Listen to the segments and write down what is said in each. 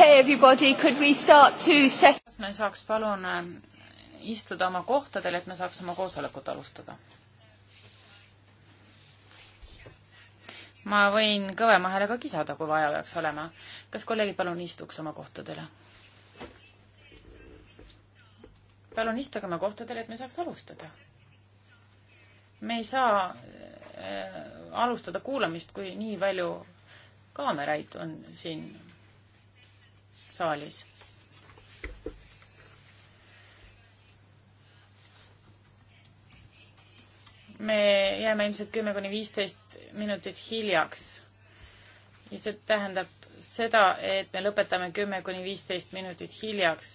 okay, everybody, could we start to set... kas me saaks palun äh, istuda oma kohtadel, et me saaks oma koosolekut alustada? ma võin kõvema häälega kisada, kui vaja peaks olema. kas kolleegid palun istuks oma kohtadele? palun istuge oma kohtadele, et me saaks alustada. me ei saa äh, alustada kuulamist, kui nii palju kaameraid on siin saalis. me jääme ilmselt kümme kuni viisteist minutit hiljaks ja see tähendab seda, et me lõpetame kümme kuni viisteist minutit hiljaks.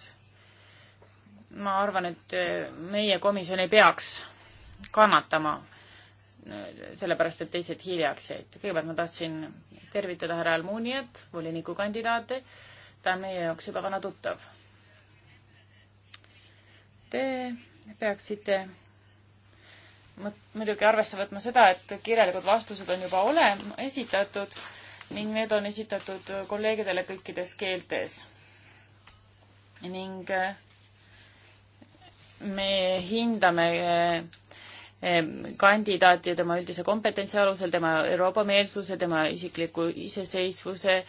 ma arvan, et meie komisjon ei peaks kannatama sellepärast, et teised hiljaks jäid. kõigepealt ma tahtsin tervitada härra Almuniat, volinikukandidaati, ta on meie jaoks juba vana tuttav. Te peaksite muidugi arvesse võtma seda, et kirjalikud vastused on juba olema esitatud ning need on esitatud kolleegidele kõikides keeltes. ning äh, me hindame äh, äh, kandidaati tema üldise kompetentsi alusel, tema Euroopa meelsuse, tema isikliku iseseisvuse äh,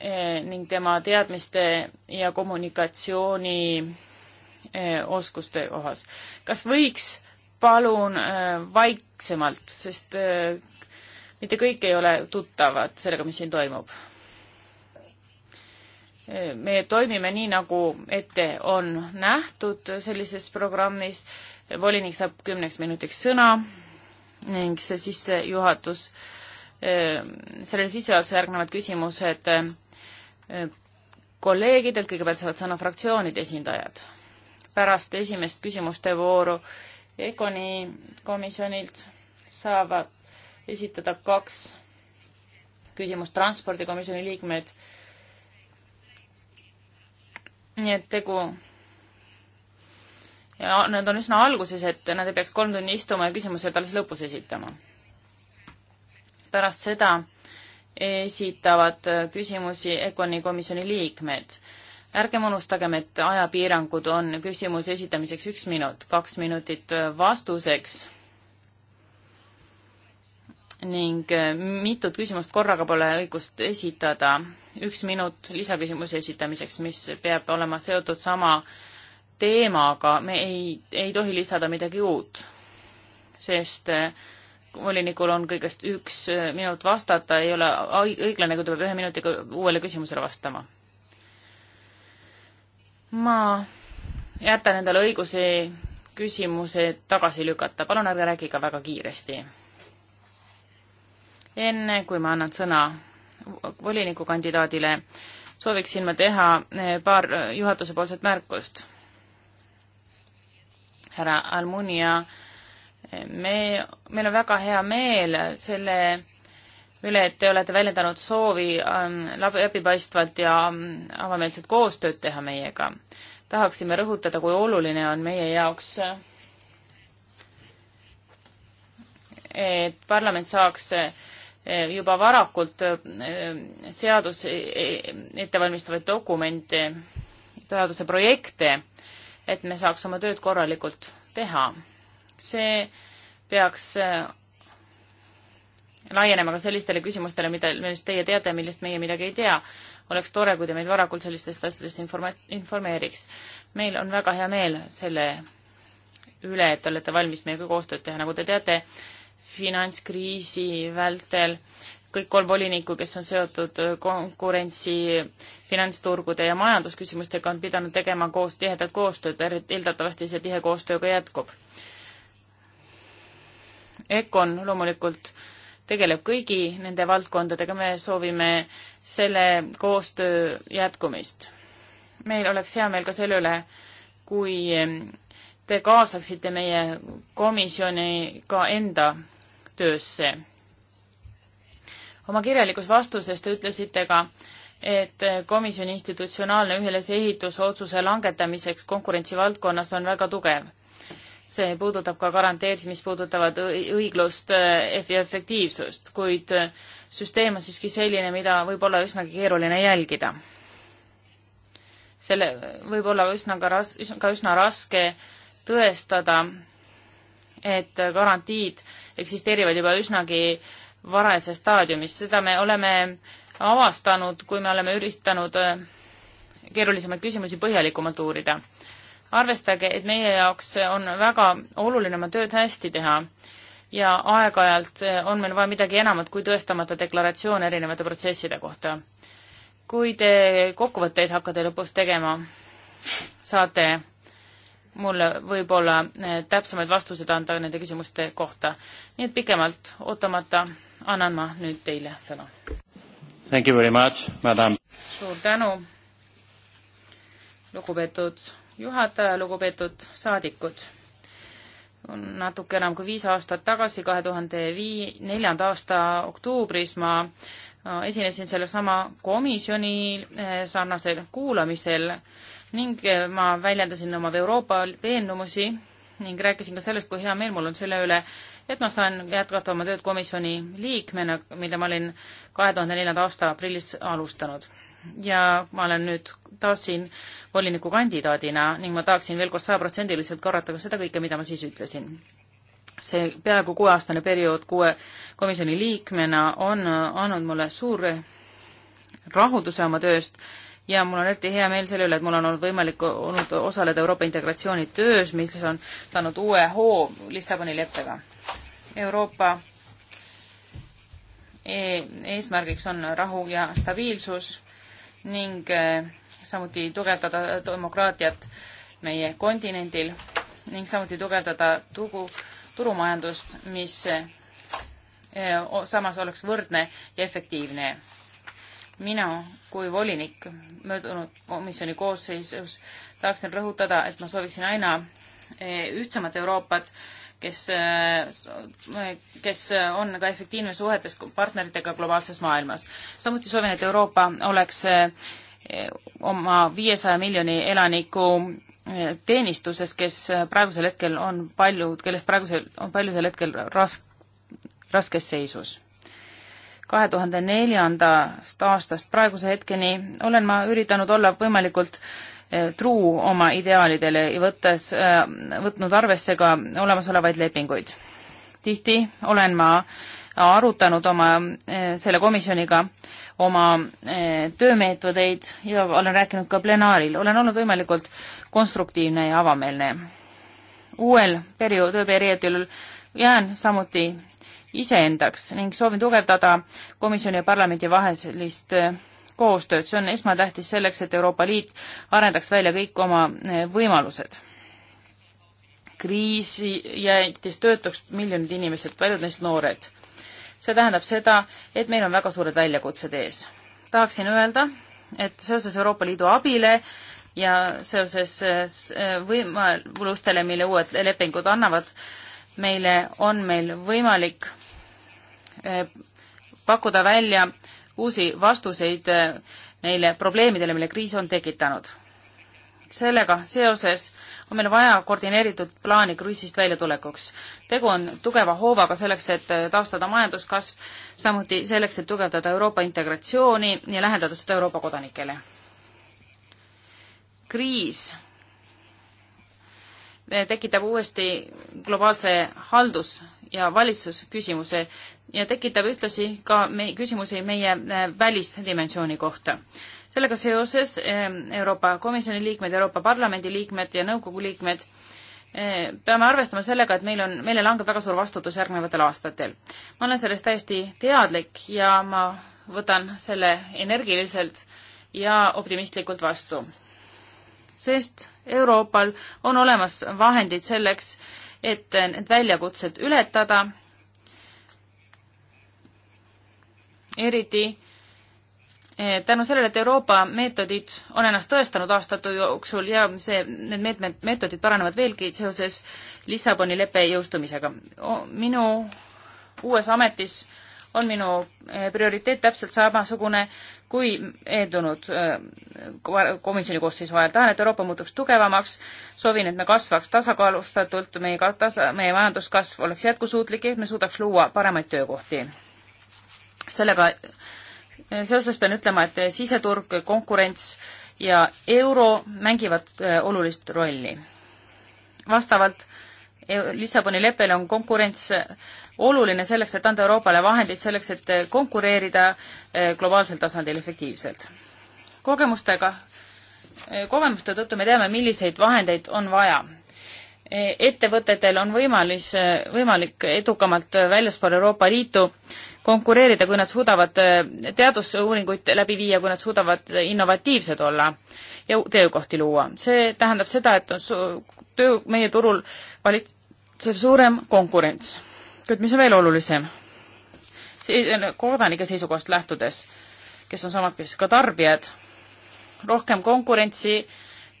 Eh, ning tema teadmiste ja kommunikatsiooni eh, oskuste kohas. kas võiks palun eh, vaiksemalt, sest mitte kõik ei ole tuttavad sellega, mis siin toimub. me toimime nii, nagu ette on nähtud sellises programmis. volinik saab kümneks minutiks sõna ning see sissejuhatus, sellele sissejuhatuse järgnevad küsimused Äh, kolleegidelt, kõigepealt saavad sõna fraktsioonide esindajad. pärast esimest küsimuste vooru EKONi komisjonilt saavad esitada kaks küsimust transpordikomisjoni liikmed. nii et tegu ja nad on üsna alguses, et nad ei peaks kolm tundi istuma ja küsimused alles lõpus esitama. pärast seda esitavad äh, küsimusi EKONi komisjoni liikmed. ärgem unustagem, et ajapiirangud on küsimuse esitamiseks üks minut, kaks minutit äh, vastuseks ning äh, mitut küsimust korraga pole õigust esitada. üks minut lisaküsimuse esitamiseks, mis peab olema seotud sama teemaga, me ei, ei tohi lisada midagi uut, sest äh, volinikul on kõigest üks äh, minut vastata, ei ole õiglane, kui ta peab ühe minutiga uuele küsimusele vastama. ma jätan endale õiguse küsimuse tagasi lükata, palun ärge rääkige väga kiiresti. enne kui ma annan sõna volinikukandidaadile, sooviksin ma teha äh, paar äh, juhatuse poolset märkust. härra Almunia äh, me, meil on väga hea meel selle üle, et te olete väljendanud soovi ähm, läbipaistvalt ja ähm, avameelset koostööd teha meiega. tahaksime rõhutada, kui oluline on meie jaoks, et parlament saaks äh, juba varakult äh, seadus e, e, ettevalmistavaid dokumente, seaduse projekte, et me saaks oma tööd korralikult teha see peaks äh, laienema ka sellistele küsimustele, mida, millest teie teate ja millest meie midagi ei tea. oleks tore, kui te meid varakult sellistest asjadest informa-, informeeriks. meil on väga hea meel selle üle, et te olete valmis meiega koostööd teha, nagu te teate, finantskriisi vältel kõik kolm volinikku, kes on seotud konkurentsi, finantsturgude ja majandusküsimustega, on pidanud tegema koos, tihedat koostööd, eeldatavasti see tihe koostöö ka jätkub Econ loomulikult tegeleb kõigi nende valdkondadega, me soovime selle koostöö jätkumist. meil oleks hea meel ka selle üle, kui te kaasaksite meie komisjoni ka enda töösse. oma kirjalikus vastuses te ütlesite ka, et komisjoni institutsionaalne ülesehitus otsuse langetamiseks konkurentsivaldkonnas on väga tugev see puudutab ka garanteerimisi, mis puudutavad õiglust eh, ja efektiivsust, kuid eh, süsteem on siiski selline, mida võib olla üsnagi keeruline jälgida. selle võib olla üsna ka ras-, ka üsna raske tõestada, et garantiid eksisteerivad juba üsnagi varajases staadiumis, seda me oleme avastanud, kui me oleme üritanud eh, keerulisemaid küsimusi põhjalikumalt uurida arvestage, et meie jaoks on väga oluline oma tööd hästi teha ja aeg-ajalt eh, on meil vaja midagi enamat kui tõestamata deklaratsioon erinevate protsesside kohta. kui te kokkuvõtteid hakkate lõpus tegema, saate mulle võib-olla eh, täpsemaid vastuseid anda nende küsimuste kohta. nii et pikemalt ootamata annan ma nüüd teile sõna. Thank you very much, madam. suur tänu, lugupeetud juhataja, lugupeetud saadikud. natuke enam kui viis aastat tagasi, kahe tuhande vii-, neljanda aasta oktoobris ma äh, esinesin sellesama komisjoni äh, sarnasel kuulamisel ning äh, ma väljendasin oma Euroopa veendumusi ning rääkisin ka sellest, kui hea meel mul on selle üle, et ma saan jätkata oma tööd komisjoni liikmena, mille ma olin kahe tuhande neljanda aasta aprillis alustanud ja ma olen nüüd taas siin volinikukandidaadina ning ma tahaksin veel kord sajaprotsendiliselt korrata ka seda kõike, mida ma siis ütlesin. see peaaegu kuueaastane periood kuue komisjoni liikmena on andnud mulle suure rahulduse oma tööst ja mul on eriti hea meel selle üle, et mul on olnud võimalik olnud osaleda Euroopa integratsiooni töös, mis on saanud uue hoo Lissaboni leppega. Euroopa e-, eesmärgiks on rahu ja stabiilsus ning eh, samuti tugevdada demokraatiat meie kontinendil ning samuti tugevdada tugu, turumajandust, mis eh, samas oleks võrdne ja efektiivne. mina kui volinik möödunud komisjoni koosseisus tahaksin rõhutada, et ma sooviksin aina eh, ühtsemat Euroopat kes, kes on ka efektiivne suhetes partneritega globaalses maailmas. samuti soovin, et Euroopa oleks eh, oma viiesaja miljoni elaniku eh, teenistuses, kes praegusel hetkel on palju, kellest praegusel, on paljusel hetkel rask-, raskes seisus. kahe tuhande neljandast aastast praeguse hetkeni olen ma üritanud olla võimalikult äh, Äh, truu oma ideaalidele ja võttes, äh, võtnud arvesse ka olemasolevaid lepinguid. tihti olen ma arutanud oma, äh, selle komisjoniga oma töömeetodeid ja olen rääkinud ka plenaaril, olen olnud võimalikult konstruktiivne ja avameelne. uuel periood, tööperioodil jään samuti iseendaks ning soovin tugevdada komisjoni ja parlamendi vahelist koostööd, see on esmatähtis selleks, et Euroopa Liit arendaks välja kõik oma eh, võimalused. kriisi jättis töötuks miljonid inimesed, paljud neist noored. see tähendab seda, et meil on väga suured väljakutsed ees. tahaksin öelda, et seoses Euroopa Liidu abile ja seoses eh, võimalustele, mille uued lepingud annavad, meile on meil võimalik eh, pakkuda välja äh, uusi vastuseid äh, neile probleemidele, mille kriis on tekitanud. sellega seoses on meil vaja koordineeritud plaani kriisist väljatulekuks. tegu on tugeva hoovaga selleks, et äh, taastada majanduskasv, samuti selleks, et tugevdada Euroopa integratsiooni ja lähendada seda Euroopa kodanikele. kriis äh, tekitab uuesti globaalse haldus- ja valitsusküsimuse, ja tekitab ühtlasi ka me küsimusi meie äh, välisdimensiooni kohta. sellega seoses äh, Euroopa Komisjoni liikmed, Euroopa Parlamendi liikmed ja nõukogu liikmed äh, peame arvestama sellega, et meil on, meile langeb väga suur vastutus järgnevatel aastatel. ma olen sellest täiesti teadlik ja ma võtan selle energiliselt ja optimistlikult vastu. sest Euroopal on olemas vahendid selleks, et need väljakutsed ületada eriti eh, tänu sellele, et Euroopa meetodid on ennast tõestanud aastate jooksul ja see, need meetmed, meetodid paranevad veelgi seoses Lissaboni leppe jõustumisega. minu uues ametis on minu eh, prioriteet täpselt samasugune kui eeldunud eh, komisjoni koosseisu ajal. tahan, et Euroopa muutuks tugevamaks, soovin, et me kasvaks tasakaalustatult, meie tasa, meie majanduskasv oleks jätkusuutlik ja et me suudaks luua paremaid töökohti sellega eh, seoses pean ütlema, et eh, siseturg, konkurents ja euro mängivad eh, olulist rolli. vastavalt Lissaboni leppele on konkurents oluline selleks, et anda Euroopale vahendid selleks, et konkureerida globaalsel tasandil efektiivselt. kogemustega, kogemuste tõttu me teame, milliseid vahendeid on vaja. ettevõtetel on võimalis, võimalik edukamalt väljaspool Euroopa Liitu konkureerida, kui nad suudavad äh, teadusuuringuid läbi viia, kui nad suudavad äh, innovatiivsed olla ja töökohti luua. see tähendab seda, et on töö, meie turul valitseb suurem konkurents. kuid mis on veel olulisem? kodanike seisukohast lähtudes, kes on samad, kes ka tarbijad, rohkem konkurentsi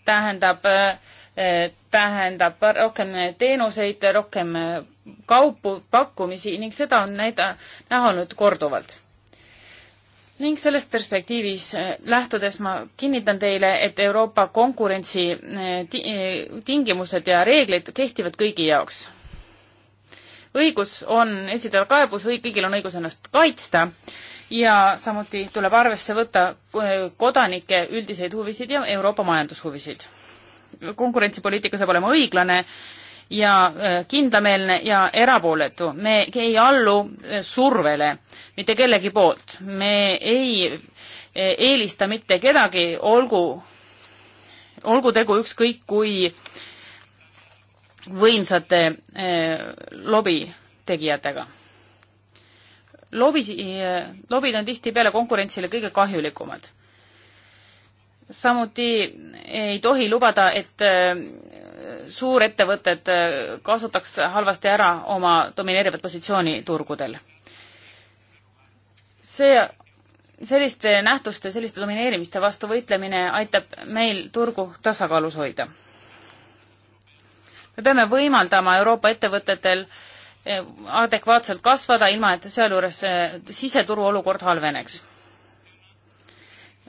tähendab äh, Eh, tähendab rohkem eh, teenuseid, eh, rohkem kaupu, pakkumisi ning seda on näida, näha olnud korduvalt. ning sellest perspektiivis lähtudes ma kinnitan teile, et Euroopa konkurentsi tingimused ja reeglid kehtivad kõigi jaoks. õigus on esitada kaebus, kõigil on õigus ennast kaitsta ja samuti tuleb arvesse võtta kodanike üldiseid huvisid ja Euroopa majandushuvisid konkurentsipoliitika saab olema õiglane ja äh, kindlameelne ja erapooletu. me ei allu äh, survele mitte kellegi poolt. me ei äh, eelista mitte kedagi, olgu, olgu tegu ükskõik kui võimsate lobitegijatega. lobisi, lobid on tihtipeale konkurentsile kõige kahjulikumad samuti ei tohi lubada, et äh, suurettevõtted äh, kasutaks halvasti ära oma domineerivat positsiooni turgudel. see, selliste nähtuste, selliste domineerimiste vastu võitlemine aitab meil turgu tasakaalus hoida. me peame võimaldama Euroopa ettevõtetel äh, adekvaatselt kasvada, ilma et sealjuures siseturu olukord halveneks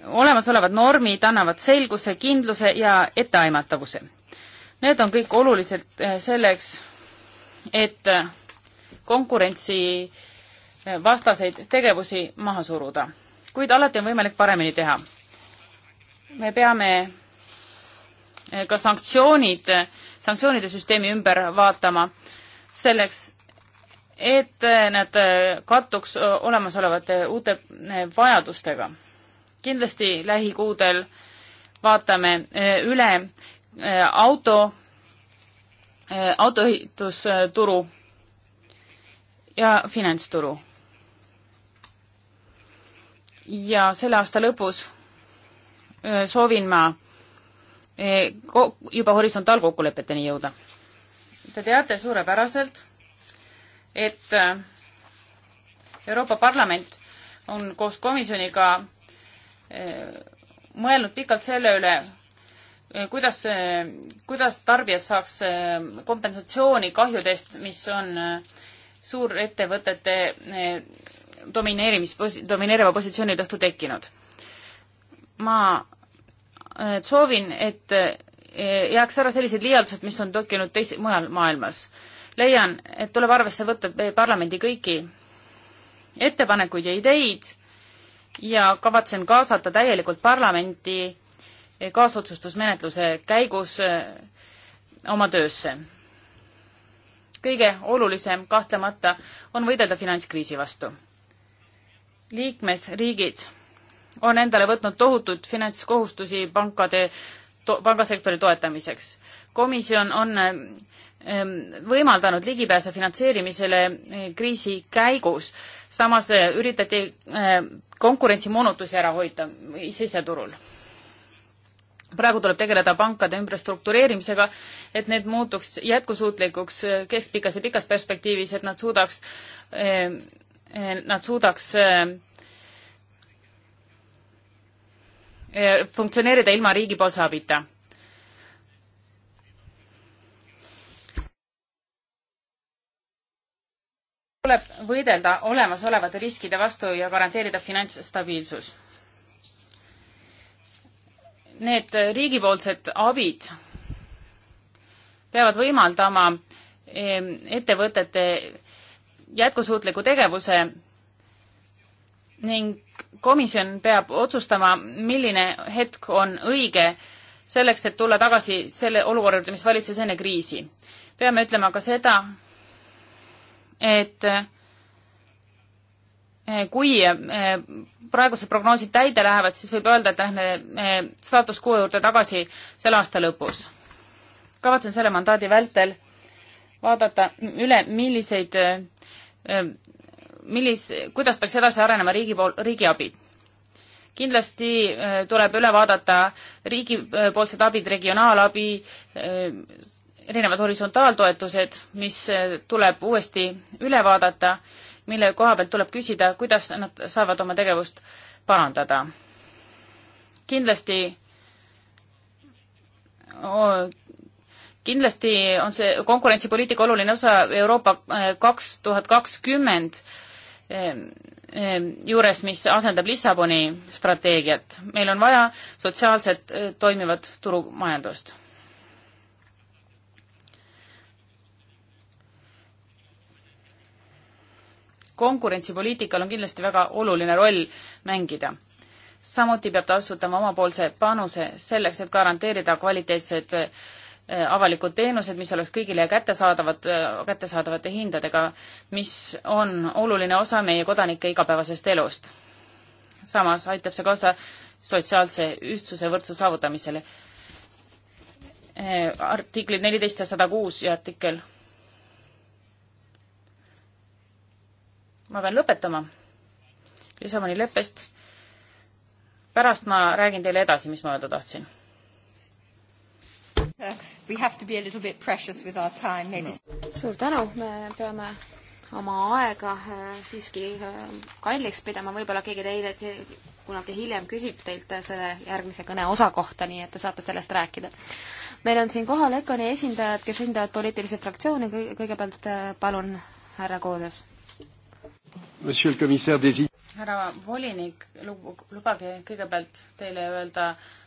olemasolevad normid annavad selguse, kindluse ja etteaimatavuse. Need on kõik oluliselt eh, selleks, et konkurentsi eh, vastaseid tegevusi maha suruda, kuid alati on võimalik paremini teha. me peame eh, ka sanktsioonid, sanktsioonide süsteemi ümber vaatama selleks, et nad kattuks olemasolevate uute vajadustega kindlasti lähikuudel vaatame eh, üle eh, auto, eh, autoehitusturu ja finantsturu. ja selle aasta lõpus soovin ma juba horisontaalkokkulepeteni jõuda. Te teate suurepäraselt, et Euroopa Parlament on koos komisjoniga Eh, mõelnud pikalt selle üle, eh, kuidas, eh, kuidas tarbijad saaks kompensatsiooni kahjude eest, mis on suurettevõtete domineerimis, domineeriva positsiooni tõttu tekkinud. ma soovin, et jääks ära sellised liialdused, mis on tekkinud teis-, mujal maailmas. leian, et tuleb arvesse võtta parlamendi kõiki ettepanekuid ja ideid ja kavatsen kaasata täielikult parlamenti kaasotsustusmenetluse käigus äh, oma töösse. kõige olulisem kahtlemata on võidelda finantskriisi vastu. liikmesriigid on endale võtnud tohutud finantskohustusi pankade to,, pangasektori toetamiseks. komisjon on äh, Ehm, võimaldanud ligipääse finantseerimisele eh, kriisi käigus. samas eh, üritati eh, konkurentsimoonutusi ära hoida siseturul. praegu tuleb tegeleda pankade ümberstruktureerimisega, et need muutuks jätkusuutlikuks keskpikas ja pikas perspektiivis, et nad suudaks, nad suudaks funktsioneerida ilma riigipoolse abita tuleb võidelda olemasolevate riskide vastu ja garanteerida finantsstabiilsus. Need riigipoolsed abid peavad võimaldama ettevõtete jätkusuutliku tegevuse ning komisjon peab otsustama, milline hetk on õige selleks, et tulla tagasi selle olukorra juurde, mis valitses enne kriisi. peame ütlema ka seda, et eh, kui eh, praegused prognoosid täide lähevad, siis võib öelda, et lähme eh, staatus quo juurde tagasi selle aasta lõpus. kavatsen selle mandaadi vältel vaadata üle, milliseid, millis-, kuidas peaks edasi arenema riigi pool, riigiabi. kindlasti tuleb üle vaadata riigipoolsed abid, regionaalabi, erinevad horisontaaltoetused, mis äh, tuleb uuesti üle vaadata, mille koha pealt tuleb küsida, kuidas nad saavad oma tegevust parandada. kindlasti oh, kindlasti on see konkurentsipoliitika oluline osa Euroopa äh, kaks tuhat kakskümmend ähm, ähm, juures, mis asendab Lissaboni strateegiat. meil on vaja sotsiaalset äh, toimivat turumajandust konkurentsipoliitikal on kindlasti väga oluline roll mängida. samuti peab ta astutama omapoolse panuse selleks, et garanteerida kvaliteetsed äh, avalikud teenused, mis oleks kõigile kättesaadavad, äh, kättesaadavate hindadega, mis on oluline osa meie kodanike igapäevasest elust. samas aitab see kaasa sotsiaalse ühtsuse võrdsuse saavutamisele. Äh, artiklid neliteist ja sada kuus ja artikkel ma pean lõpetama Lissaboni leppest. pärast ma räägin teile edasi, mis ma öelda tahtsin. We have to be a little bit precious with our time maybe no.. suur tänu, me peame oma aega äh, siiski äh, kalliks pidama, võib-olla keegi teile kunagi hiljem küsib teilt äh, selle järgmise kõne osa kohta, nii et te saate sellest rääkida. meil on siin kohal EKONi esindajad, kes esindavad poliitilisi fraktsioone, kõigepealt palun, härra Kooses härra volinik, lubage kõigepealt teile öelda,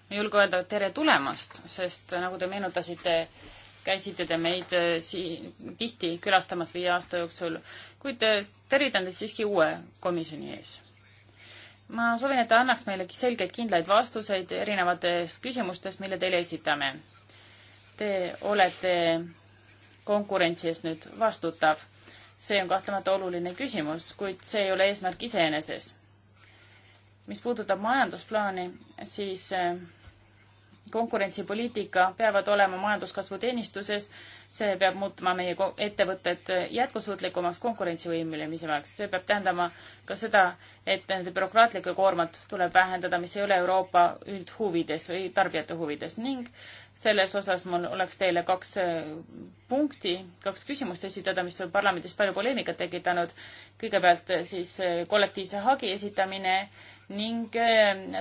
ma ei julge öelda tere tulemast, sest nagu te meenutasite, käisite te meid äh, siin tihti külastamas viie aasta jooksul, kuid äh, tervitan teid siiski uue komisjoni ees. ma soovin, et te annaks meile selgeid kindlaid vastuseid erinevates küsimustes, mille teile esitame. Te olete konkurentsi eest nüüd vastutav see on kahtlemata oluline küsimus, kuid see ei ole eesmärk iseeneses. mis puudutab majandusplaani, siis äh, konkurentsipoliitika peavad olema majanduskasvu teenistuses, see peab muutma meie ettevõtted äh, jätkusuutlikumaks, konkurentsivõimelisemaks, see peab tähendama ka seda, et nende bürokraatlikku koormat tuleb vähendada, mis ei ole Euroopa üldhuvides või tarbijate huvides ning selles osas mul oleks teile kaks äh, punkti, kaks küsimust esitada, mis on parlamendis palju poleemikat tekitanud. kõigepealt äh, siis äh, kollektiivse hagi esitamine ning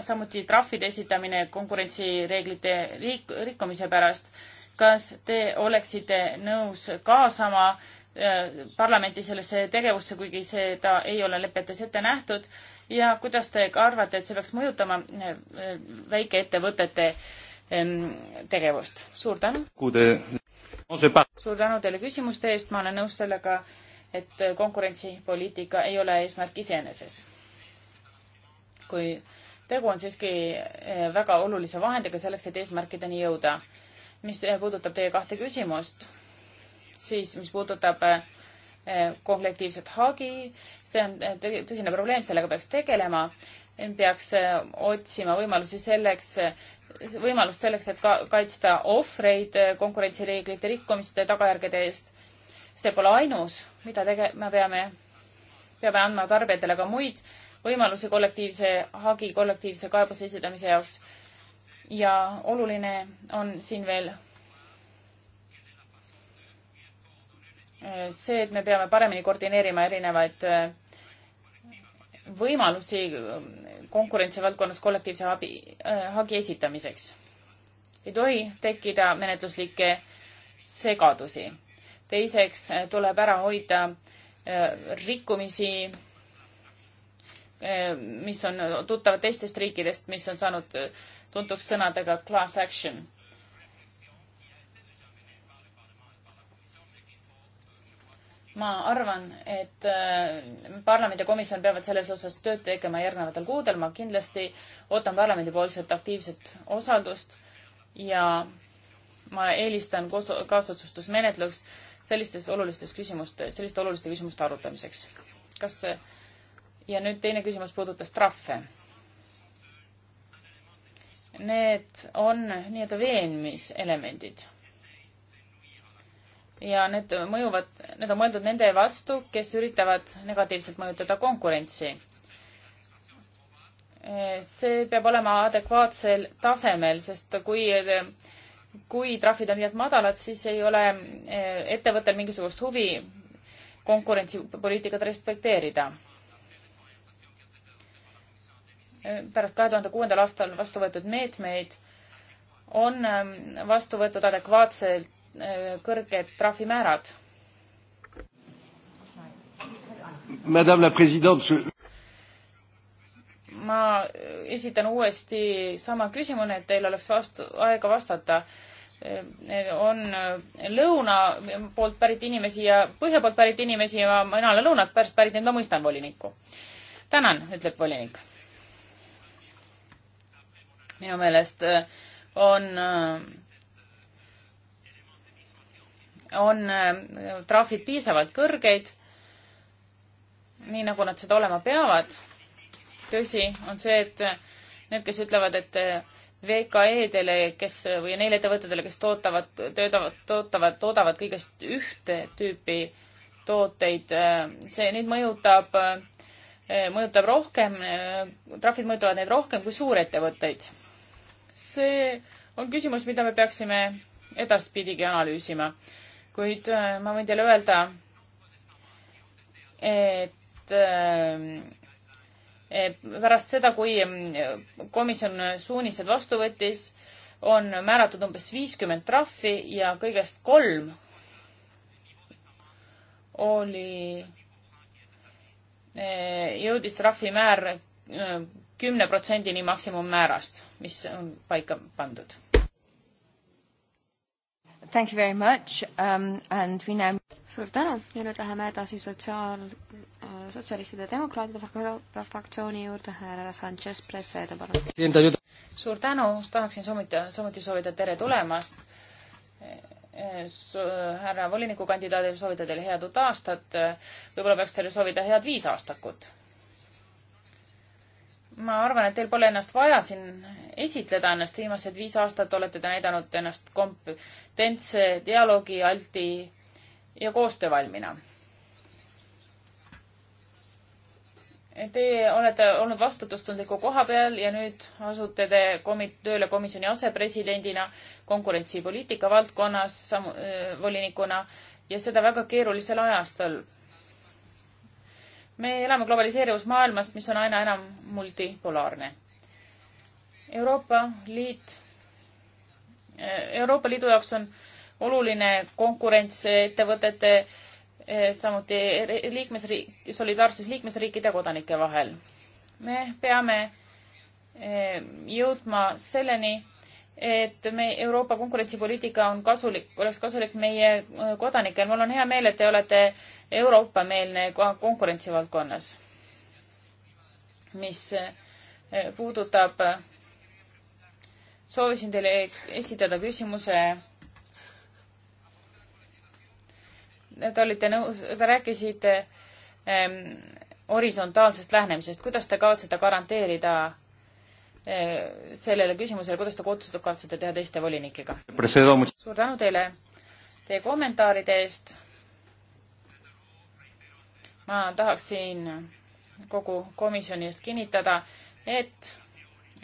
samuti trahvide esitamine konkurentsireeglite riik-, rikkumise pärast. kas te oleksite nõus kaasama parlamenti sellesse tegevusse, kuigi seda ei ole lepetes ette nähtud ja kuidas te arvate, et see peaks mõjutama väikeettevõtete äh, tegevust. suur tänu! suur tänu teile küsimuste eest, ma olen nõus sellega, et konkurentsipoliitika ei ole eesmärk iseeneses. kui tegu on siiski eh, väga olulise vahendiga selleks, et eesmärkideni jõuda. mis eh, puudutab teie kahte küsimust, siis mis puudutab eh, kollektiivset hagi, see on tõsine probleem, sellega peaks tegelema peaks äh, otsima võimalusi selleks, võimalust selleks, et ka kaitsta ohvreid äh, konkurentsireeglite rikkumiste tagajärgede eest. see pole ainus, mida tege-, me peame, peame andma tarbijatele ka muid võimalusi kollektiivse hagi, kollektiivse kaebuse esitamise jaoks. ja oluline on siin veel äh, see, et me peame paremini koordineerima erinevaid võimalusi ähm, konkurentsivaldkonnas kollektiivse abi, äh, hagi esitamiseks. ei tohi tekkida menetluslikke segadusi. teiseks äh, tuleb ära hoida äh, rikkumisi, mis on tuttavad teistest riikidest, mis on saanud tuntuks sõnadega class action ma arvan, et äh, parlamendi komisjon peavad selles osas tööd tegema järgnevatel kuudel. ma kindlasti ootan parlamendipoolset aktiivset osaldust ja ma eelistan koos, kaasotsustusmenetlust sellistes olulistes küsimustes, selliste oluliste küsimuste arutamiseks. kas ja nüüd teine küsimus puudutas trahve. Need on nii-öelda veenmiselemendid ja need mõjuvad, need on mõeldud nende vastu, kes üritavad negatiivselt mõjutada konkurentsi. see peab olema adekvaatsel tasemel, sest kui, kui trahvid on liialt madalad, siis ei ole eh, ettevõttel mingisugust huvi konkurentsipoliitikat respekteerida. pärast kahe tuhande kuuendal aastal vastu võetud meetmeid on eh, vastu võetud adekvaatselt Äh, kõrged trahvimäärad. ma esitan uuesti sama küsimuse, et teil oleks vastu, aega vastata äh, on äh, lõuna poolt pärit inimesi ja põhja poolt pärit inimesi ja mina olen lõunalt pärit, pärit, nii et ma mõistan volinikku. tänan, ütleb volinik. minu meelest on on äh, trahvid piisavalt kõrgeid, nii nagu nad seda olema peavad. tõsi on see, et need, kes ütlevad, et äh, VKE-dele, kes äh, või neile ettevõtetele, kes tootavad, töötavad, tootavad, toodavad kõigest ühte tüüpi tooteid, see neid mõjutab, mõjutab rohkem, trahvid mõjutavad neid rohkem kui suurettevõtteid. see on küsimus, mida me peaksime edaspidigi analüüsima kuid äh, ma võin teile öelda, et äh, pärast seda, kui äh, komisjon suunised vastu võttis, on määratud umbes viiskümmend trahvi ja kõigest kolm oli, jõudis trahvimäär kümne protsendini maksimummäärast, mis on paika pandud Thank you very much um, and we now suur tänu ja nüüd läheme edasi sotsiaal, äh, sotsialistide ja demokraatide fraktsiooni juurde, härra Sanchez Presedo, palun. suur tänu, tahaksin samuti, samuti soovida tere tulemast. Äh, härra volinikukandidaadil soovida teile head uut aastat, äh, võib-olla peaks teile soovida head viis aastakut ma arvan, et teil pole ennast vaja siin esitleda ennast, viimased viis aastat olete te näidanud ennast kompetentse, dialoogi alti ja koostöövalmina. Teie olete olnud vastutustundliku koha peal ja nüüd asute te komi-, tööle komisjoni asepresidendina konkurentsipoliitika valdkonnas samu-, volinikuna ja seda väga keerulisel ajastul me elame globaliseeruvas maailmas, mis on aina enam multipolaarne. Euroopa Liit, eh, Euroopa Liidu jaoks on oluline konkurents ettevõtete, eh, samuti liikmesriik, solidaarsus liikmesriikide ja kodanike vahel. me peame eh, jõudma selleni, et me, Euroopa konkurentsipoliitika on kasulik, oleks kasulik meie äh, kodanikel. mul on hea meel, et te olete Euroopa-meelne konkurentsivaldkonnas, mis äh, puudutab, soovisin teile esitada küsimuse. Te olite nõus, te rääkisite ähm, horisontaalsest lähenemisest, kuidas te kavatsete garanteerida Eh, sellele küsimusele, kuidas ta koostööd kavatsete teha teiste volinikega. suur tänu teile teie kommentaaride eest. ma tahaksin kogu komisjoni ees kinnitada, et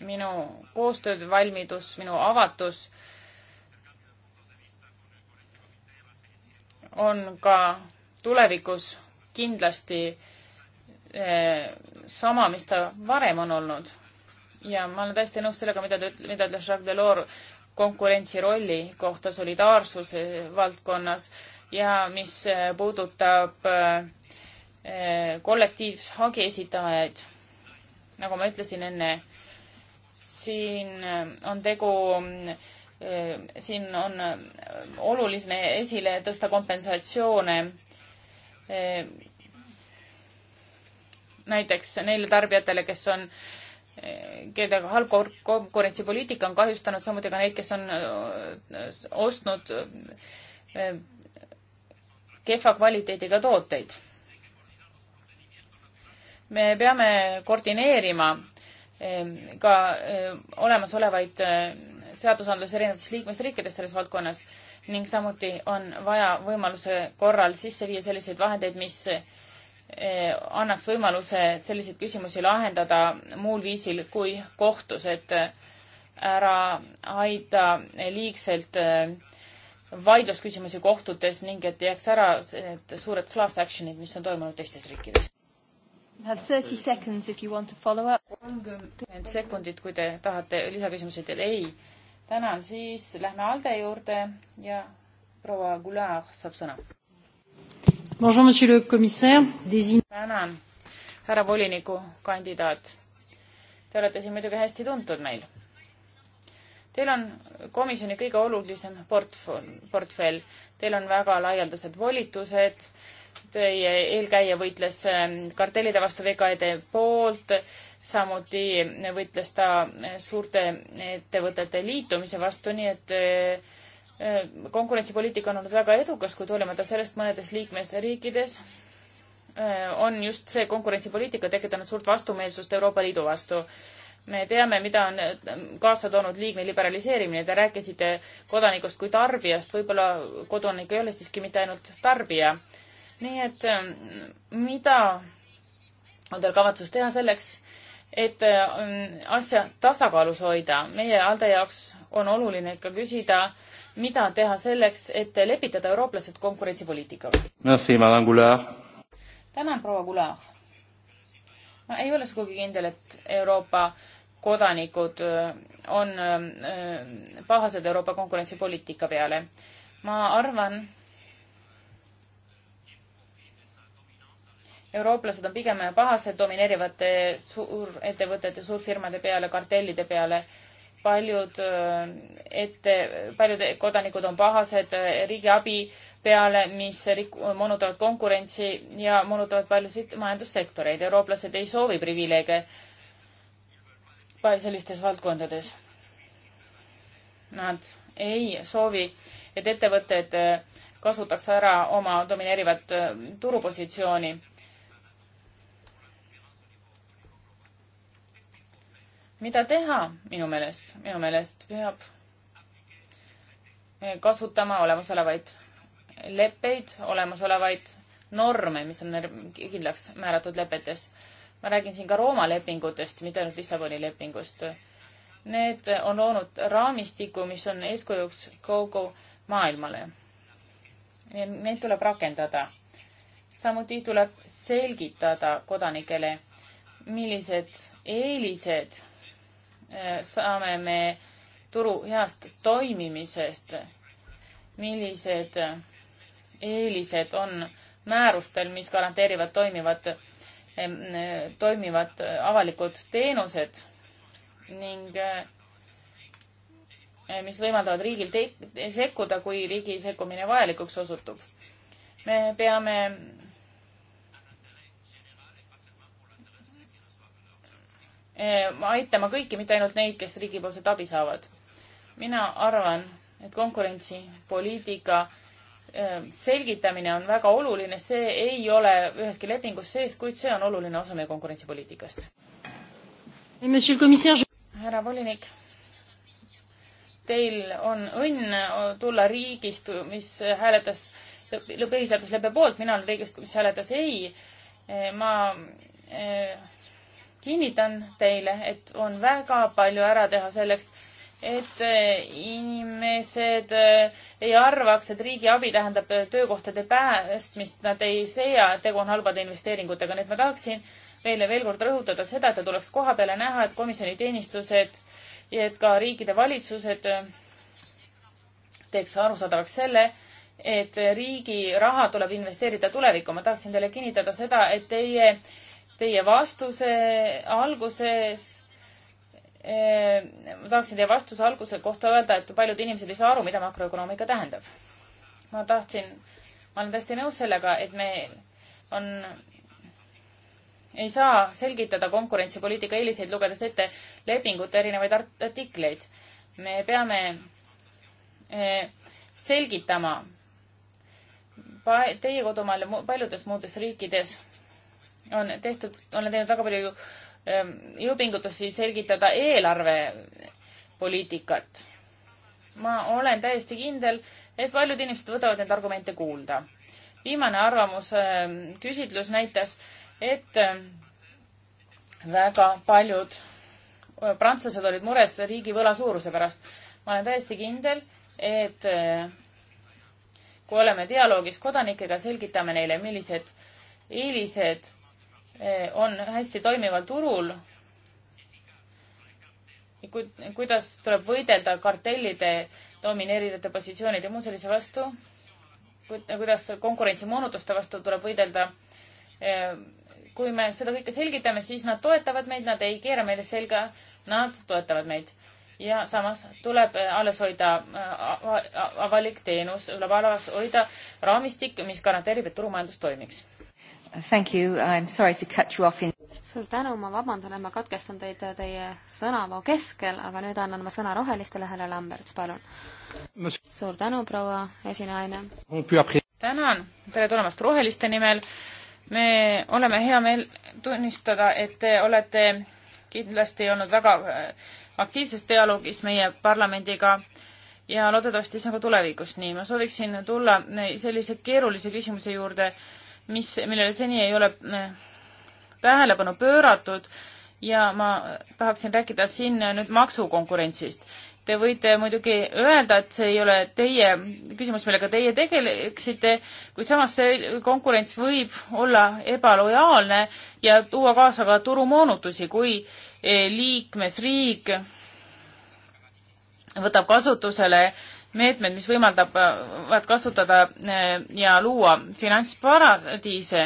minu koostööd, valmidus, minu avatus on ka tulevikus kindlasti eh, sama, mis ta varem on olnud ja ma olen täiesti nõus sellega, mida ta ütle-, mida ütles Jacques Delors konkurentsi rolli kohta solidaarsuse valdkonnas ja mis äh, puudutab äh, äh, kollektiivhagi esitajaid, nagu ma ütlesin enne, siin on tegu, siin on oluline esile tõsta kompensatsioone näiteks neile tarbijatele, kes on äh, kellega halb konkurentsipoliitika on kahjustanud, samuti ka neid, kes on äh, ostnud äh, kehva kvaliteediga tooteid. me peame koordineerima äh, ka olemasolevaid seadusandlusi erinevates liikmesriikides selles valdkonnas ning samuti on vaja võimaluse korral sisse viia selliseid vahendeid, mis Eh, annaks võimaluse selliseid küsimusi lahendada muul viisil kui kohtus, et eh, ära aida liigselt eh, vaidlusküsimusi kohtutes ning et jääks ära need suured class action'id, mis on toimunud teistes riikides. kolmkümmend sekundit, kui te tahate lisaküsimusi teha. ei, tänan, siis lähme Alde juurde ja proua Goulart saab sõna Bonjour, monsieur le commissaire. tänan, härra volinikukandidaat. Te olete siin muidugi hästi tuntud meil. Teil on komisjoni kõige olulisem portfell, portfell. Teil on väga laialdased volitused. Teie eelkäija võitles ähm, kartellide vastu VKD e poolt, samuti võitles ta äh, suurte ettevõtete liitumise vastu, nii et äh, Äh, konkurentsipoliitika on olnud väga edukas, kuid hoolimata sellest mõnedes liikmesriikides äh, on just see konkurentsipoliitika tekitanud suurt vastumeelsust Euroopa Liidu vastu. me teame, mida on äh, kaasa toonud liigne liberaliseerimine, te rääkisite kodanikust kui tarbijast, võib-olla kodanik ei ole siiski mitte ainult tarbija. nii et mida on teil kavatsus teha selleks, et asja tasakaalus hoida? meie ALDE jaoks on oluline ikka küsida äh, mida teha selleks, et lepitada eurooplased konkurentsipoliitikaga? tänan, proua Goulart. ma ei ole sugugi kindel, et Euroopa kodanikud äh, on äh, pahased Euroopa konkurentsipoliitika peale. ma arvan, eurooplased on pigem pahased domineerivate suurettevõtete, suurfirmade peale, kartellide peale paljud äh, ette, paljud kodanikud on pahased äh, riigiabi peale, mis rik-, moonutavad konkurentsi ja moonutavad paljusid majandussektoreid. eurooplased ei soovi privileege sellistes valdkondades. Nad ei soovi, et ettevõtted äh, kasutaks ära oma domineerivat turupositsiooni mida teha minu meelest? minu meelest peab eh, kasutama olemasolevaid leppeid, olemasolevaid norme, mis on kindlaks määratud lepetes. ma räägin siin ka Rooma lepingutest, mitte ainult Lissaboni lepingust. Need on loonud raamistiku, mis on eeskujuks kogu maailmale. Neid tuleb rakendada. samuti tuleb selgitada kodanikele, millised eelised Äh, saame me turu heast toimimisest, millised eelised on määrustel, mis garanteerivad toimivat, äh, toimivad äh, avalikud teenused ning mis võimaldavad riigil sekkuda, kui riigi sekkumine vajalikuks osutub. me peame Eh, aitama kõiki, mitte ainult neid, kes riigipoolset abi saavad. mina arvan, et konkurentsipoliitika eh, selgitamine on väga oluline, see ei ole üheski lepingus sees, kuid see on oluline osa meie konkurentsipoliitikast. härra volinik, teil on õnn tulla riigist, mis hääletas põhiseadusleppe poolt, mina olen riigist, mis hääletas ei. Eh, ma kinnitan teile, et on väga palju ära teha selleks, et eh, inimesed eh, ei arvaks, et riigi abi tähendab eh, töökohtade päästmist, nad ei seia, et tegu on halbade investeeringutega, nii et ma tahaksin meile veel kord rõhutada seda, et tuleks koha peale näha, et komisjoni teenistused ja et ka riikide valitsused teeks arusaadavaks selle, et riigi raha tuleb investeerida tulevikku. ma tahaksin teile kinnitada seda, et teie teie vastuse alguses eh,, ma tahaksin teie vastuse alguse kohta öelda, et paljud inimesed ei saa aru, mida makroökonoomika tähendab. ma tahtsin, ma olen täiesti nõus sellega, et meil on, ei saa selgitada konkurentsipoliitika eeliseid, lugedes ette lepingute erinevaid artikleid. me peame eh, selgitama teie kodumaal ja paljudes muudes riikides on tehtud, olen teinud väga palju ähm, jõupingutusi selgitada eelarvepoliitikat. ma olen täiesti kindel, et paljud inimesed võtavad neid argumente kuulda. viimane arvamusküsitlus ähm, näitas, et ähm, väga paljud äh, prantslased olid mures riigi võla suuruse pärast. ma olen täiesti kindel, et äh, kui oleme dialoogis kodanikega, selgitame neile, millised eelised Eh, on hästi toimival turul, kuidas tuleb võidelda kartellide domineerivate positsioonide ja muu sellise vastu, kuidas konkurentsimoonutuste vastu tuleb võidelda. Eh, kui me seda kõike selgitame, siis nad toetavad meid, nad ei keera meile selga, nad toetavad meid. ja samas tuleb eh, alles hoida avalik teenus, tuleb alles hoida raamistik, mis garanteerib, et turumajandus toimiks Thank you, I am sorry to cut you off in suur tänu, ma vabandan, et ma katkestan teid teie sõnavoo keskel, aga nüüd annan ma sõna rohelistele, härra Lamberts, palun. suur tänu, proua esinaine. tänan, tere tulemast Roheliste nimel. me oleme hea meel tunnistada, et te olete kindlasti olnud väga äh, aktiivses dialoogis meie parlamendiga ja loodetavasti see on ka tulevikus nii. ma sooviksin tulla äh, sellise keerulise küsimuse juurde mis, millele seni ei ole eh, tähelepanu pööratud ja ma tahaksin rääkida siin nüüd maksukonkurentsist. Te võite muidugi öelda, et see ei ole teie küsimus, millega teie tegeleksite, kuid samas see konkurents võib olla ebalojaalne ja tuua kaasa ka turumoonutusi, kui eh, liikmesriik võtab kasutusele meetmed, mis võimaldavad kasutada eh, ja luua finantsparadiise,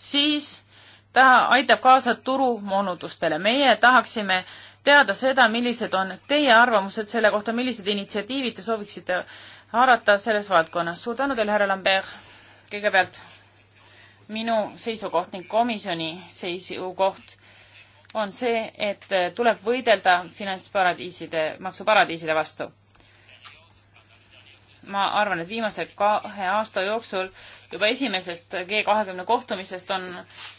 siis ta aitab kaasa turumoonutustele. meie tahaksime teada seda, millised on teie arvamused selle kohta, millised initsiatiivid te sooviksite haarata selles valdkonnas. suur tänu teile, härra Lambert. kõigepealt minu seisukoht ning komisjoni seisukoht on see, et äh, tuleb võidelda finantsparadiiside, maksuparadiiside vastu. ma arvan, et viimase kahe aasta jooksul juba esimesest G kahekümne kohtumisest on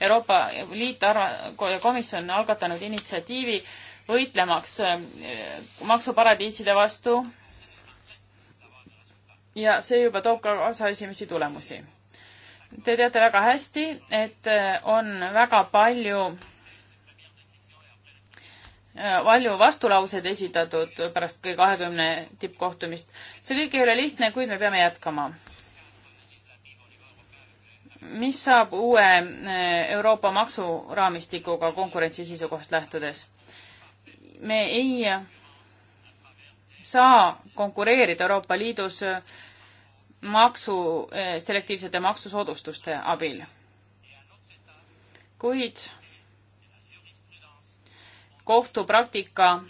Euroopa Liit arva-, komisjon algatanud initsiatiivi võitlemaks äh, maksuparadiiside vastu ja see juba toob ka kaasa esimesi tulemusi. Te teate väga hästi, et äh, on väga palju Äh, palju vastulauseid esitatud pärast G kahekümne tippkohtumist. see kõik ei ole lihtne, kuid me peame jätkama. mis saab uue äh, Euroopa maksuraamistikuga konkurentsi seisukohast lähtudes? me ei saa konkureerida Euroopa Liidus äh, maksu, selektiivsete maksusoodustuste abil. kuid kohtupraktika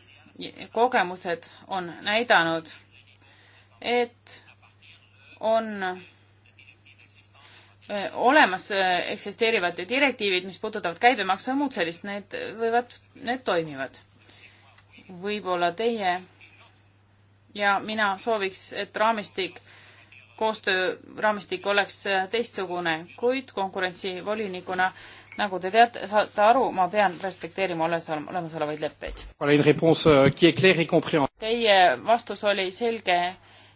kogemused on näidanud, et on e, olemas e, eksisteerivad direktiivid, mis puudutavad käibemaksu ja muud sellist, need võivad, need toimivad. võib-olla teie ja mina sooviks, et raamistik, koostööraamistik oleks teistsugune, kuid konkurentsivolinikuna äh, nagu te teate, saate aru, ma pean respekteerima olemasolevaid leppeid. Euh, Teie vastus oli selge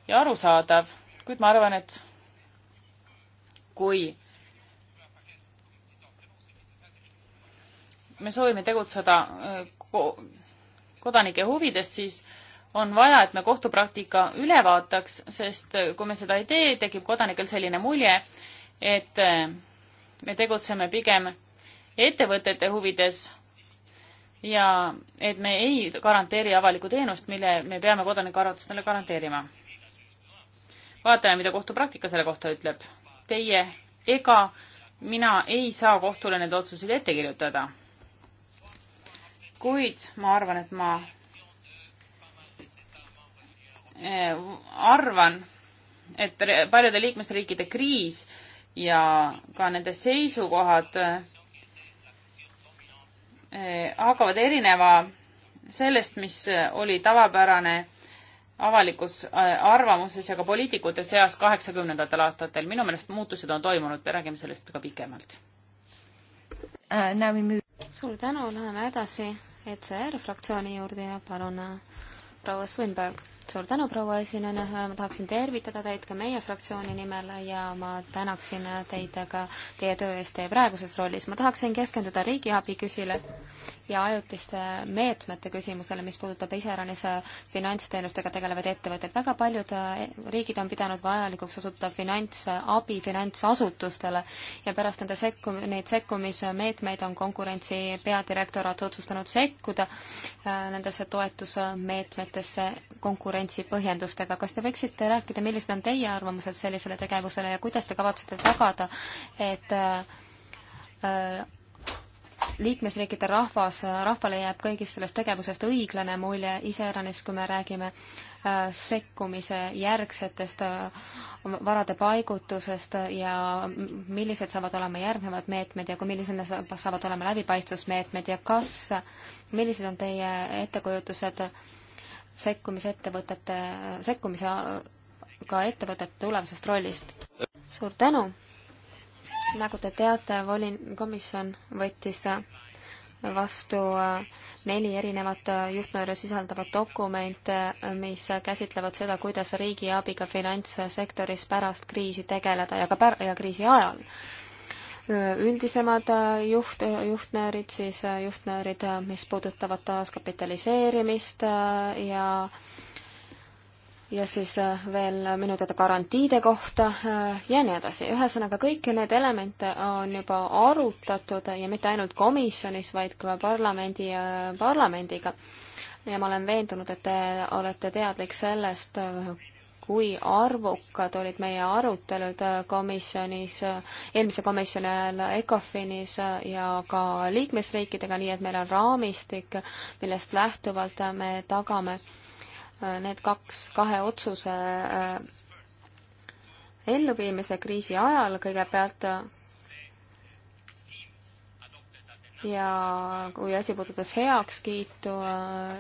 ja arusaadav, kuid ma arvan, et kui me soovime tegutseda äh, kodanike huvides, siis on vaja, et me kohtupraktika üle vaataks, sest äh, kui me seda ei tee, tekib kodanikel selline mulje, et äh, me tegutseme pigem ettevõtete huvides ja et me ei garanteeri avalikku teenust, mille me peame kodanikuarvutustele garanteerima. vaatame, mida kohtupraktika selle kohta ütleb. Teie ega mina ei saa kohtule neid otsuseid ette kirjutada. kuid ma arvan, et ma eh, arvan, et paljude liikmesriikide kriis ja ka nende seisukohad eh, Eh, hakkavad erinema sellest, mis eh, oli tavapärane avalikus eh, arvamuses ja ka poliitikute seas kaheksakümnendatel aastatel. minu meelest muutused on toimunud, me räägime sellest ka pikemalt uh,. suur tänu, läheme edasi ECR fraktsiooni juurde ja palun uh, proua Swinberg suur tänu, proua esinejana, ma tahaksin tervitada teid ka meie fraktsiooni nimel ja ma tänaksin teid ka teie töö eest teie praeguses rollis. ma tahaksin keskenduda riigiabi küsile, ja ajutiste meetmete küsimusele, mis puudutab iseäranis äh, finantsteenustega tegelevaid ettevõtteid. väga paljud äh, riigid on pidanud vajalikuks osutada finantsabi äh, finantsasutustele ja pärast nende sekku-, neid sekkumismeetmeid on konkurentsi peadirektoraat otsustanud sekkuda nendesse toetusmeetmetesse konkurentsi põhjendustega. kas te võiksite rääkida, millised on teie arvamused sellisele tegevusele ja kuidas te kavatsete tagada, et liikmesriikide rahvas, rahvale jääb kõigist sellest tegevusest õiglane mulje, iseäranis kui me räägime äh, sekkumise järgsetest äh, varade paigutusest ja millised saavad olema järgnevad meetmed ja kui millised saavad olema läbipaistvusmeetmed ja kas, millised on teie ettekujutused sekkumisettevõtete, sekkumisega äh, ettevõtete tulevasest rollist? suur tänu! nagu te teate, volin-, komisjon võttis vastu neli erinevat juhtnööre sisaldavat dokumente, mis käsitlevad seda, kuidas riigiabiga finantssektoris pärast kriisi tegeleda ja ka pär-, ja kriisi ajal. üldisemad juht, juhtnöörid siis, juhtnöörid, mis puudutavad taaskapitaliseerimist ja äh, ja siis äh, veel minu teada garantiide kohta äh, ja nii edasi. ühesõnaga, kõiki neid elemente on juba arutatud ja mitte ainult komisjonis, vaid ka parlamendi ja parlamendiga. ja ma olen veendunud, et te olete teadlik sellest, kui arvukad olid meie arutelud äh, komisjonis, eelmise komisjoni ajal ECOFINis ja ka liikmesriikidega, nii et meil on raamistik, millest lähtuvalt me tagame Äh, need kaks, kahe otsuse äh, elluviimise kriisi ajal kõigepealt äh, ja kui asi puudutas heakskiitu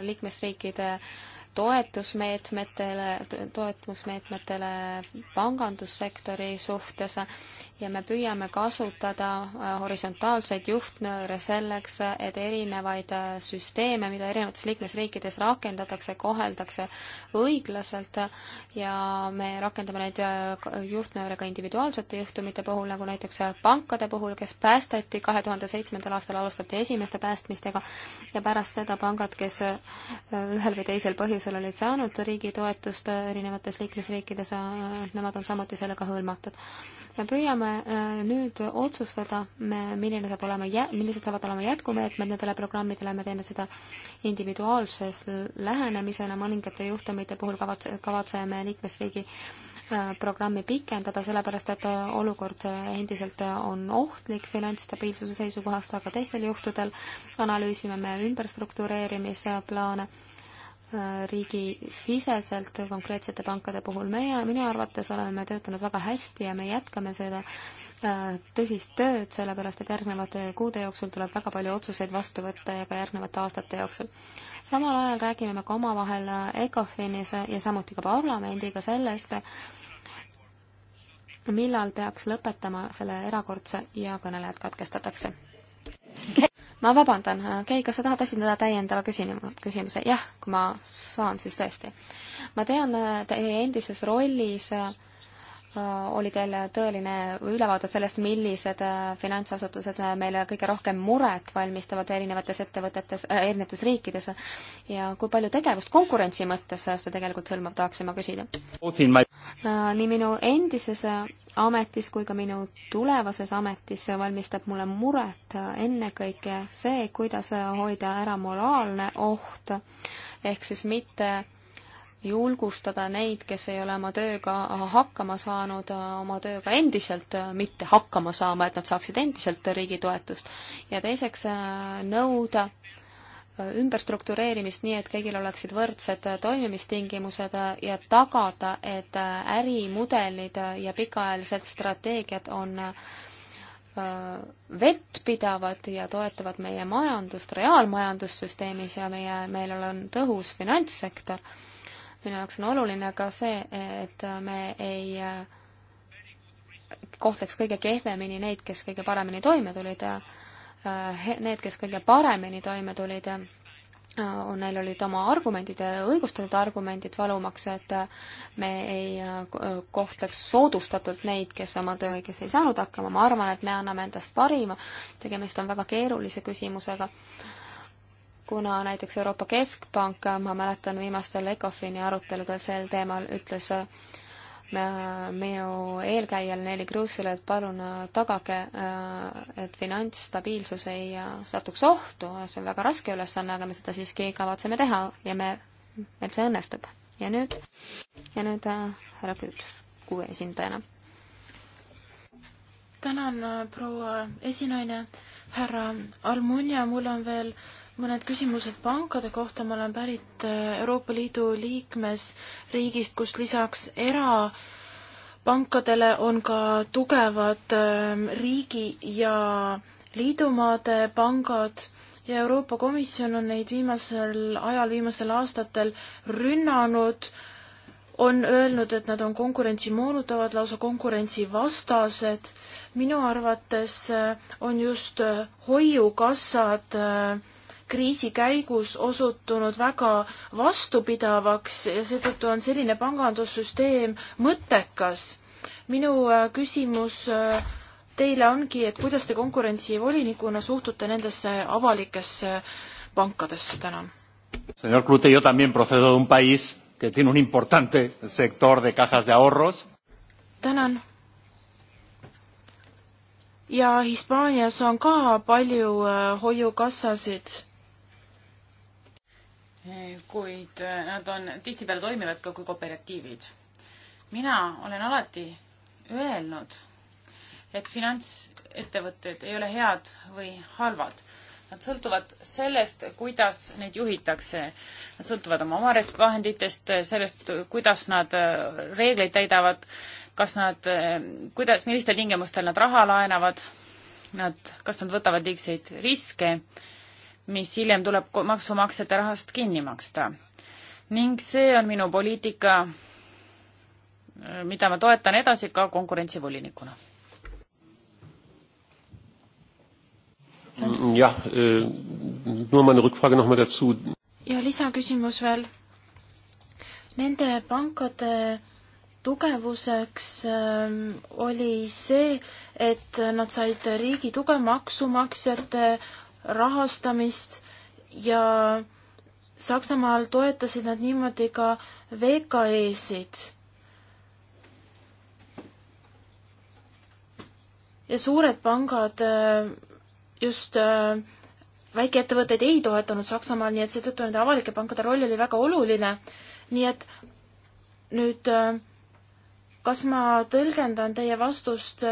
liikmesriikide äh, toetusmeetmetele, toetusmeetmetele pangandussektori suhtes ja me püüame kasutada äh, horisontaalseid juhtnööre selleks, et erinevaid äh, süsteeme, mida erinevates liikmesriikides rakendatakse, koheldakse õiglaselt ja me rakendame neid äh, juhtnööre ka individuaalsete juhtumite puhul, nagu näiteks pankade puhul, kes päästeti kahe tuhande seitsmendal aastal, alustati esimeste päästmistega ja pärast seda pangad, kes ühel või teisel põhjusel tegevusel olid saanud riigi toetust äh, erinevates liikmesriikides, äh, nemad on samuti sellega hõlmatud. me püüame äh, nüüd otsustada, milline saab olema, millised saavad olema jätkumeetmed nendele programmidele, me teeme seda individuaalse lähenemisena, mõningate juhtumite puhul kavatse, kavatseme liikmesriigi programmi pikendada, sellepärast et olukord endiselt on ohtlik finantsstabiilsuse seisukohast, aga teistel juhtudel analüüsime me ümberstruktureerimisplaane Äh, riigisiseselt konkreetsete pankade puhul. meie, minu arvates oleme töötanud väga hästi ja me jätkame seda äh, tõsist tööd, sellepärast et järgnevate kuude jooksul tuleb väga palju otsuseid vastu võtta ja ka järgnevate aastate jooksul. samal ajal räägime me ka omavahel äh, ECOFINis ja samuti ka parlamendiga sellest, millal peaks lõpetama selle erakordse ja kõnelejad katkestatakse ma vabandan, Kei, kas sa tahad esindada täiendava küsimuse, küsimuse? jah, kui ma saan, siis tõesti. ma tean äh, teie endises rollis äh, Äh, oli teil tõeline ülevaade sellest, millised äh, finantsasutused äh, meile kõige rohkem muret valmistavad erinevates ettevõtetes äh,, erinevates riikides ja kui palju tegevust konkurentsi mõttes see tegelikult hõlmab, tahaksin ma küsida. nii minu endises ametis kui ka minu tulevases ametis valmistab mulle muret ennekõike see, kuidas hoida ära moraalne oht, ehk siis mitte julgustada neid, kes ei ole oma tööga hakkama saanud, oma tööga endiselt mitte hakkama saama, et nad saaksid endiselt riigi toetust. ja teiseks äh, nõuda ümberstruktureerimist nii, et kõigil oleksid võrdsed toimimistingimused ja tagada, et ärimudelid ja pikaajalised strateegiad on äh, vettpidavad ja toetavad meie majandust, reaalmajandussüsteemis ja meie, meil on tõhus finantssektor minu jaoks on oluline ka see, et me ei äh, kohtleks kõige kehvemini neid, kes kõige paremini toime tulid ja äh, need, kes kõige paremini toime tulid, äh, neil olid oma argumendid, õigustatud argumendid valumaks, et me ei kohtleks soodustatult neid, kes oma töö, kes ei saanud hakkama, ma arvan, et me anname endast parima, tegemist on väga keerulise küsimusega kuna näiteks Euroopa Keskpank, ma mäletan viimastel ECOFIN-i aruteludel sel teemal, ütles minu eelkäijal Neli Kruusile, et palun äh, tagage, äh, et finantsstabiilsus ei äh, satuks ohtu, see on väga raske ülesanne, aga me seda siiski kavatseme teha ja me, meil see õnnestub. ja nüüd, ja nüüd härra Küüt, kuue esindajana. tänan, proua esinaine, härra Almunia, mul on veel mõned küsimused pankade kohta, ma olen pärit äh, Euroopa Liidu liikmesriigist, kus lisaks erapankadele on ka tugevad ähm, riigi ja liidumaade pangad ja Euroopa Komisjon on neid viimasel ajal, viimastel aastatel rünnanud, on öelnud, et nad on konkurentsi moonutavad, lausa konkurentsivastased. minu arvates äh, on just äh, hoiukassad äh, kriisi käigus osutunud väga vastupidavaks ja seetõttu on selline pangandussüsteem mõttekas. minu äh, küsimus äh, teile ongi, et kuidas te konkurentsivolinikuna suhtute nendesse avalikesse pankadesse täna? Señor Clute, yo también procedo de un país que tiene un importante sector de cajas de ahorros. tänan. ja Hispaanias on ka palju äh, hoiukassasid kuid eh, nad on tihtipeale toimivad ka kui kooperatiivid. mina olen alati öelnud, et finantsettevõtted ei ole head või halvad. Nad sõltuvad sellest, kuidas neid juhitakse. Nad sõltuvad oma omaresvahenditest, sellest, kuidas nad eh, reegleid täidavad, kas nad, eh, kuidas, millistel tingimustel nad raha laenavad, nad, kas nad võtavad liigseid riske mis hiljem tuleb maksumaksjate rahast kinni maksta. ning see on minu poliitika, mida ma toetan edasi ka konkurentsivolinikuna. Mm, jah, ja lisaküsimus veel. Nende pankade tugevuseks ähm, oli see, et nad said riigi tuge maksumaksjate rahastamist ja Saksamaal toetasid nad niimoodi ka VKE-sid. ja suured pangad äh, just äh, väikeettevõtteid ei toetanud Saksamaal, nii et seetõttu nende avalike pankade roll oli väga oluline. nii et nüüd, äh, kas ma tõlgendan teie vastust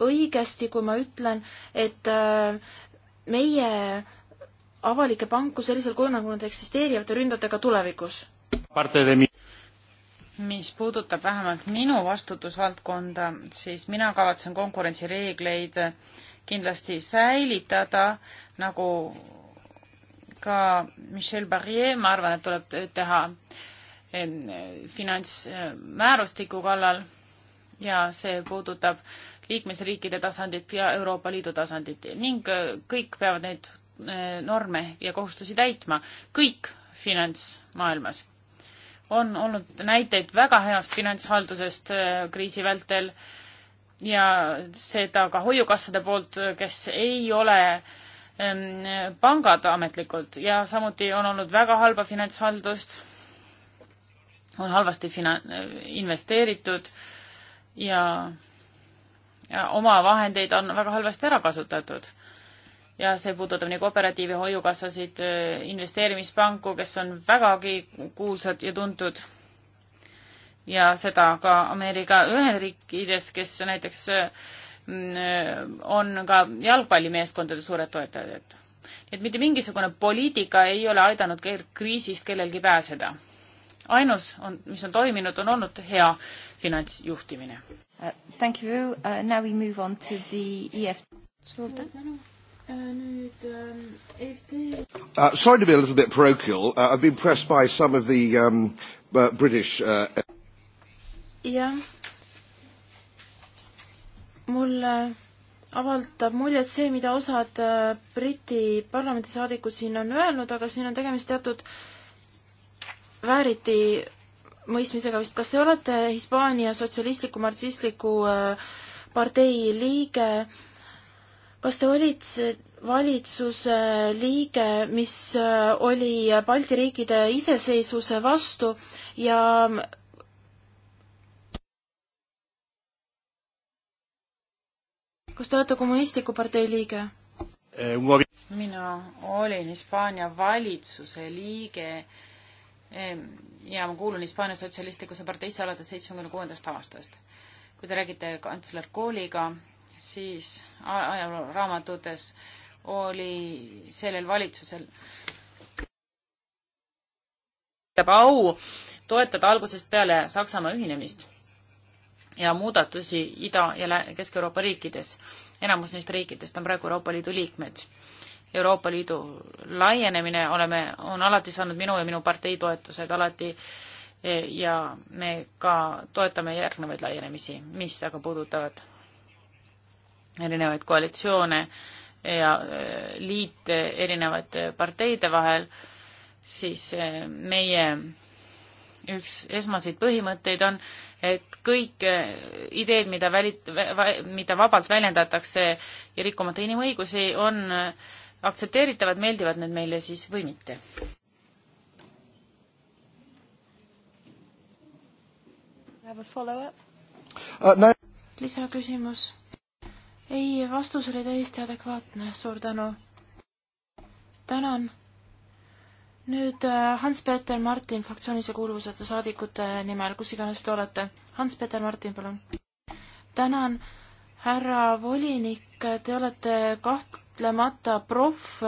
õigesti, kui ma ütlen, et meie avalikke panku sellisel kujul, nagu nad eksisteerivad, te ründate ka tulevikus? mis puudutab vähemalt minu vastutusvaldkonda, siis mina kavatsen konkurentsireegleid kindlasti säilitada, nagu ka Michel Barrier, ma arvan, et tuleb tööd teha eh, finantsmäärustiku kallal ja see puudutab liikmesriikide tasandit ja Euroopa Liidu tasandit ning äh, kõik peavad neid äh, norme ja kohustusi täitma, kõik finantsmaailmas. on olnud näiteid väga heast finantshaldusest äh, kriisi vältel ja seda ka hoiukassade poolt, kes ei ole ähm, pangad ametlikult ja samuti on olnud väga halba finantshaldust, on halvasti fina-, investeeritud ja oma vahendeid on väga halvasti ära kasutatud. ja see puudutab nii kooperatiivi hoiukassasid, äh, investeerimispanku, kes on vägagi kuulsad ja tuntud ja seda ka Ameerika Ühendriikides, kes näiteks äh, on ka jalgpallimeeskondade suured toetajad. nii et mitte mingisugune poliitika ei ole aidanud kriisist kellelgi pääseda ainus on, mis on toiminud, on olnud hea finantsjuhtimine uh,. Thank you uh,, now we move on to the EF-. suur tänu. Uh, nüüd, um, e uh, sorry to be a little bit parochial. Uh, I've been pressed by some of the um, uh, British. Uh... jah, mulle avaldab muljet see, mida osad uh, Briti parlamendisaadikud siin on öelnud, aga siin on tegemist teatud uh, vääriti mõistmisega vist, kas te olete Hispaania Sotsialistliku Marksistliku äh, partei liige, kas te olite valitsuse liige, mis äh, oli Balti riikide iseseisvuse vastu ja kas te olete Kommunistliku partei liige? Eh, mina olin Hispaania valitsuse liige ja ma kuulun Hispaania Sotsialistlikus parteisse alates seitsmekümne kuuendast aastast. kui te räägite kantsler Kooliga, siis ajalooraamatutes oli sellel valitsusel au toetada algusest peale Saksamaa ühinemist ja muudatusi Ida- ja Kesk-Euroopa riikides. enamus neist riikidest on praegu Euroopa Liidu liikmed Euroopa Liidu laienemine, oleme, on alati saanud minu ja minu partei toetused alati e, ja me ka toetame järgnevaid laienemisi, mis aga puudutavad erinevaid koalitsioone ja e, liite erinevate parteide vahel, siis e, meie üks esmaseid põhimõtteid on, et kõik ideed, mida välit-, mida vabalt väljendatakse ja rikkumata inimõigusi, on aktsepteeritavad, meeldivad need meile siis või mitte. Uh, lisaküsimus? ei, vastus oli täiesti adekvaatne, suur tänu. tänan. nüüd äh, Hans-Peeter Martin fraktsioonisse kuuluvate saadikute nimel, kus iganes te olete. Hans-Peeter Martin, palun. tänan härra volinik, te olete kaht-, kahtlemata proff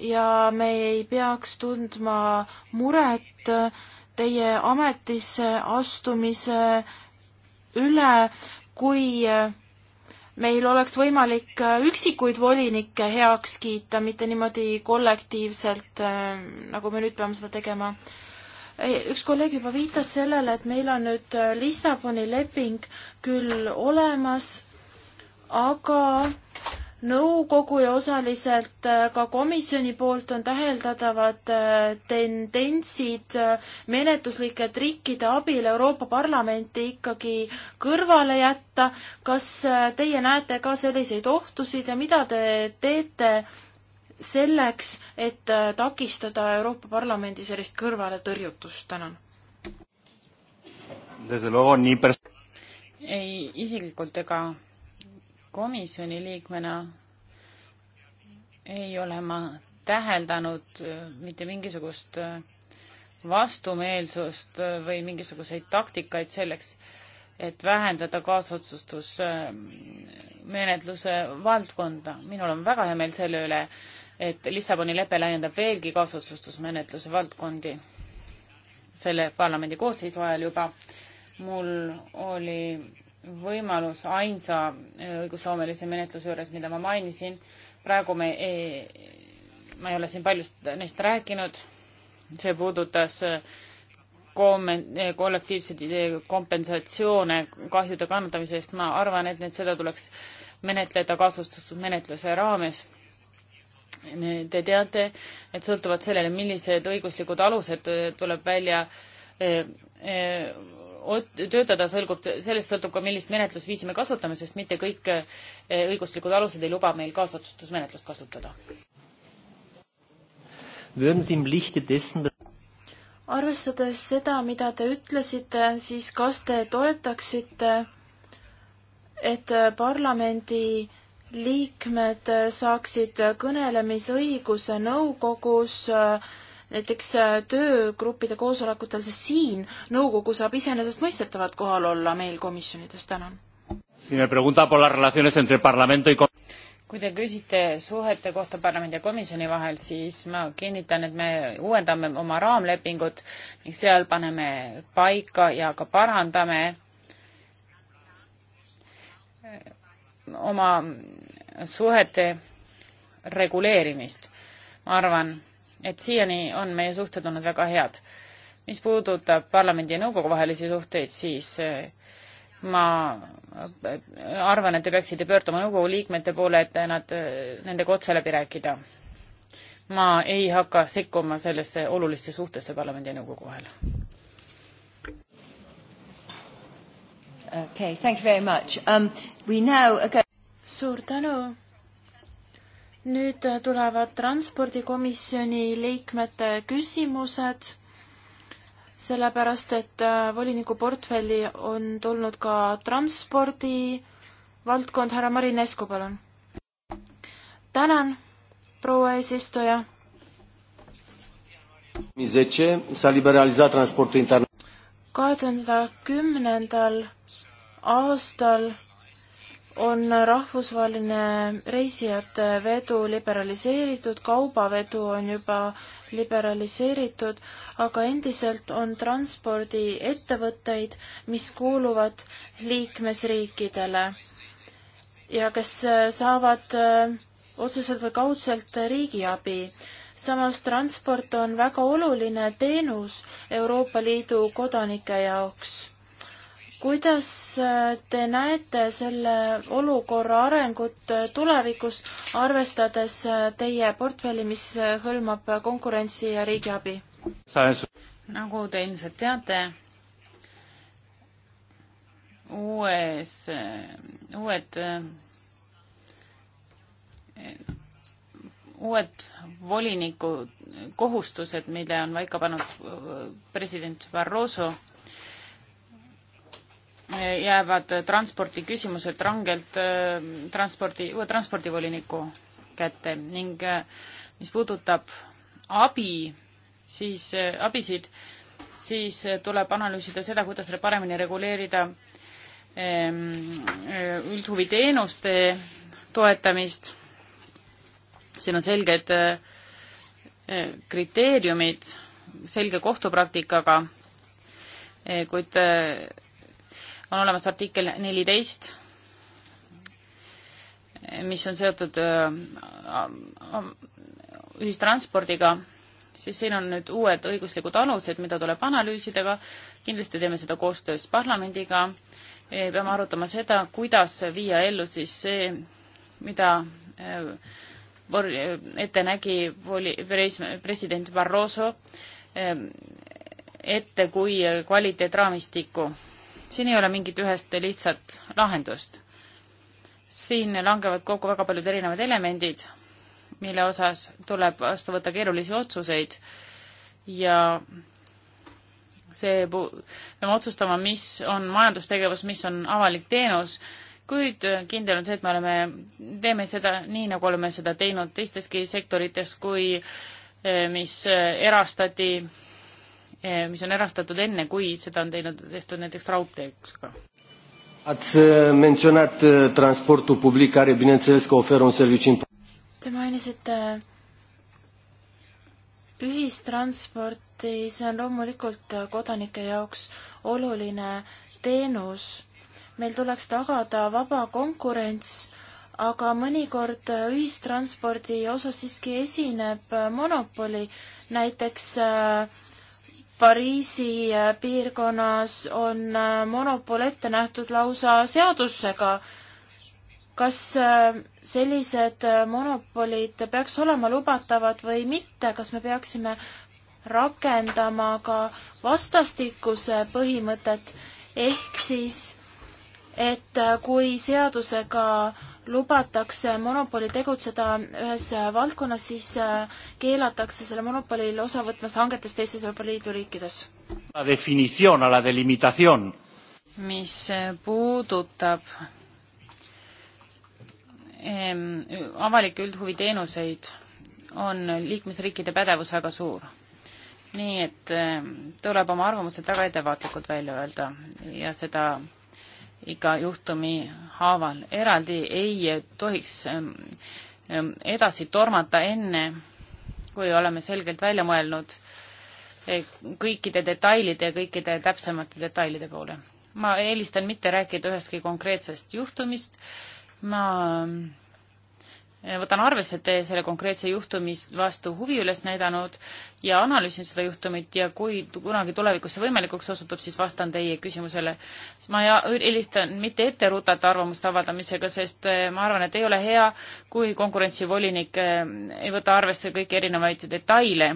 ja me ei peaks tundma muret teie ametisse astumise üle, kui meil oleks võimalik üksikuid volinikke heaks kiita, mitte niimoodi kollektiivselt, nagu me nüüd peame seda tegema. üks kolleeg juba viitas sellele, et meil on nüüd Lissaboni leping küll olemas, aga nõukogu ja osaliselt äh, ka komisjoni poolt on täheldatavad äh, tendentsid äh, menetluslike trikkide abil Euroopa Parlamenti ikkagi kõrvale jätta. kas teie näete ka selliseid ohtusid ja mida te teete selleks, et takistada Euroopa Parlamendi sellist kõrvaletõrjutust? tänan. ei, isiklikult ega komisjoni liikmena ei ole ma täheldanud äh, mitte mingisugust äh, vastumeelsust äh, või mingisuguseid taktikaid selleks, et vähendada kaasotsustusmenetluse valdkonda. minul on väga hea meel selle üle, et Lissaboni lepe laiendab veelgi kaasotsustusmenetluse valdkondi selle parlamendi koosseisu ajal juba. mul oli võimalus ainsa äh, õigusloomelise menetluse juures, mida ma mainisin. praegu me ei, ma ei ole siin paljust neist rääkinud. see puudutas äh, äh, kollektiivseid kompensatsioone kahjude kannatamise eest. ma arvan, et need, seda tuleks menetleda kasustatud menetluse raames. Te teate, et sõltuvalt sellele, millised õiguslikud alused tuleb välja töötada sõlgub, sellest sõltub ka, millist menetlusviisi me kasutame, sest mitte kõik eh, õiguslikud alused ei luba meil kaasotsustusmenetlust kasutada. arvestades seda, mida te ütlesite, siis kas te toetaksite, et parlamendi liikmed saaksid kõnelemisõiguse nõukogus äh, näiteks äh, töögruppide koosolekutel, sest siin nõukogu saab iseenesestmõistetavalt kohal olla meil komisjonides, tänan. kui te küsite suhete kohta parlamendi ja komisjoni vahel, siis ma kinnitan, et me uuendame oma raamlepingut ning seal paneme paika ja ka parandame äh, oma suhete reguleerimist. ma arvan, et siiani on meie suhted olnud väga head. mis puudutab parlamendi ja nõukogu vahelisi suhteid, siis eh, ma eh, arvan, et te peaksite pöörduma nõukogu liikmete poole, et nad, eh, nendega otse läbi rääkida. ma ei hakka sekkuma sellesse olulisse suhtesse parlamendi ja nõukogu vahel. Okay, thank you very much. Um, we now... Okay. Suur tänu nüüd äh, tulevad transpordikomisjoni liikmete küsimused, sellepärast et äh, voliniku portfelli on tulnud ka transpordi valdkond, härra Marin Esku, palun. tänan, proua eesistuja. kahe tuhande kümnendal aastal on rahvusvaheline reisijate vedu liberaliseeritud, kaubavedu on juba liberaliseeritud, aga endiselt on transpordiettevõtteid, mis kuuluvad liikmesriikidele ja kes äh, saavad äh, otseselt või kaudselt riigiabi. samas transport on väga oluline teenus Euroopa Liidu kodanike jaoks kuidas äh, te näete selle olukorra arengut äh, tulevikus, arvestades äh, teie portfelli, mis hõlmab konkurentsi ja riigiabi? nagu te ilmselt teate, uues, uued, uued voliniku kohustused, mille on paika pannud president Barroso jäävad transpordiküsimused rangelt äh, transpordi, uue transpordivoliniku kätte ning äh, mis puudutab abi, siis, äh, abisid, siis tuleb analüüsida seda, kuidas paremini reguleerida ähm, üldhuviteenuste toetamist. siin on selged kriteeriumid selge kohtupraktikaga, kuid on olemas artikkel neliteist, mis on seotud äh, ühistranspordiga, siis siin on nüüd uued õiguslikud alused, mida tuleb analüüsida, aga kindlasti teeme seda koostöös parlamendiga. peame arutama seda, kuidas viia ellu siis see, mida äh, ette nägi voli-, president Barroso äh, ette kui kvaliteetraamistikku siin ei ole mingit ühest lihtsat lahendust. siin langevad kokku väga paljud erinevad elemendid, mille osas tuleb vastu võtta keerulisi otsuseid ja see, peame otsustama, mis on majandustegevus, mis on avalik teenus, kuid kindel on see, et me oleme, teeme seda nii, nagu oleme seda teinud teisteski sektorites, kui eh, mis eh, erastati Eh, mis on erastatud enne, kui seda on teinud, tehtud näiteks raudteega. Ați eh, menționat eh, transportul public care, bineînțeles, că oferă un serviciu important. Te mainisite ühistransporti, see on loomulikult kodanike jaoks oluline teenus. meil tuleks tagada vaba konkurents, aga mõnikord ühistranspordi osas siiski esineb monopoli, näiteks äh, Pariisi äh, piirkonnas on äh, monopol ette nähtud lausa seadusega. kas äh, sellised monopolid peaks olema lubatavad või mitte, kas me peaksime rakendama ka vastastikuse põhimõtet ehk siis, et kui seadusega äh, lubatakse monopoli tegutseda ühes valdkonnas, siis äh, keelatakse selle monopolil osa võtmast hangetest teistes Euroopa Liidu riikides. mis äh, puudutab ähm, avalikke üldhuviteenuseid, on liikmesriikide pädevus väga suur. nii et ähm, tuleb oma arvamused väga ettevaatlikult välja öelda ja seda iga juhtumi haaval eraldi ei tohiks ähm, ähm, edasi tormata enne, kui oleme selgelt välja mõelnud eh, kõikide detailide ja kõikide täpsemate detailide poole. ma eelistan mitte rääkida ühestki konkreetsest juhtumist, ma võtan arvesse, et te selle konkreetse juhtumi vastu huvi üles näidanud ja analüüsin seda juhtumit ja kui kunagi tulevikus see võimalikuks osutub, siis vastan teie küsimusele. ma eelistan mitte ette rutata arvamuste avaldamisega, sest eh, ma arvan, et ei ole hea, kui konkurentsivolinik eh, ei võta arvesse kõiki erinevaid detaile,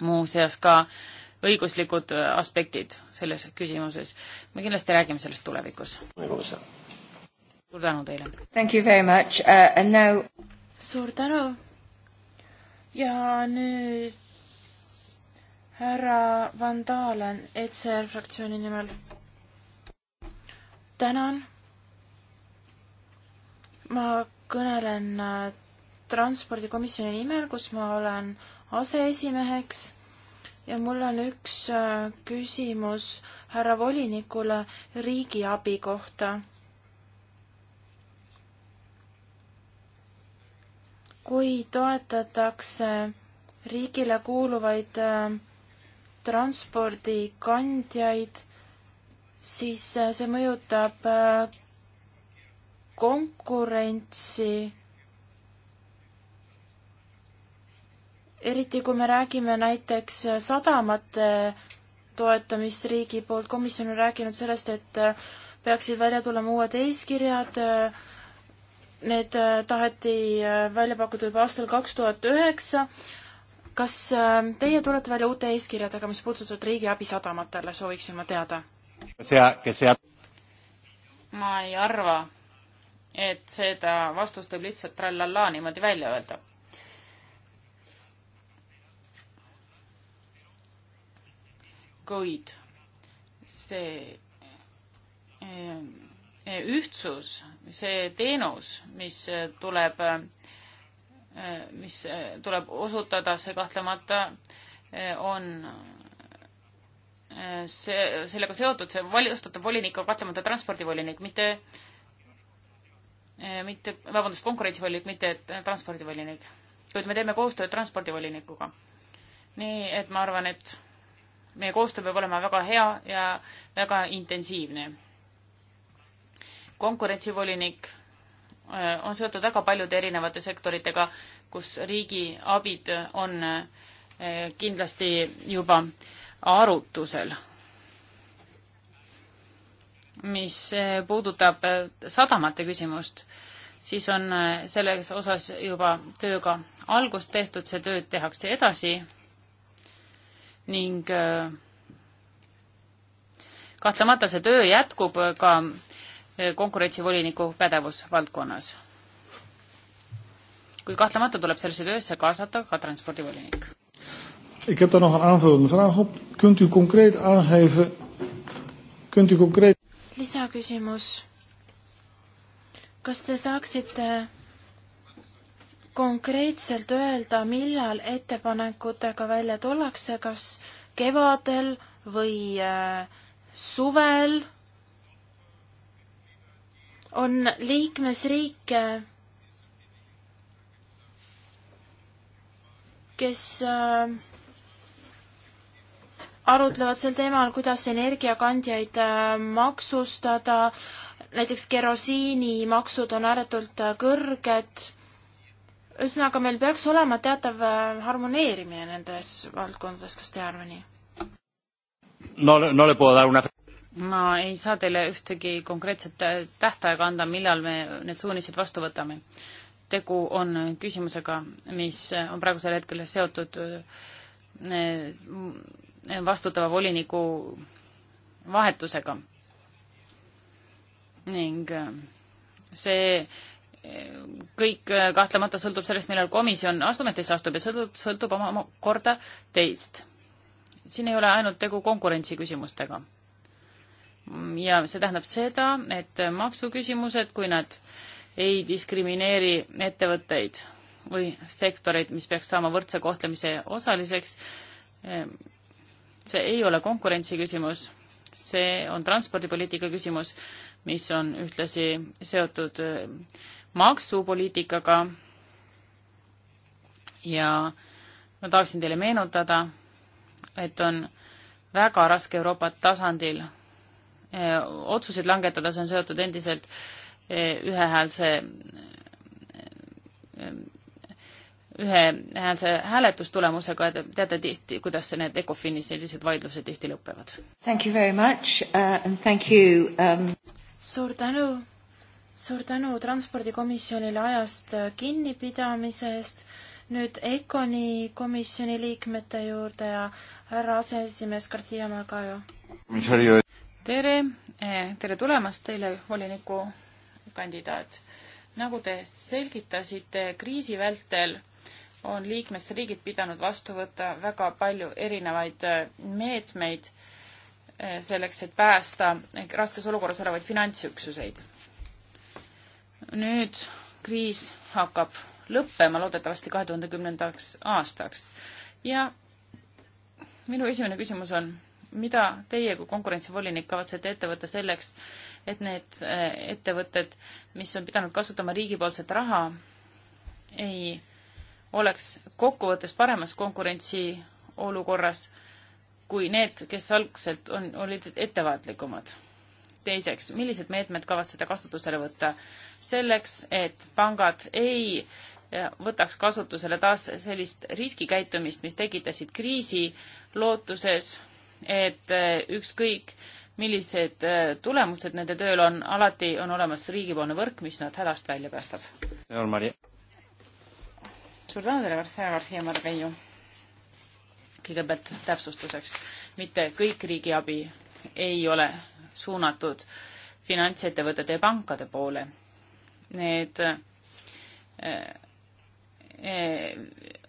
muuseas ka õiguslikud eh, aspektid selles küsimuses. me kindlasti räägime sellest tulevikus suur tänu teile! Thank you very much uh, and now suur tänu! ja nüüd härra Van Dalen ECR fraktsiooni nimel. tänan! ma kõnelen äh, transpordikomisjoni nimel, kus ma olen aseesimeheks ja mul on üks äh, küsimus härra volinikule riigiabi kohta. kui toetatakse riigile kuuluvaid äh, transpordikandjaid, siis äh, see mõjutab äh, konkurentsi, eriti kui me räägime näiteks sadamate toetamist riigi poolt, komisjon on rääkinud sellest, et peaksid välja tulema uued eeskirjad, Need äh, taheti äh, välja pakkuda juba aastal kaks tuhat üheksa. kas äh, teie tulete välja uute eeskirjadega, mis puudutavad riigiabi sadamatele, sooviksin ma teada? ma ei arva, et seda vastust võib lihtsalt trallallaa niimoodi välja öelda. kuid see ühtsus, see teenus, mis tuleb, mis tuleb osutada, see kahtlemata eh, on eh, see, sellega seotud, see vali-, ostutav volinik on kahtlemata transpordivolinik, mitte, eh, mitte, vabandust, konkurentsivolinik, mitte transpordivolinik. kuid me teeme koostööd transpordivolinikuga. nii et ma arvan, et meie koostöö peab olema väga hea ja väga intensiivne konkurentsivolinik äh, on seotud väga paljude erinevate sektoritega, kus riigi abid on äh, kindlasti juba arutusel. mis äh, puudutab sadamate küsimust, siis on selles osas juba tööga algust tehtud, see tööd tehakse edasi ning kahtlemata see töö jätkub ka konkurentsivoliniku pädevusvaldkonnas. kuid kahtlemata tuleb sellesse töösse kaasata ka transpordivolinik. Ik heb daar nog een aanvullende vraag op. Kunt u concreet aangeven, kunt u concreet... Lisaküsimus. Kas te saaksite konkreetselt öelda, millal ettepanekutega välja tullakse, kas kevadel või äh, suvel on liikmesriike, kes äh, arutlevad sel teemal, kuidas energiakandjaid äh, maksustada, näiteks kerosiinimaksud on ääretult äh, kõrged, ühesõnaga, meil peaks olema teatav harmoneerimine nendes valdkondades, kas te ei arva nii? no, no le puedo dar una ma ei saa teile ühtegi konkreetset tähtaega anda, millal me need suunised vastu võtame. tegu on küsimusega, mis on praegusel hetkel seotud äh, vastutava voliniku vahetusega. ning äh, see äh, kõik kahtlemata sõltub sellest, millal komisjon astumetesse astub ja sõltub, sõltub omakorda teist. siin ei ole ainult tegu konkurentsi küsimustega ja see tähendab seda, et maksuküsimused, kui nad ei diskrimineeri ettevõtteid või sektoreid, mis peaks saama võrdse kohtlemise osaliseks, ehm, see ei ole konkurentsi küsimus, see on transpordipoliitika küsimus, mis on ühtlasi seotud ehm, maksupoliitikaga ja ma tahaksin teile meenutada, et on väga raske Euroopa tasandil Äh, otsuseid langetada, see on seotud endiselt äh, ühehäälse, äh, ühehäälse hääletustulemusega, et teate tihti, kuidas need ECOFINis sellised vaidlused tihti lõpevad. Thank you very much uh, and thank you um.... suur tänu, suur tänu Transpordikomisjonile ajast kinnipidamise eest. nüüd ECONi komisjoni liikmete juurde ja härra aseesimees Kartiia Magajo tere, eh, tere tulemast teile, voliniku kandidaat. nagu te selgitasite, kriisi vältel on liikmesriigid pidanud vastu võtta väga palju erinevaid eh, meetmeid eh, selleks, et päästa raskes olukorras olevaid finantsüksuseid. nüüd kriis hakkab lõppema loodetavasti kahe tuhande kümnendaks aastaks ja minu esimene küsimus on, mida teie kui konkurentsivolinik kavatsete ette võtta selleks, et need eh, ettevõtted, mis on pidanud kasutama riigipoolset raha, ei oleks kokkuvõttes paremas konkurentsiolukorras kui need, kes algselt on, olid ettevaatlikumad? teiseks, millised meetmed kavatsete kasutusele võtta selleks, et pangad ei eh, võtaks kasutusele taas sellist riskikäitumist, mis tekitasid kriisi lootuses et äh, ükskõik, millised äh, tulemused nende tööl on, alati on olemas riigipoolne võrk, mis nad hädast välja päästab. suur tänu teile, härra Garcia Marveiu. kõigepealt täpsustuseks, mitte kõik riigiabi ei ole suunatud finantsettevõtete ja pankade poole. Need äh, äh,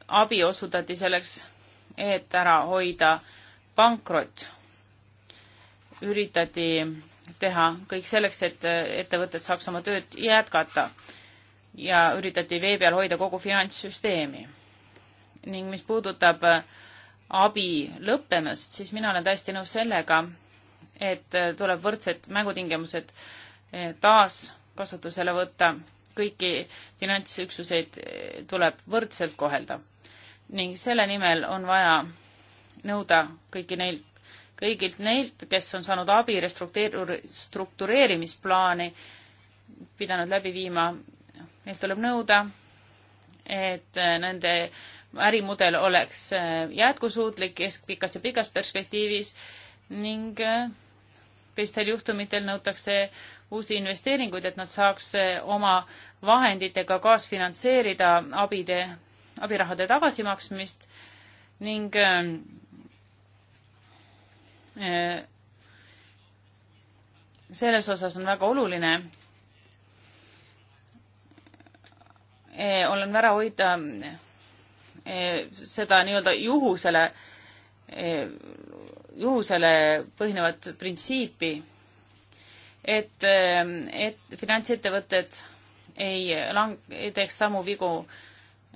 abi osutati selleks, et ära hoida pankrot. üritati teha kõik selleks, et ettevõtted saaks oma tööd jätkata ja üritati vee peal hoida kogu finantssüsteemi. ning mis puudutab abi lõppemast, siis mina olen täiesti nõus sellega, et tuleb võrdsed mängutingimused eh, taas kasutusele võtta, kõiki finantsüksuseid tuleb võrdselt kohelda. ning selle nimel on vaja nõuda kõiki neilt, kõigilt neilt, kes on saanud abi restruktureerimisplaani pidanud läbi viima, neilt tuleb nõuda, et äh, nende ärimudel oleks äh, jätkusuutlik keskpikas ja pikas perspektiivis ning äh, teistel juhtumitel nõutakse uusi investeeringuid, et nad saaks oma vahenditega kaasfinantseerida abide, abirahade tagasimaksmist ning Äh, selles osas on väga oluline äh, olen ära hoida äh, seda nii-öelda juhusele, juhusele põhinevat printsiipi, et, et finantsettevõtted ei lang-, ei teeks samu vigu,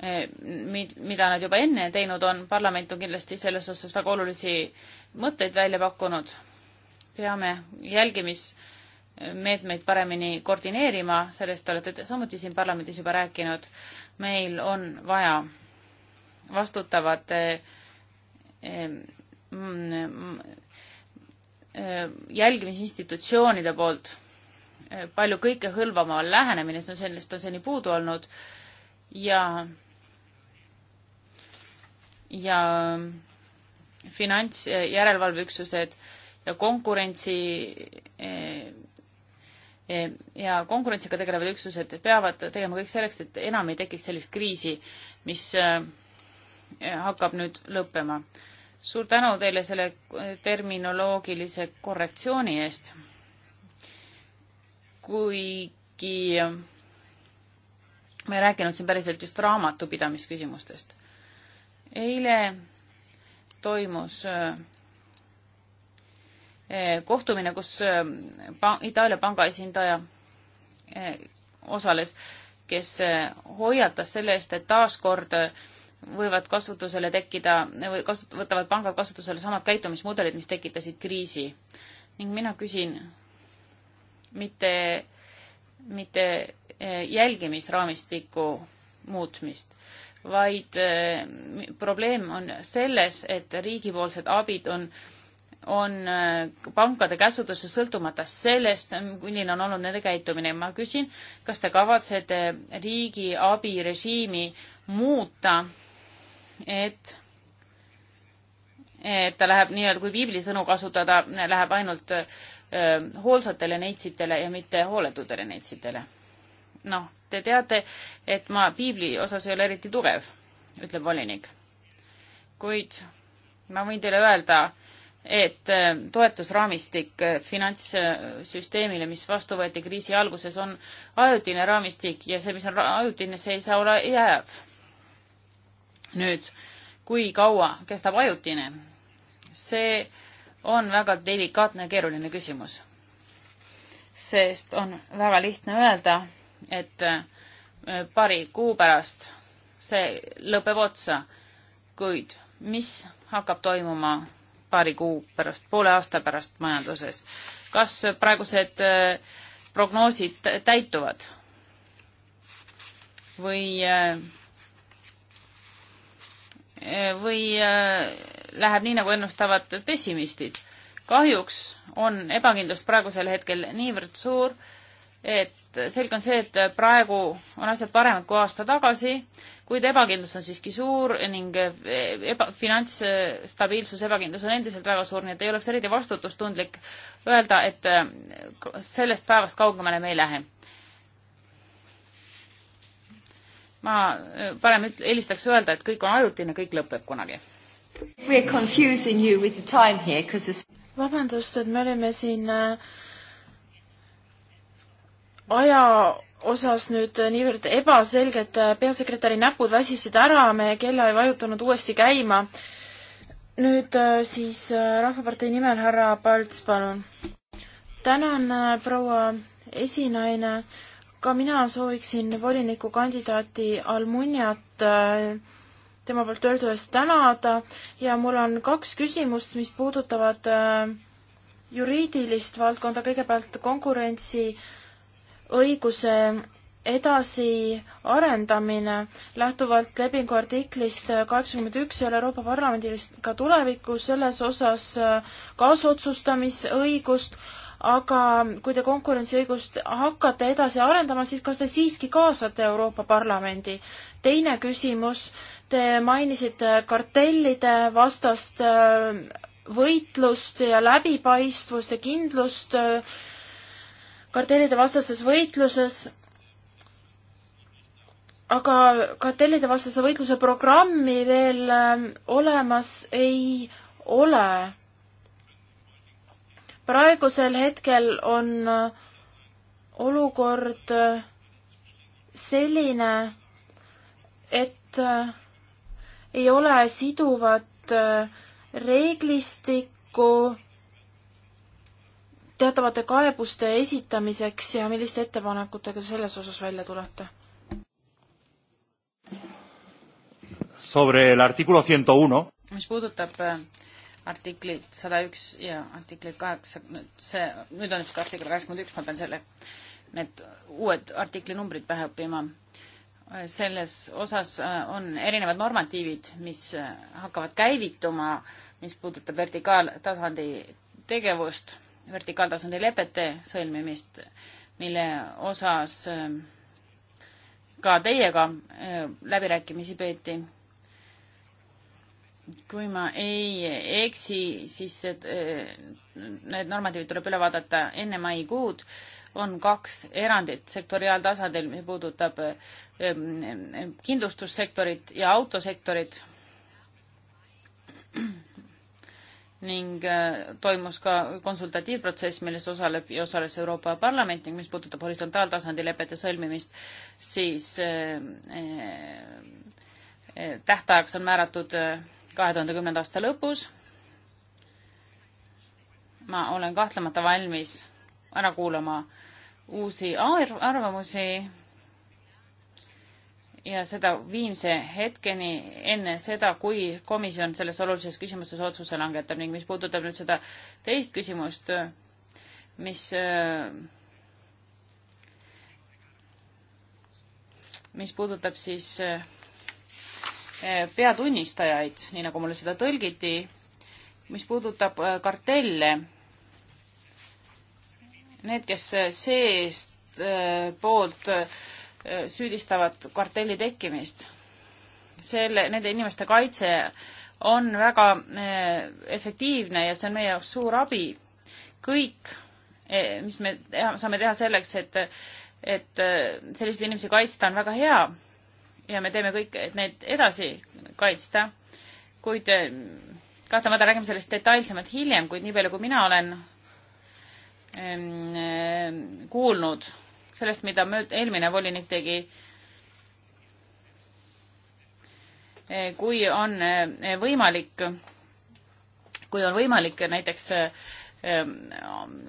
Eh, mida nad juba enne teinud on, parlament on kindlasti selles osas väga olulisi mõtteid välja pakkunud. peame jälgimismeetmeid paremini koordineerima, sellest olete samuti siin parlamendis juba rääkinud. meil on vaja vastutavat eh, mm, eh, mm, jälgimisinstitutsioonide poolt palju kõikehõlvama lähenemine, see on, sellest on seni puudu olnud ja ja finantsjärelevalveüksused ja konkurentsi eh, eh, ja konkurentsiga tegelevad üksused peavad tegema kõik selleks, et enam ei tekiks sellist kriisi, mis eh, hakkab nüüd lõppema. suur tänu teile selle terminoloogilise korrektsiooni eest. kuigi me ei rääkinud siin päriselt just raamatupidamisküsimustest eile toimus äh, äh, kohtumine, kus äh, Itaalia panga esindaja osales, kes hoiatas selle eest, et taaskord võivad kasutusele tekkida või kasut-, võtavad pangad kasutusele samad käitumismudelid, mis tekitasid kriisi. ning mina küsin mitte, mitte jälgimisraamistiku muutmist vaid eh, probleem on selles, et riigipoolsed abid on, on eh, pankade käsutusse sõltumata sellest, milline on olnud nende käitumine. ma küsin, kas te kavatsete riigi abirežiimi muuta, et et ta läheb nii-öelda, kui piiblisõnu kasutada, läheb ainult öö, eh, hoolsatele neitsitele ja mitte hooletutele neitsitele noh, te teate, et ma piibli osas ei ole eriti tugev, ütleb volinik. kuid ma võin teile öelda, et äh, toetusraamistik äh, finantssüsteemile, mis vastu võeti kriisi alguses, on ajutine raamistik ja see, mis on ajutine, see ei saa olla jääv. nüüd, kui kaua kestab ajutine? see on väga delikaatne ja keeruline küsimus. sest on väga lihtne öelda, et äh, paari kuu pärast see lõpeb otsa, kuid mis hakkab toimuma paari kuu pärast, poole aasta pärast majanduses? kas praegused äh, prognoosid täituvad või, äh, või läheb nii, nagu ennustavad pessimistid? kahjuks on ebakindlus praegusel hetkel niivõrd suur, et selge on see, et praegu on asjad paremad kui aasta tagasi, kuid ebakindlus on siiski suur ning eba, finantsstabiilsus, ebakindlus on endiselt väga suur, nii et ei oleks eriti vastutustundlik öelda, et äh, sellest päevast kaugemale me ei lähe. ma äh, parem üt-, eelistaks öelda, et kõik on ajutine, kõik lõpeb kunagi. We're confusing you with the time here because this vabandust, et me olime siin äh, aja osas nüüd niivõrd ebaselged, äh, peasekretäri näpud väsisid ära, me kella ei vajutanud uuesti käima. nüüd äh, siis äh, Rahvapartei nimel härra Palts, palun. tänan, proua esinaine. ka mina sooviksin volinikukandidaati Almuniat tema poolt öeldu eest tänada ja mul on kaks küsimust, mis puudutavad juriidilist valdkonda, kõigepealt konkurentsi äh, õiguse edasiarendamine lähtuvalt lepingu artiklist kaheksakümmend üks ei ole Euroopa Parlamendil ka tulevikus selles osas äh, kaasotsustamisõigust, aga kui te konkurentsiõigust hakkate edasi arendama, siis kas te siiski kaasate Euroopa Parlamendi? teine küsimus, te mainisite kartellide vastast äh, võitlust ja läbipaistvust ja kindlust äh, kartellide vastases võitluses, aga kartellide vastase võitluse programmi veel ähm, olemas ei ole. praegusel hetkel on äh, olukord äh, selline, et äh, ei ole siduvat reeglistikku teatavate kaebuste esitamiseks ja milliste ettepanekutega selles osas välja tulete? Sobre el artículo ciento uno. mis puudutab äh, artiklit sada üks ja artiklit kaheksa, see, nüüd on vist artikkel kaheksakümmend üks, ma pean selle, need uued artikli numbrid pähe õppima. Äh, selles osas äh, on erinevad normatiivid, mis hakkavad käivituma, mis puudutab vertikaaltasandi tegevust vertikaaltasandi lepete sõlmimist, mille osas ähm, ka teiega äh, läbirääkimisi peeti. kui ma ei eksi, siis äh, need normatiivid tuleb üle vaadata enne maikuud, on kaks erandit sektoriaaltasandil, mis puudutab ähm, kindlustussektorit ja autosektorit ning äh, toimus ka konsultatiivprotsess, milles osaleb ja osales Euroopa Parlament ning mis puudutab horisontaaltasandi lepete sõlmimist, siis äh, äh, tähtajaks on määratud kahe tuhande kümnenda aasta lõpus. ma olen kahtlemata valmis ära kuulama uusi arvamusi ja seda viimse hetkeni enne seda, kui komisjon selles olulises küsimuses otsuse langetab ning mis puudutab nüüd seda teist küsimust, mis mis puudutab siis peatunnistajaid, nii nagu mulle seda tõlgiti, mis puudutab äh, kartelle, need, kes äh, seest äh, poolt äh, süüdistavad kartelli tekkimist. selle, nende inimeste kaitse on väga eh, efektiivne ja see on meie jaoks suur abi. kõik, eh, mis me teha, saame teha selleks, et, et eh, selliseid inimesi kaitsta, on väga hea ja me teeme kõik, et neid edasi kaitsta, kuid kahtlemata räägime sellest detailsemalt hiljem, kuid nii palju, kui mina olen ähm, kuulnud sellest, mida mööd-, eelmine volinik tegi. kui on eh, võimalik, kui on võimalik näiteks eh,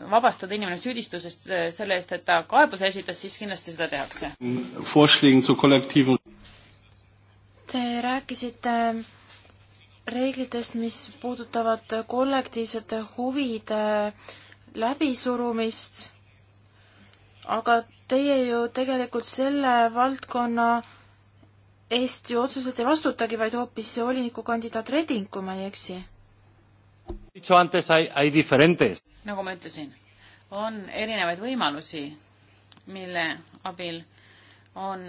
vabastada inimene süüdistusest eh, selle eest, et ta kaebuse esitas, siis kindlasti seda tehakse. Te rääkisite reeglitest, mis puudutavad kollektiivsete huvide läbisurumist, aga teie ju tegelikult selle valdkonna eest ju otseselt ei vastutagi, vaid hoopis volinikukandidaat Reding, kui ma ei eksi. nagu ma ütlesin, on erinevaid võimalusi, mille abil on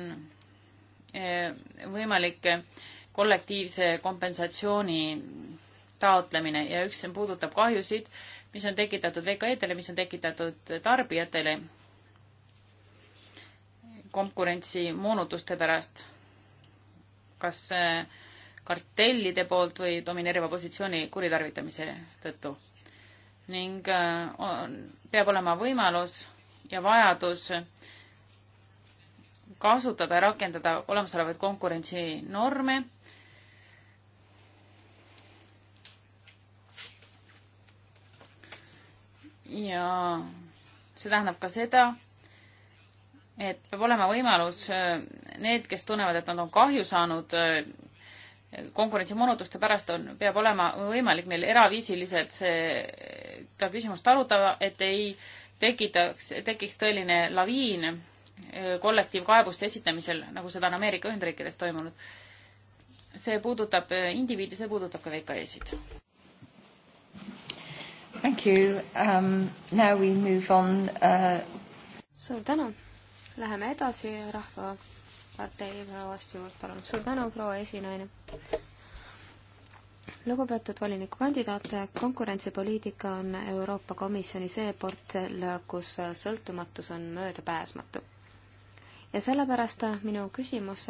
eh, võimalik kollektiivse kompensatsiooni taotlemine ja üks puudutab kahjusid, mis on tekitatud VKE-dele, mis on tekitatud tarbijatele konkurentsi moonutuste pärast, kas äh, kartellide poolt või domineeriva positsiooni kuritarvitamise tõttu. ning äh, on, peab olema võimalus ja vajadus kasutada ja rakendada olemasolevaid konkurentsinorme, ja see tähendab ka seda, et peab olema võimalus äh, need, kes tunnevad, et nad on kahju saanud äh, konkurentsimoonutuste pärast, on, peab olema võimalik neil eraviisiliselt seda küsimust arutada, et ei tekitaks, tekiks tõeline laviin äh, kollektiivkaebuste esitamisel, nagu seda on Ameerika Ühendriikides toimunud. see puudutab indiviidi, see puudutab ka VKE-sid. Thank you um,. Now we move on uh.... suur tänu Läheme edasi Rahvapartei prouast juurde, palun. suur tänu, proua esinaine. lugupeetud volinikukandidaat, konkurentsipoliitika on Euroopa Komisjoni see portfell, kus sõltumatus on möödapääsmatu. ja sellepärast minu küsimus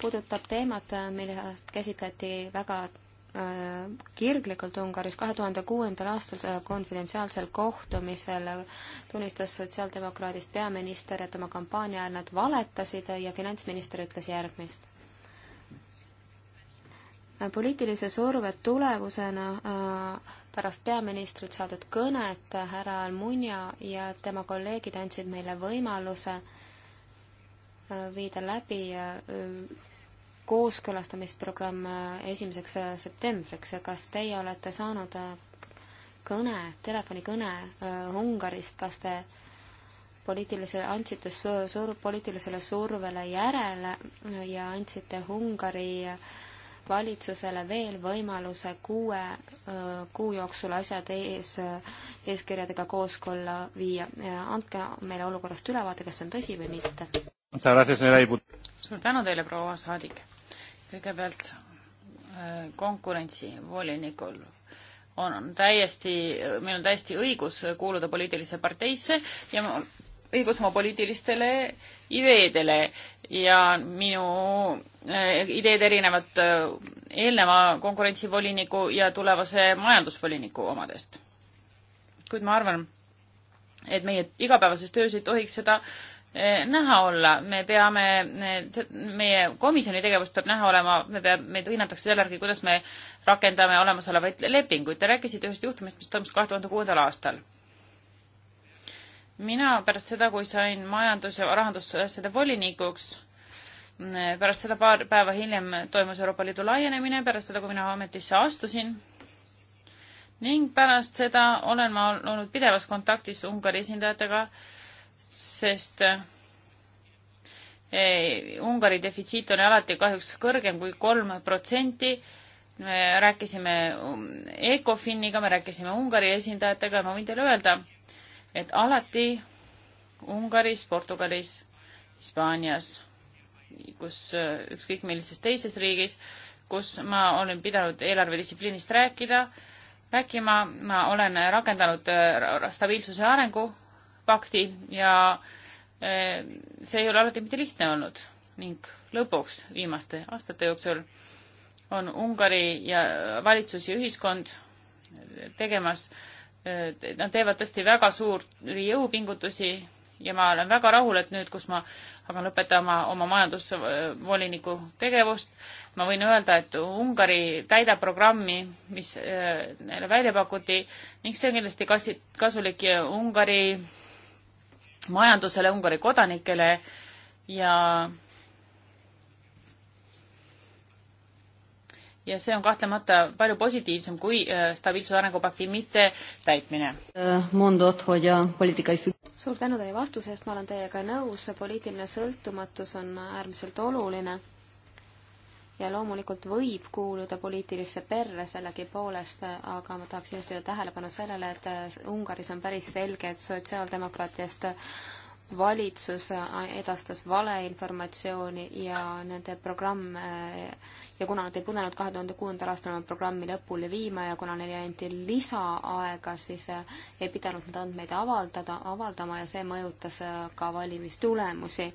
puudutab teemat, mille käsitleti väga Äh, kirglikult Ungaris. kahe tuhande kuuendal aastal äh, konfidentsiaalsel kohtumisel äh, tunnistas sotsiaaldemokraadist peaminister, et oma kampaania ajal nad valetasid ja finantsminister ütles järgmist. poliitilise surve tulevusena pärast peaministrilt saadud kõnet härra Almunia ja tema kolleegid andsid meile võimaluse viida läbi kooskõlastamisprogramm äh, esimeseks äh, septembriks, kas teie olete saanud äh, kõne, telefonikõne Ungarist, kas te poliitilisele, andsite sur-, poliitilisele survele järele ja andsite Ungari valitsusele veel võimaluse kuue kuu jooksul asjad ees, eeskirjadega kooskõlla viia. andke meile olukorrast ülevaade, kas see on tõsi või mitte suur tänu teile, proua saadik. kõigepealt äh, konkurentsivolinikul on täiesti, meil on täiesti õigus kuuluda poliitilisse parteisse ja õigus oma poliitilistele ideedele ja minu äh, ideed erinevad äh, eelneva konkurentsivoliniku ja tulevase majandusvoliniku omadest. kuid ma arvan, et meie igapäevases töös ei tohiks seda äh, Eh, näha olla, me peame, eh, meie komisjoni tegevust peab näha olema, me peame, meid hinnatakse selle järgi, kuidas me rakendame olemasolevaid lepinguid. Te rääkisite ühest juhtumist, mis toimus kahe tuhande kuuendal aastal. mina pärast seda, kui sain majandus- ja rahandusasjade volinikuks, eh, pärast seda paar päeva hiljem toimus Euroopa Liidu laienemine, pärast seda, kui mina ametisse astusin, ning pärast seda olen ma olnud pidevas kontaktis Ungari esindajatega, sest äh, Ungari defitsiit on alati kahjuks kõrgem kui kolm protsenti. me rääkisime um, Ecofiniga, me rääkisime Ungari esindajatega ja ma võin teile öelda, et alati Ungaris, Portugalis, Hispaanias, kus äh, ükskõik millises teises riigis, kus ma olen pidanud eelarvedistsipliinist rääkida, rääkima, ma olen rakendanud äh, stabiilsuse arengu pakti ja eh, see ei ole alati mitte lihtne olnud ning lõpuks viimaste aastate jooksul on Ungari ja valitsus ja ühiskond tegemas, eh, nad teevad tõesti väga suuri jõupingutusi ja ma olen väga rahul, et nüüd, kus ma hakkan lõpetama oma majandusvoliniku tegevust, ma võin öelda, et Ungari täidab programmi, mis eh, neile välja pakuti ning see on kindlasti kasi-, kasulik Ungari majandusele, Ungari kodanikele ja ja see on kahtlemata palju positiivsem kui äh, stabiilsuse arengupakti mittetäitmine. Äh, suur tänu teie vastuse eest, ma olen teiega nõus, poliitiline sõltumatus on äärmiselt oluline ja loomulikult võib kuuluda poliitilisse perre sellegipoolest, aga ma tahaks juhtida tähelepanu sellele, et äh, Ungaris on päris selge, et sotsiaaldemokraatiast valitsus äh, edastas valeinformatsiooni ja nende programm äh, ja kuna nad ei pidanud kahe tuhande kuuendal aastal oma programmi lõpule viima ja kuna neile anti lisaaega, siis ei pidanud nad andmeid avaldada, avaldama ja see mõjutas ka valimistulemusi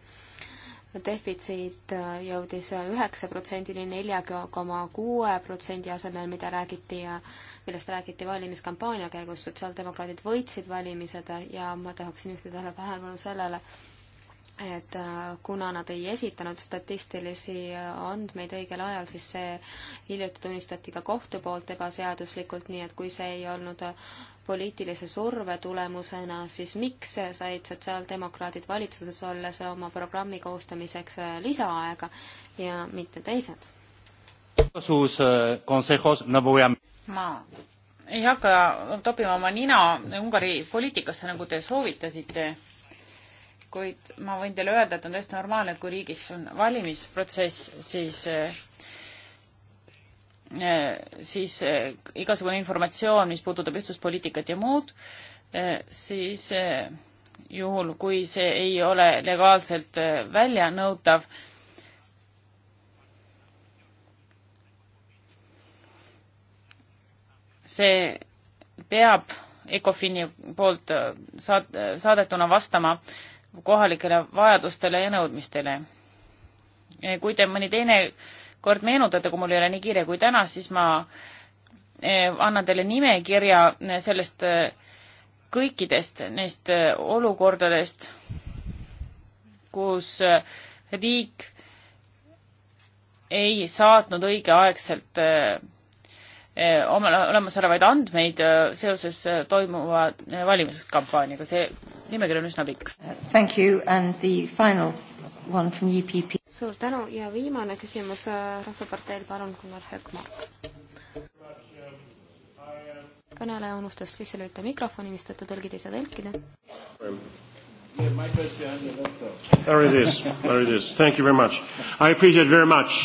defitsiit äh, jõudis äh, üheksa protsendini nelja koma kuue protsendi asemel, mida räägiti ja millest räägiti valimiskampaania käigus, sotsiaaldemokraadid võitsid valimised ja ma tahaksin juhtida tähelepanu sellele, et äh, kuna nad ei esitanud statistilisi andmeid õigel ajal, siis see hiljuti tunnistati ka kohtu poolt ebaseaduslikult, nii et kui see ei olnud poliitilise surve tulemusena, siis miks said sotsiaaldemokraadid valitsuses olles oma programmi koostamiseks äh, lisaaega ja mitte teised? Äh, ma ei hakka topima oma nina Ungari poliitikasse, nagu te soovitasite, kuid ma võin teile öelda, et on täiesti normaalne, et kui riigis on valimisprotsess, siis äh, Äh, siis äh, igasugune informatsioon, mis puudutab ühtsuspoliitikat ja muud, äh, siis juhul, kui see ei ole legaalselt väljanõutav, see peab ECOFIN-i poolt saad-, saadetuna vastama kohalikele vajadustele ja nõudmistele. kui te mõni teine kord meenutate, kui mul ei ole nii kiire kui täna, siis ma eh, annan teile nimekirja eh, sellest eh, kõikidest neist olukordadest, kus riik ei saatnud õigeaegselt oma olemasolevaid andmeid seoses toimuva valimiskampaaniaga. see nimekiri on üsna pikk. Thank you and the final one from EPP suur tänu ja viimane küsimus äh, Rahvaparteil, palun, Gunnar Hökmark. kõneleja unustas sisse lülitada mikrofoni, mistõttu tõlgid ei saa tõlkida. There it is, there it is, thank you very much. I appreciate very much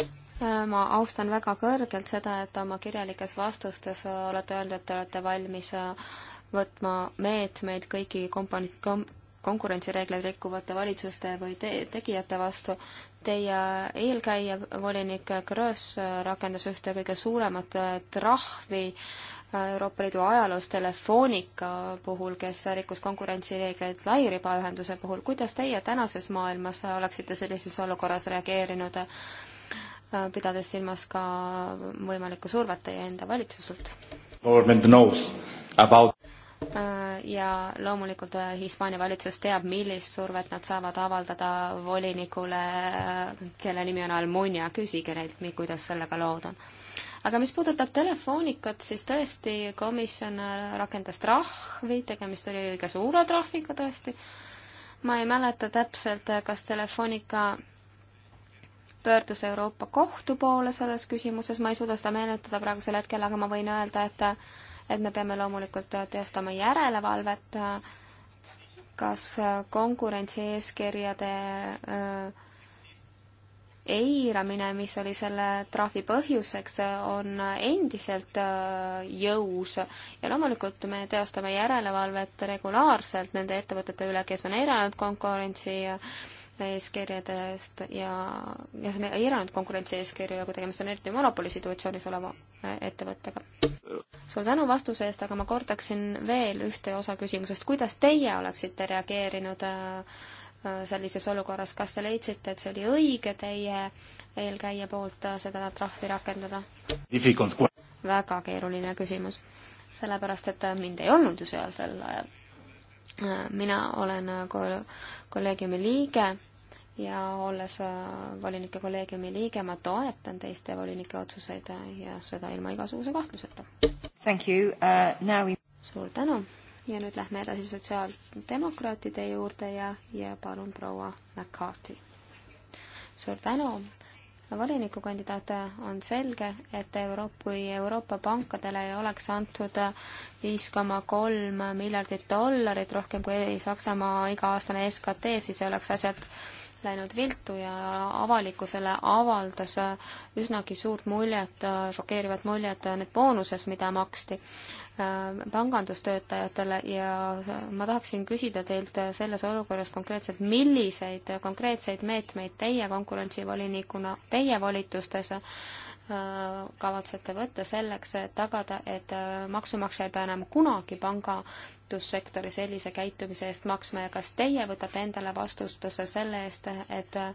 äh, ma austan väga kõrgelt seda, et oma kirjalikes vastustes olete öelnud, et te olete valmis äh, võtma meetmeid kõigi komponent-, kom-, konkurentsireegleid rikkuvate valitsuste või te tegijate vastu. Teie eelkäija, volinik Gross, rakendas ühte kõige suuremat trahvi Euroopa Liidu ajaloos Telefonica puhul, kes rikkus konkurentsireegleid lairibaühenduse puhul. kuidas teie tänases maailmas oleksite sellises olukorras reageerinud, pidades silmas ka võimalikku survet teie enda valitsuselt? About... Äh, ja loomulikult äh, Hispaania valitsus teab, millist survet nad saavad avaldada volinikule, äh, kelle nimi on Almunia, küsige neilt, kuidas sellega lood on. aga mis puudutab telefoonikat, siis tõesti, komisjon rakendas trahvi, tegemist oli õige suure trahviga tõesti, ma ei mäleta täpselt, kas Telefonica pöördus Euroopa Kohtu poole selles küsimuses, ma ei suuda seda meenutada praegusel hetkel, aga ma võin öelda, et et me peame loomulikult teostama järelevalvet, kas konkurentsieeskirjade äh, eiramine, mis oli selle trahvi põhjuseks, on endiselt äh, jõus ja loomulikult me teostame järelevalvet regulaarselt nende ettevõtete üle, kes on eiranud konkurentsi eeskirjadest ja, ja see on eiranud konkurentsi eeskirju ja kui tegemist on eriti monopoli situatsioonis oleva äh, ettevõttega suur tänu vastuse eest, aga ma kordaksin veel ühte osa küsimusest, kuidas teie oleksite reageerinud äh, äh, sellises olukorras, kas te leidsite, et see oli õige teie eelkäija poolt äh, seda trahvi rakendada? väga keeruline küsimus, sellepärast et mind ei olnud ju seal sel ajal. mina olen kolleegiumi liige ja olles äh, volinike kolleegiumi liige, ma toetan teiste volinike otsuseid äh, ja seda ilma igasuguse kahtluseta. Uh, we... suur tänu ja nüüd lähme edasi sotsiaaldemokraatide juurde ja, ja palun proua McCarthy. suur tänu volinikukandidaat äh, on selge, et Euroopa, kui Euroopa pankadele ei oleks antud viis koma kolm miljardit dollarit, rohkem kui Saksamaa iga-aastane SKT, siis oleks asjad läinud viltu ja avalikkusele avaldas üsnagi suurt muljet, šokeerivat muljet need boonuses, mida maksti äh, pangandustöötajatele ja ma tahaksin küsida teilt selles olukorras konkreetselt, milliseid konkreetseid meetmeid teie konkurentsivolinikuna, teie volitustes Äh, kavatsete võtta selleks, et tagada, et äh, maksumaksja ei pea enam kunagi pangandussektori sellise käitumise eest maksma ja kas teie võtate endale vastutuse selle eest, et äh,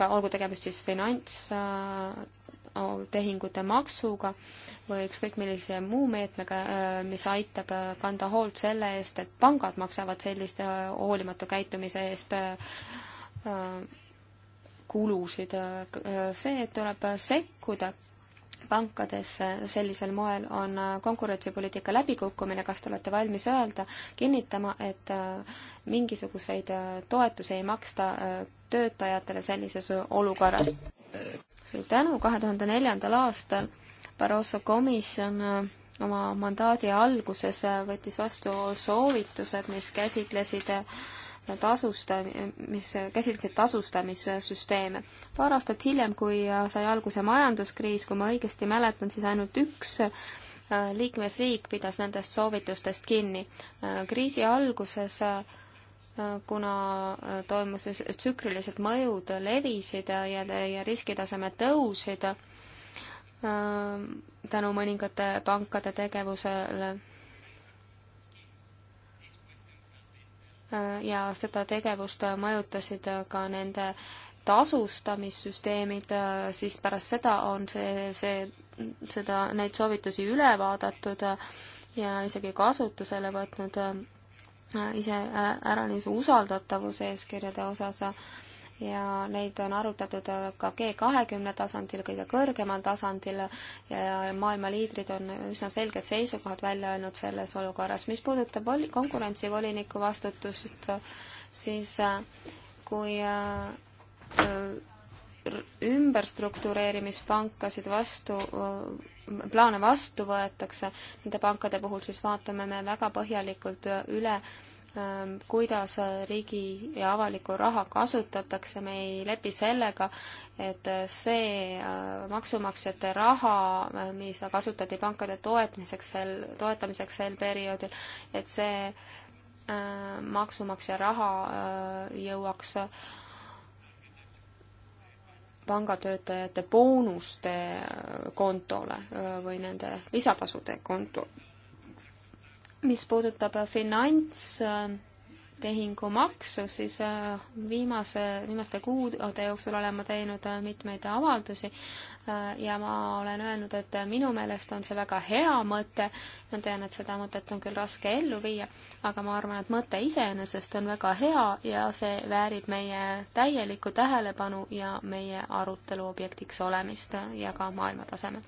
ka olgu tegemist siis finantstehingute maksuga või ükskõik millise muu meetmega, mis aitab kanda hoolt selle eest, et pangad maksavad selliste hoolimatu käitumise eest kulusid. see, et tuleb sekkuda pankadesse sellisel moel, on konkurentsipoliitika läbikukkumine, kas te olete valmis öelda, kinnitama, et äh, mingisuguseid äh, toetusi ei maksta äh, töötajatele sellises olukorras? suur tänu, kahe tuhande neljandal aastal Barroso komisjon oma mandaadi alguses võttis vastu soovitused, mis käsitlesid tasusta, mis käsitlesid tasustamissüsteeme. paar aastat hiljem, kui sai alguse majanduskriis, kui ma õigesti mäletan, siis ainult üks äh, liikmesriik pidas nendest soovitustest kinni. Äh, kriisi alguses äh, kuna toimus tsüklilised mõjud levisid ja, ja riskitasemed tõusid tänu mõningate pankade tegevusele ja seda tegevust mõjutasid ka nende tasustamissüsteemid, siis pärast seda on see, see, seda, neid soovitusi üle vaadatud ja isegi kasutusele võtnud äh, ise äh, ära niisuguse usaldatavuse eeskirjade osas ja neid on arutatud ka G20 tasandil, kõige kõrgemal tasandil ja maailma liidrid on üsna selged seisukohad välja öelnud selles olukorras. mis puudutab konkurentsivoliniku vastutust, siis äh, kui äh, ümberstruktureerimispankasid vastu, äh, plaane vastu võetakse, nende pankade puhul siis vaatame me väga põhjalikult üle Ähm, kuidas äh, riigi ja avaliku raha kasutatakse, me ei lepi sellega, et äh, see äh, maksumaksjate raha, mis kasutati pankade toetmiseks sel, toetamiseks sel perioodil, et see maksumaksja raha jõuaks pangatöötajate boonuste kontole või nende lisatasude kontole mis puudutab finantstehingumaksu, siis äh, viimase, viimaste kuude jooksul olen ma teinud äh, mitmeid avaldusi äh, ja ma olen öelnud, et minu meelest on see väga hea mõte. ma tean, et seda mõtet on küll raske ellu viia, aga ma arvan, et mõte iseenesest on väga hea ja see väärib meie täielikku tähelepanu ja meie arutelu objektiks olemist ja ka maailma tasemel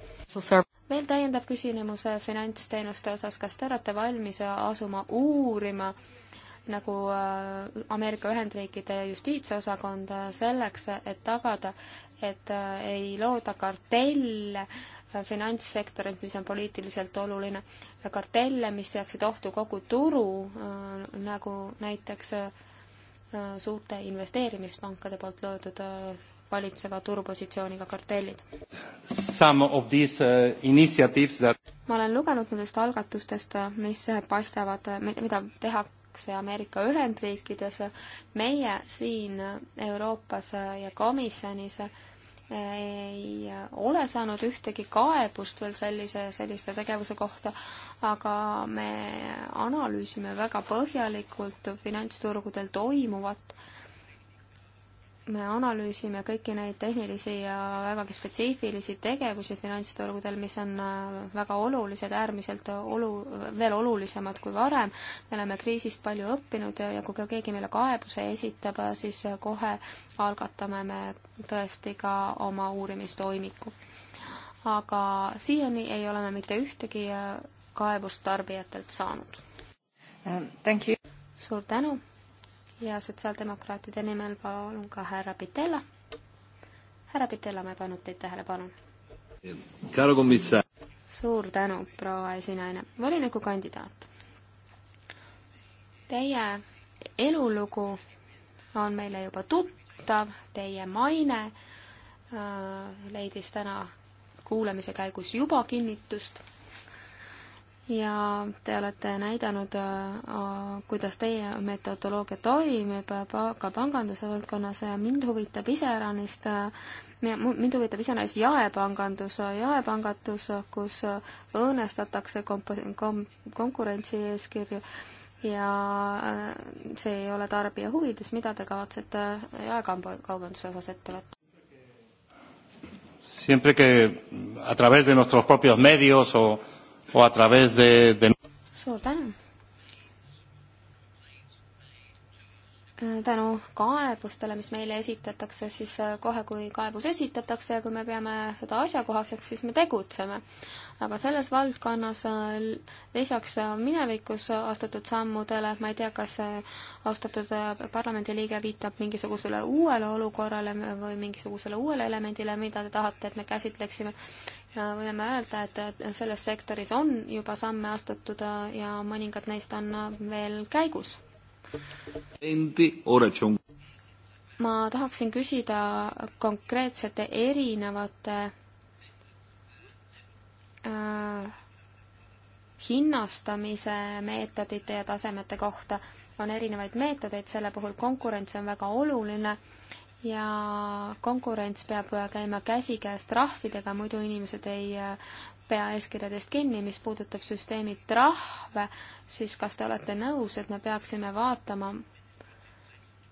veel täiendav küsimus äh, finantsteenuste osas, kas te olete valmis äh, asuma uurima nagu äh, Ameerika Ühendriikide justiitsosakond selleks, et tagada, et ei looda kartelle finantssektorit, mis on poliitiliselt oluline, kartelle, mis seaksid ohtu kogu turu, nagu näiteks suurte investeerimispankade poolt loodud valitseva turupositsiooniga kartellid. Uh, that... ma olen lugenud nendest algatustest, mis paistavad, mida tehakse Ameerika Ühendriikides, meie siin Euroopas ja komisjonis ei ole saanud ühtegi kaebust veel sellise, selliste tegevuse kohta, aga me analüüsime väga põhjalikult finantsturgudel toimuvat me analüüsime kõiki neid tehnilisi ja vägagi spetsiifilisi tegevusi finantsturgudel, mis on äh, väga olulised, äärmiselt olu-, veel olulisemad kui varem. me oleme kriisist palju õppinud ja, ja kui ka keegi meile kaebuse esitab, äh, siis äh, kohe algatame me tõesti ka oma uurimistoimiku. aga siiani ei ole me mitte ühtegi kaebust tarbijatelt saanud. Um, suur tänu! ja sotsiaaldemokraatide nimel palun ka härra Pitella. härra Pitella, ma ei pannud teid tähele, palun. suur tänu, proua esinaine, volinikukandidaat. Teie elulugu on meile juba tuttav, teie maine äh, leidis täna kuulamise käigus juba kinnitust ja te olete näidanud, äh, äh, kuidas teie metodoloogia toimib äh, ka panganduse valdkonnas ja mind huvitab iseäranist, mind huvitab iseäranist jaepangandus, jaepangatus, kus õõnestatakse komp-, kom-, konkurentsieeskirju ja see ei ole tarbija huvides, mida te kavatsete jaekaubanduse osas ette võtta? Siempre que a través de nuestros propios medios o o a través de, de... suur tänu! tänu kaebustele, mis meile esitatakse, siis äh, kohe, kui kaebus esitatakse ja kui me peame seda asjakohaseks, siis me tegutseme. aga selles valdkonnas äh, lisaks äh, minevikus astutud sammudele, ma ei tea, kas austatud parlamendiliige viitab mingisugusele uuele olukorrale või mingisugusele uuele elemendile, mida te tahate, et me käsitleksime, võime öelda, et selles sektoris on juba samme astutud äh, ja mõningad neist on äh, veel käigus. ma tahaksin küsida konkreetsete erinevate äh, hinnastamise meetodite ja tasemete kohta. on erinevaid meetodeid, selle puhul konkurents on väga oluline äh, ja konkurents peab käima käsikäes trahvidega, muidu inimesed ei äh, pea eeskirjadest kinni, mis puudutab süsteemi trahve, siis kas te olete nõus, et me peaksime vaatama,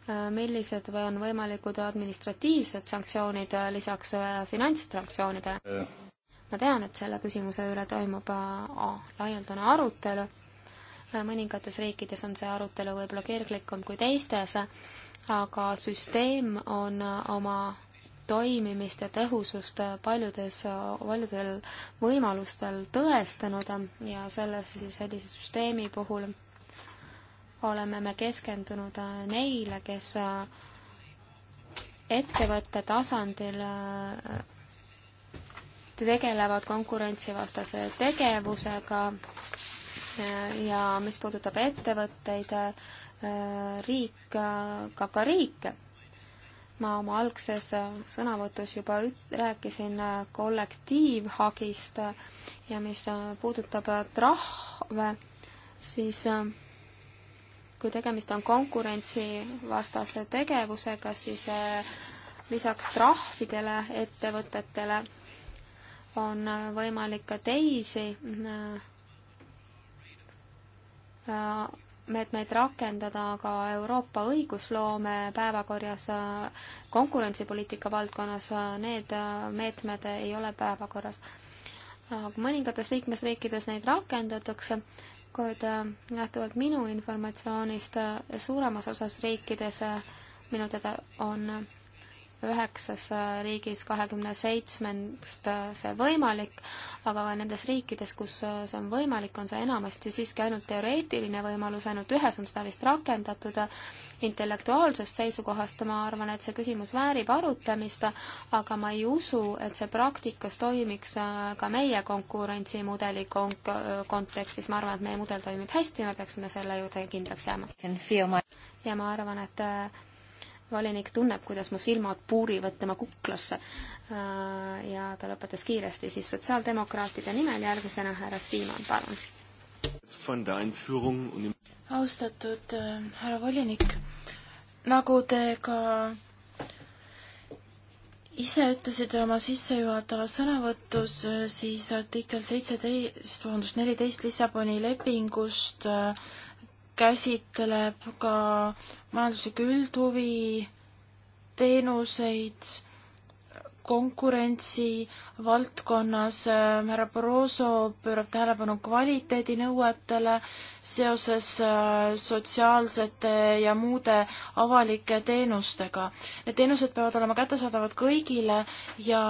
äh, millised või on võimalikud administratiivsed sanktsioonid äh, lisaks finantssanktsioonidele? ma tean, et selle küsimuse üle toimub laialdane arutelu, mõningates riikides on see arutelu võib-olla kirglikum kui teistes, aga süsteem on äh, oma toimimist ja tõhusust äh, paljudes, äh, paljudel võimalustel tõestanud ja selle, sellise süsteemi puhul oleme me keskendunud neile, kes ettevõtte tasandil tegelevad konkurentsivastase tegevusega ja mis puudutab ettevõtteid, riik ka ka riike. ma oma algses sõnavõtus juba üt-, rääkisin kollektiivhagist ja mis puudutab trahve, siis kui tegemist on konkurentsivastase tegevusega, siis lisaks trahvidele ettevõtetele on võimalik ka teisi meetmeid rakendada ka Euroopa õigusloome päevakorras konkurentsipoliitika valdkonnas, need meetmed ei ole päevakorras. mõningates liikmesriikides neid rakendatakse, kuid äh, lähtuvalt minu informatsioonist suuremas osas riikides äh, minu teada on üheksas riigis kahekümne seitsmest äh, see võimalik, aga nendes riikides, kus äh, see on võimalik, on see enamasti siiski ainult teoreetiline võimalus, ainult ühes on seda vist rakendatud. intellektuaalsest seisukohast ma arvan, et see küsimus väärib arutamist, aga ma ei usu, et see praktikas toimiks äh, ka meie konkurentsimudeli konk-, kontekstis, ma arvan, et meie mudel toimib hästi ja me peaksime selle juurde kindlaks jääma. ja ma arvan, et volinik tunneb, kuidas mu silmad puurivad tema kuklasse. Äh, ja ta lõpetas kiiresti siis sotsiaaldemokraatide nimel, järgmisena härra Siimann, palun. austatud äh, härra volinik, nagu te ka ise ütlesite oma sissejuhatavas sõnavõtus, äh, siis artikkel seitseteist, vabandust, neliteist Lissaboni lepingust käsitleb ka majanduslik üldhuvi, teenuseid, konkurentsi valdkonnas äh, härra Barroso pöörab tähelepanu kvaliteedinõuetele seoses äh, sotsiaalsete ja muude avalike teenustega. Need teenused peavad olema kättesaadavad kõigile ja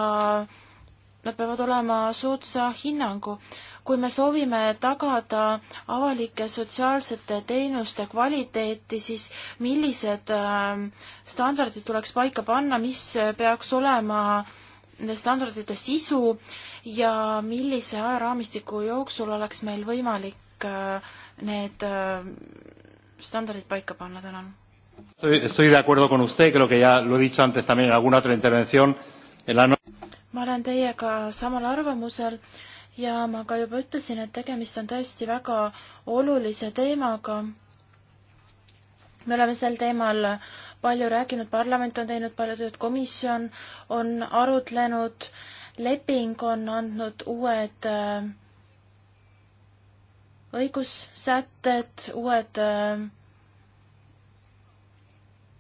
nad peavad olema soodsa hinnangu kui me soovime tagada avalike sotsiaalsete teenuste kvaliteeti, siis millised ähm, standardid tuleks paika panna, mis peaks olema nende standardite sisu ja millise ajaraamistiku jooksul oleks meil võimalik äh, need ähm, standardid paika panna, tänan. Estoy de acuerdo con usted, creo que ya lo he dicho antes también en alguna otra intervención. En la... ma olen teiega samal arvamusel ja ma ka juba ütlesin, et tegemist on tõesti väga olulise teemaga. me oleme sel teemal palju rääkinud, parlament on teinud palju tööd, komisjon on arutlenud, leping on andnud uued äh, õigussätted, uued äh,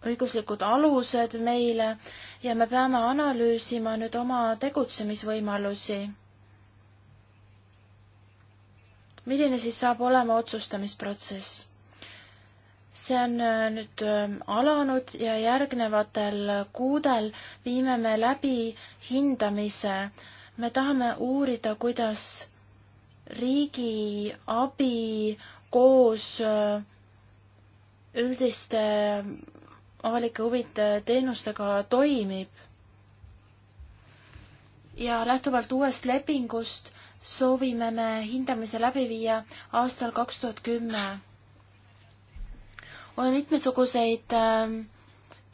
õiguslikud alused meile ja me peame analüüsima nüüd oma tegutsemisvõimalusi milline siis saab olema otsustamisprotsess? see on äh, nüüd ähm, alanud ja järgnevatel kuudel viime me läbi hindamise. me tahame uurida, kuidas riigi abi koos äh, üldiste ähm, avalike huvide teenustega toimib. ja lähtuvalt uuest lepingust soovime me hindamise läbi viia aastal kaks tuhat kümme. on mitmesuguseid ähm,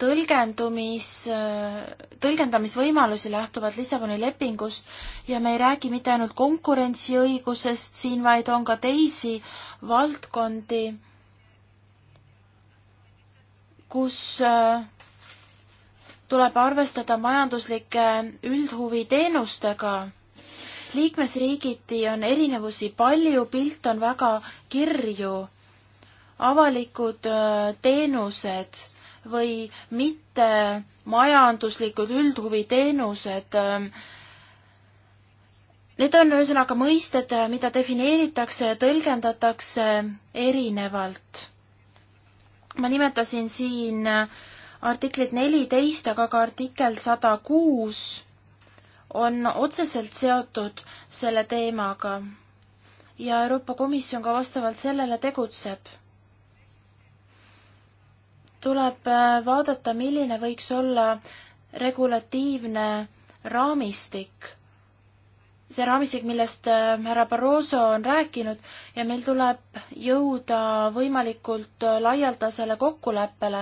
tõlgendumis, äh, tõlgendamisvõimalusi lähtuvalt Lissaboni lepingust ja me ei räägi mitte ainult konkurentsiõigusest siin, vaid on ka teisi valdkondi, kus äh, tuleb arvestada majanduslike üldhuviteenustega liikmesriigiti on erinevusi palju, pilt on väga kirju. avalikud äh, teenused või mitte majanduslikud üldhuviteenused, ähm, need on ühesõnaga mõisted, äh, mida defineeritakse ja tõlgendatakse erinevalt. ma nimetasin siin äh, artiklit neliteist, aga ka artikkel sada kuus on otseselt seotud selle teemaga ja Euroopa Komisjon ka vastavalt sellele tegutseb. tuleb äh, vaadata, milline võiks olla regulatiivne raamistik see raamistik, millest äh, härra Barroso on rääkinud ja meil tuleb jõuda võimalikult äh, laialdasele kokkuleppele.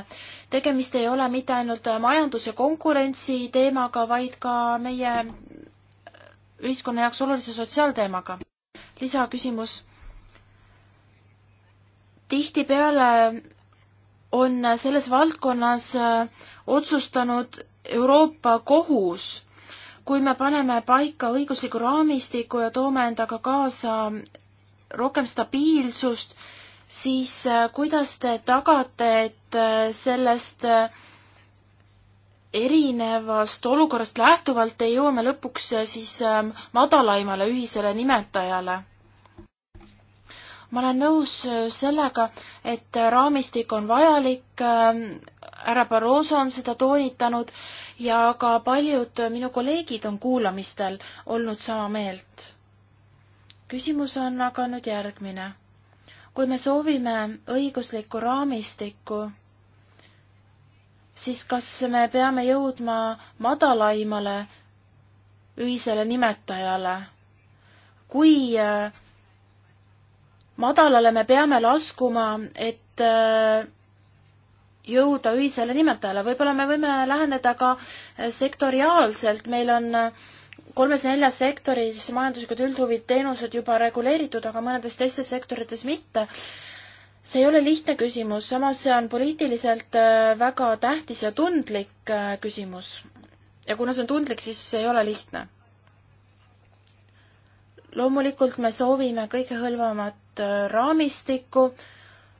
tegemist ei ole mitte ainult äh, majanduse konkurentsi teemaga, vaid ka meie ühiskonna jaoks olulise sotsiaalteemaga. lisaküsimus. tihtipeale on selles valdkonnas otsustanud Euroopa Kohus kui me paneme paika õigusliku raamistiku ja toome endaga kaasa rohkem stabiilsust, siis äh, kuidas te tagate, et äh, sellest äh, erinevast olukorrast lähtuvalt ei jõua me lõpuks siis madalaimale ühisele nimetajale? ma olen nõus äh, sellega, et äh, raamistik on vajalik, ähm, härra Barroso on seda toonitanud ja ka paljud äh, minu kolleegid on kuulamistel olnud sama meelt. küsimus on aga nüüd järgmine. kui me soovime õiguslikku raamistikku, siis kas me peame jõudma madalaimale ühisele nimetajale? kui madalale me peame laskuma, et äh, jõuda ühisele nimetajale, võib-olla me võime läheneda ka äh, sektoriaalselt, meil on äh, kolmes-neljas sektoris majanduslikud üldhuvid, teenused juba reguleeritud, aga mõnedes teistes sektorites mitte. see ei ole lihtne küsimus, samas see on poliitiliselt väga tähtis ja tundlik küsimus. ja kuna see on tundlik, siis see ei ole lihtne. loomulikult me soovime kõigehõlvamat paremat äh, raamistikku,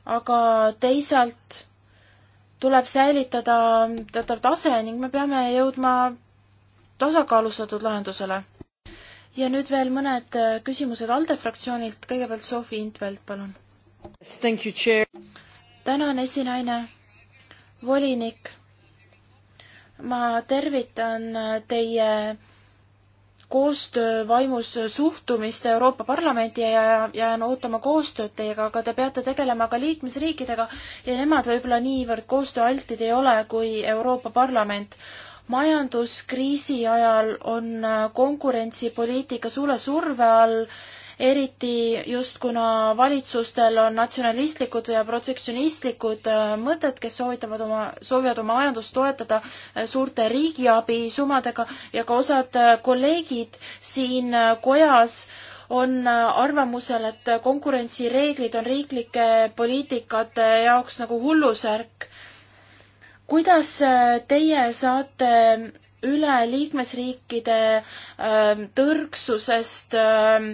aga teisalt tuleb säilitada teatav tase ning me peame jõudma tasakaalustatud lahendusele. ja nüüd veel mõned äh, küsimused ALDE fraktsioonilt, kõigepealt Sofi Intvelt, palun. tänan, esinaine, volinik. ma tervitan äh, teie koostöö vaimus suhtumist Euroopa Parlamenti ja jään ootama koostööd teiega, aga te peate tegelema ka liikmesriikidega ja nemad võib-olla niivõrd koostööaltid ei ole kui Euroopa Parlament. majanduskriisi ajal on konkurentsipoliitika suure surve all eriti just kuna valitsustel on natsionalistlikud ja protsessionistlikud äh, mõtted, kes soovitavad oma, soovivad oma majandust toetada äh, suurte riigiabisummadega ja ka osad äh, kolleegid siin kojas on arvamusel, et konkurentsireeglid on riiklike poliitikate jaoks nagu hullusärk. kuidas teie saate üle liikmesriikide ähm, tõrksusest ähm,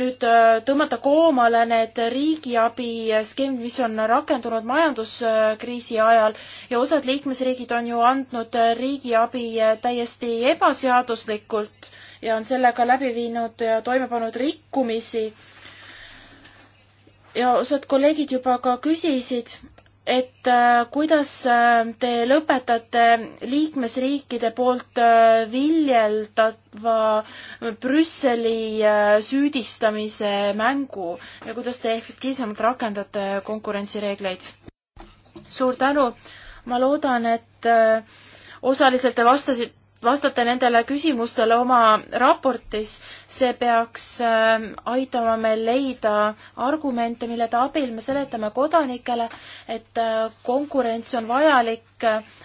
nüüd äh, tõmmata koomale need riigiabiskeemid, äh, mis on rakendunud majanduskriisi äh, ajal ja osad liikmesriigid on ju andnud riigiabi täiesti ebaseaduslikult ja on sellega läbi viinud ja toime pannud rikkumisi. ja osad kolleegid juba ka küsisid et äh, kuidas äh, te lõpetate liikmesriikide poolt äh, viljeldava Brüsseli süüdistamise mängu ja kuidas te efektiivsemalt rakendate konkurentsireegleid? suur tänu, ma loodan, et osaliselt te vastasite vastata nendele küsimustele oma raportis. see peaks ähm, aitama meil leida argumente, mille abil me seletame kodanikele, et äh, konkurents on vajalik,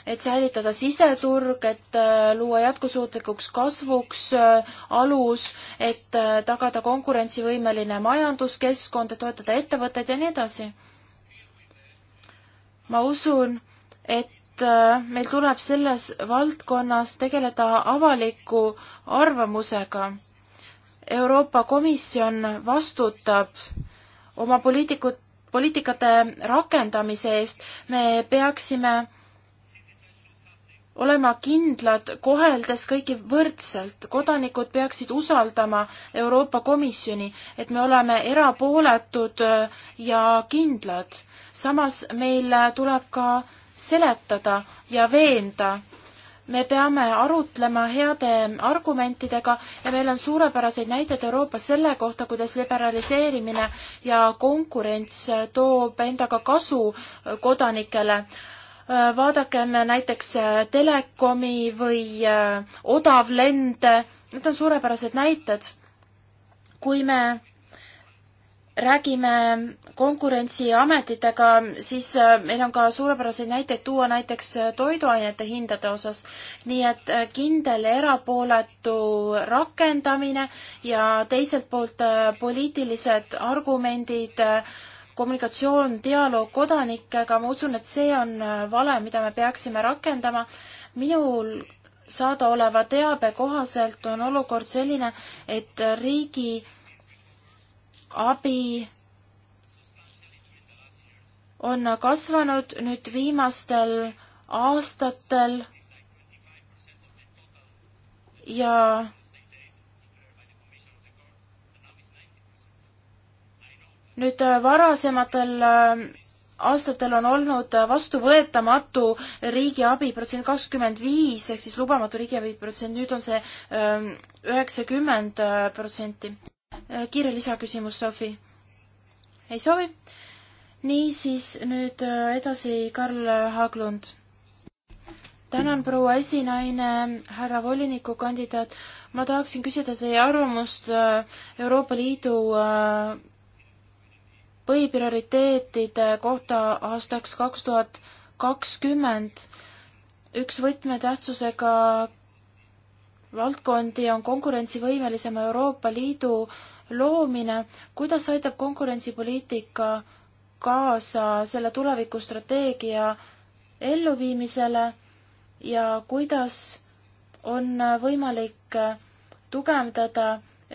et säilitada siseturg, et äh, luua jätkusuutlikuks kasvuks äh, alus, et tagada konkurentsivõimeline majanduskeskkond, et toetada ettevõtteid ja nii edasi. ma usun, et Äh, meil tuleb selles valdkonnas tegeleda avaliku arvamusega. Euroopa Komisjon vastutab oma poliitikut, poliitikate rakendamise eest, me peaksime olema kindlad, koheldes kõiki võrdselt. kodanikud peaksid usaldama Euroopa Komisjoni, et me oleme erapooletud äh, ja kindlad. samas meil tuleb ka seletada ja veenda. me peame arutlema heade argumentidega ja meil on suurepäraseid näiteid Euroopas selle kohta, kuidas liberaliseerimine ja konkurents toob endaga kasu kodanikele vaadakem näiteks telekomi või odavlende, need on suurepärased näited. kui me räägime konkurentsiametitega, siis äh, meil on ka suurepäraseid näiteid tuua näiteks äh, toiduainete hindade osas. nii et äh, kindel erapooletu rakendamine ja teiselt poolt poliitilised argumendid, kommunikatsioon, dialoog kodanikega, ma usun, et see on valem, mida me peaksime rakendama. minul saadaoleva teabe kohaselt on olukord selline, et riigi abi on kasvanud nüüd viimastel aastatel ja nüüd varasematel ähm, aastatel on olnud vastuvõetamatu riigiabi protsent kakskümmend viis ehk siis lubamatu riigiabi protsent, nüüd on see ähm, üheksakümmend äh, protsenti. Äh, kiire lisaküsimus, Sofi? ei soovi? niisiis, nüüd äh, edasi, Karl Haaglund tänan, proua esinaine, härra volinikukandidaat. ma tahaksin küsida teie arvamust äh, Euroopa Liidu põhiprioriteetide kohta aastaks kaks tuhat kakskümmend. üks võtmetähtsusega valdkondi on konkurentsivõimelisema Euroopa Liidu loomine, kuidas aitab konkurentsipoliitika kaasa selle tulevikustrateegia elluviimisele ja kuidas on võimalik tugevdada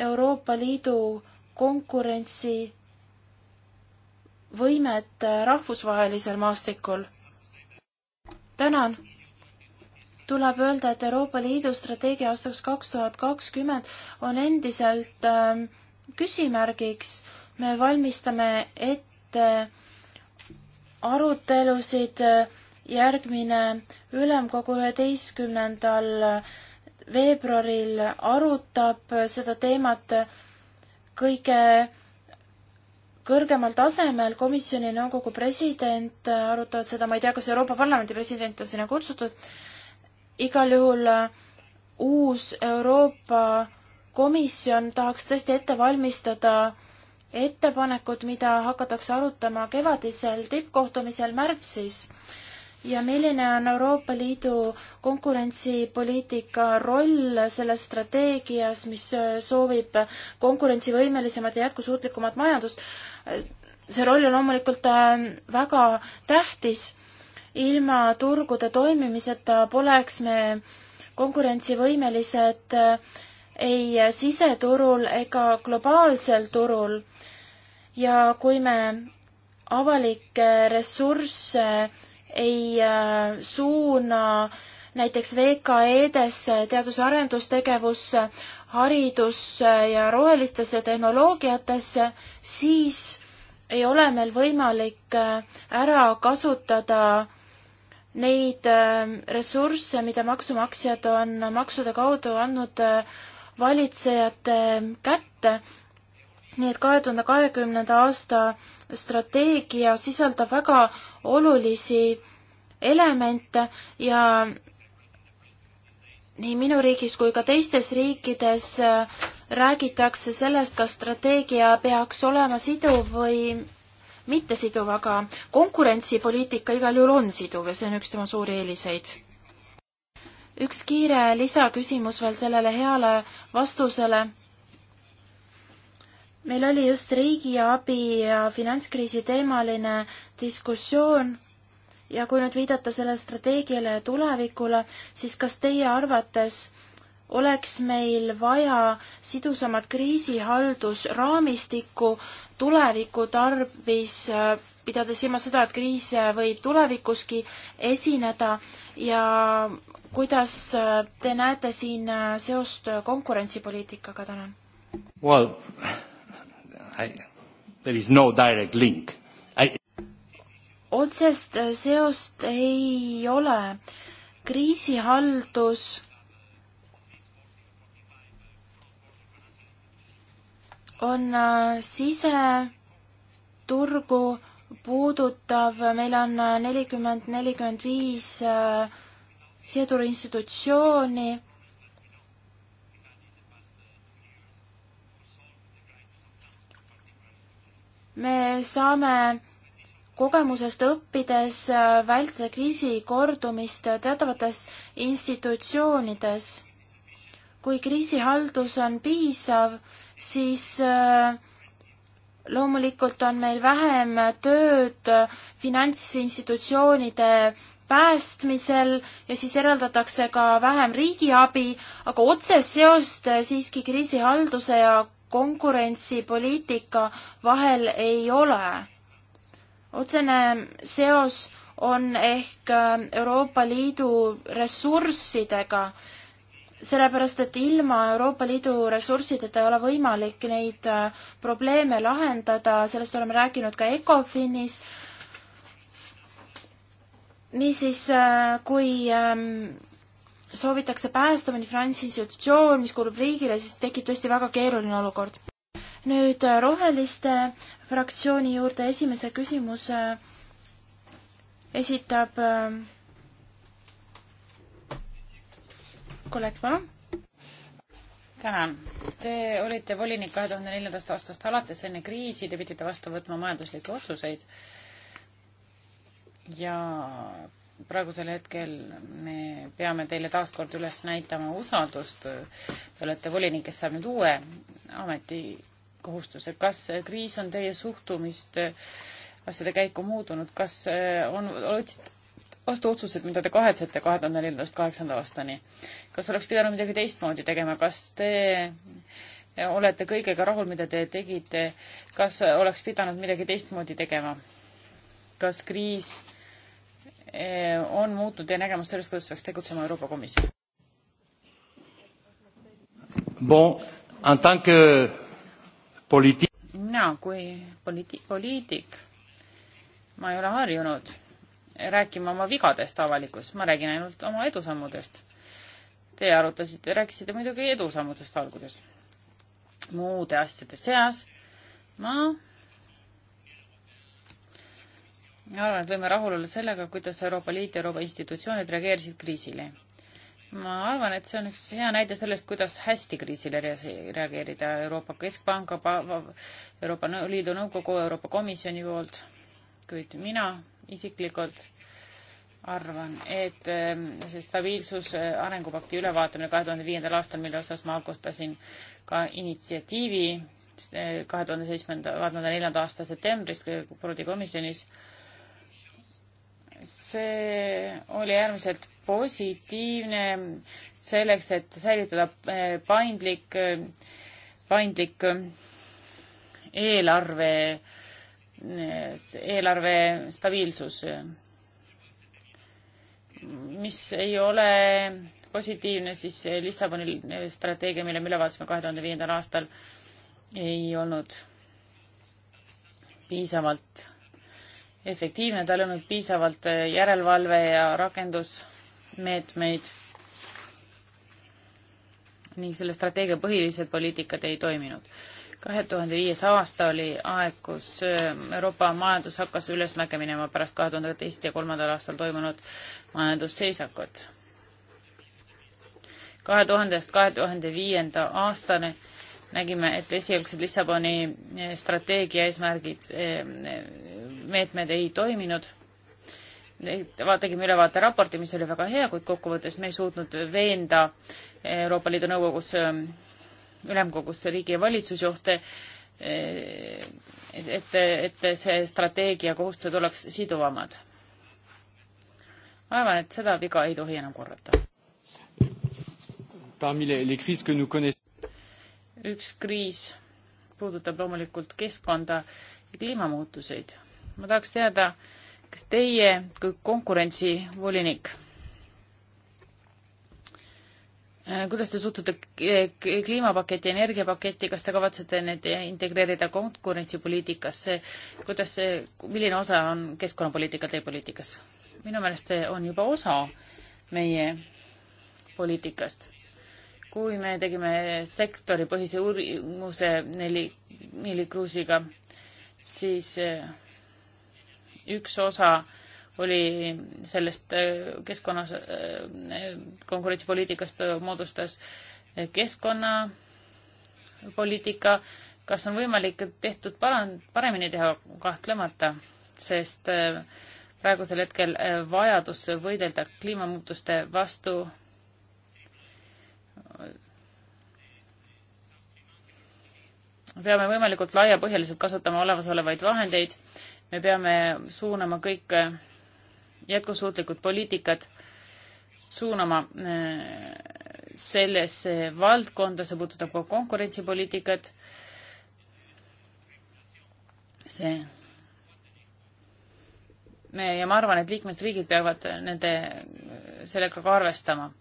Euroopa Liidu konkurentsivõimet rahvusvahelisel maastikul? tänan! tuleb öelda, et Euroopa Liidu strateegia aastaks kaks tuhat kakskümmend on endiselt äh, küsimärgiks. me valmistame ette arutelusid, äh, järgmine ülemkogu üheteistkümnendal äh, veebruaril arutab äh, seda teemat kõige kõrgemal tasemel komisjoni nõukogu president arutavad seda, ma ei tea, kas Euroopa Parlamendi president on sinna kutsutud, igal juhul äh, uus Euroopa Komisjon tahaks tõesti ette valmistada ettepanekud, mida hakatakse arutama kevadisel tippkohtumisel märtsis ja milline on Euroopa Liidu konkurentsipoliitika roll selles strateegias, mis äh, soovib konkurentsivõimelisemat ja jätkusuutlikumat majandust. Äh, see roll on loomulikult väga tähtis ilma turgude toimimiseta poleks me konkurentsivõimelised eh, ei siseturul ega globaalsel turul. ja kui me avalikke ressursse ei eh, suuna näiteks VKE-desse, teadus-arendustegevusse, haridusse ja rohelistesse tehnoloogiatesse, siis ei ole meil võimalik eh, ära kasutada neid ähm, ressursse, mida maksumaksjad on maksude kaudu andnud äh, valitsejate ähm, kätte. nii et kahe tuhande kahekümnenda aasta strateegia sisaldab väga olulisi elemente ja nii minu riigis kui ka teistes riikides äh, räägitakse sellest, kas strateegia peaks olema siduv või mittesiduv, aga konkurentsipoliitika igal juhul on siduv ja see on üks tema suuri eeliseid. üks kiire lisaküsimus veel sellele heale vastusele. meil oli just riigiabi ja finantskriisi teemaline diskussioon ja kui nüüd viidata sellele strateegiale ja tulevikule, siis kas teie arvates oleks meil vaja sidusamat kriisihaldusraamistikku, tuleviku tarvis, pidades silmas seda, et kriis võib tulevikuski esineda ja kuidas te näete siin seost konkurentsipoliitikaga, tänan? Well, I, there is no direct link I.... otsest seost ei ole. kriisihaldus on äh, siseturgu puudutav, meil on äh, nelikümmend, nelikümmend viis äh, siseturu institutsiooni me saame kogemusest õppides vältida kriisi kordumist teatavates institutsioonides. kui kriisihaldus on piisav, siis äh, loomulikult on meil vähem tööd äh, finantsinstitutsioonide päästmisel ja siis eraldatakse ka vähem riigiabi, aga otsest seost äh, siiski kriisihalduse ja konkurentsipoliitika vahel ei ole. otsene seos on ehk Euroopa Liidu ressurssidega sellepärast, et ilma Euroopa Liidu ressurssideta ei ole võimalik neid äh, probleeme lahendada, sellest oleme rääkinud ka ECOFINis. niisiis, äh, kui ähm, soovitakse päästa mõni finantsinstitutsioon, mis kuulub riigile, siis tekib tõesti väga keeruline olukord. nüüd äh, Roheliste fraktsiooni juurde esimese küsimuse esitab äh, Kukulek, palun. tänan. Te olite volinik kahe tuhande neljandast aastast alates, enne kriisi te pidite vastu võtma majanduslikke otsuseid. ja praegusel hetkel me peame teile taaskord üles näitama usaldust. Te olete volinik, kes saab nüüd uue ametikohustuse. kas kriis on teie suhtumist asjade käiku muutunud, kas eh, on, otsite vastu otsused, mida te kahetsete kahe tuhande neljandast kaheksanda aastani. kas oleks pidanud midagi teistmoodi tegema, kas te olete kõigega rahul, mida te tegite, kas oleks pidanud midagi teistmoodi tegema? kas kriis eh, on muutnud teie nägemust sellest, kuidas peaks tegutsema Euroopa Komisjon? Bon, en tant que poliitik. mina kui poliitik, poliitik, ma ei ole harjunud rääkima oma vigadest avalikkus, ma räägin ainult oma edusammudest. Teie arutasite, rääkisite muidugi edusammudest alguses. muude asjade seas ma ma arvan, et võime rahul olla sellega, kuidas Euroopa Liit ja Euroopa institutsioonid reageerisid kriisile. ma arvan, et see on üks hea näide sellest, kuidas hästi kriisile reageerida Euroopa Keskpanga, Euroopa Liidu Nõukogu, Euroopa Komisjoni poolt, kuid mina isiklikult arvan, et ehm, see stabiilsus äh, arengupakti ülevaatamine kahe tuhande viiendal aastal, mille osas ma algatasin ka initsiatiivi äh, kahe tuhande seitsmenda, kahe tuhande neljanda aasta septembris kultuurikomisjonis, see oli äärmiselt positiivne selleks, et säilitada äh, paindlik, paindlik eelarve eelarve stabiilsus, mis ei ole positiivne, siis Lissaboni strateegia, mille me üle vaatasime kahe tuhande viiendal aastal, ei olnud piisavalt efektiivne, tal ei olnud piisavalt järelevalve ja rakendusmeetmeid ning selle strateegia põhilised poliitikad ei toiminud. kahe tuhande viies aasta oli aeg, kus äh, Euroopa majandus hakkas ülesmäge minema pärast kahe tuhande teist ja kolmandal aastal toimunud majandusseisakut. kahe tuhandest kahe tuhande viienda aastani nägime, et esialgsed Lissaboni äh, strateegia eesmärgid, äh, meetmed ei toiminud. tegime ülevaate raporti, mis oli väga hea, kuid kokkuvõttes me ei suutnud veenda Euroopa Liidu Nõukogus, ähm, ülemkogus riigi- ja valitsusjuhte, et, äh, et, et see strateegia kohustused oleks siduvamad. ma arvan, et seda viga ei tohi enam korrata. üks kriis puudutab loomulikult keskkonda ja kliimamuutuseid. ma tahaks teada, kas teie kui konkurentsivolinik Äh, kuidas te suhtute kliimapaketi, energiapaketti, kas te kavatsete need integreerida konkurentsipoliitikasse, kuidas see, milline osa on keskkonnapoliitika teie poliitikas? minu meelest see on juba osa meie poliitikast. kui me tegime sektoripõhise uurimuse Neli, Neli Kruusiga, siis äh, üks osa oli sellest äh, keskkonnas, äh, äh, konkurentsipoliitikast moodustas keskkonnapoliitika. kas on võimalik tehtud paran-, paremini teha? kahtlemata, sest praegusel hetkel vajadus võidelda kliimamuutuste vastu peame võimalikult laiapõhjaliselt kasutama olemasolevaid vahendeid, me peame suunama kõik jätkusuutlikud poliitikad suunama äh, sellesse valdkonda, see puudutab ka konkurentsipoliitikat, see me ja ma arvan, et liikmesriigid peavad nende, sellega ka arvestama.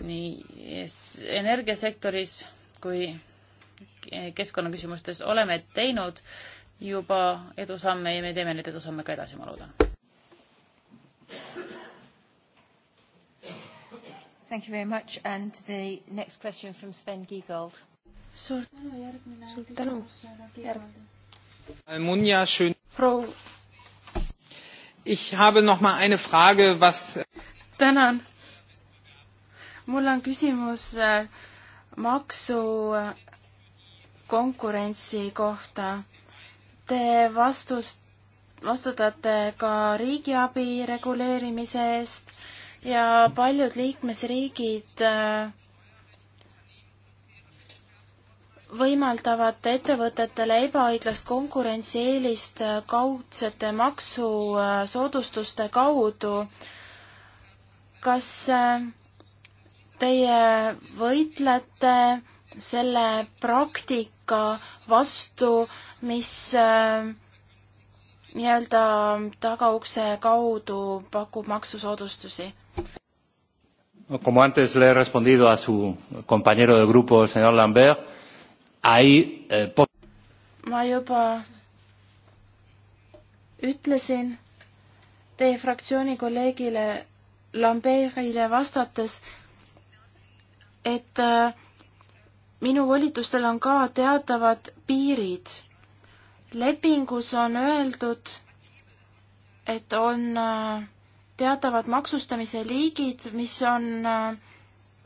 nii energiasektoris kui keskkonnaküsimustes oleme teinud juba edusamme ja me teeme neid edusamme ka edasi, ma loodan. Thank you very much and the next question from Sven Giegold. suur tänu, järgmine suur tänu, järg-. Äh, Munja Schön-. proua. Ich habe noch mal eine Frage, was. Äh, tänan. mul on küsimus äh, maksukonkurentsi kohta. Te vastust vastutate ka riigiabi reguleerimise eest ja paljud liikmesriigid äh, võimaldavad ettevõtetele ebaõiglast konkurentsieelist äh, kaudsete maksusoodustuste kaudu. kas äh, teie võitlete selle praktika vastu, mis äh, nii-öelda tagaukse kaudu pakub maksusoodustusi? Como antes le he respondido a su compañero de grupo, el señor Lambert, hay eh, ma juba ütlesin teie fraktsiooni kolleegile Lamberile vastates, et eh, minu volitustel on ka teatavad piirid lepingus on öeldud, et on äh, teatavad maksustamise liigid, mis on äh,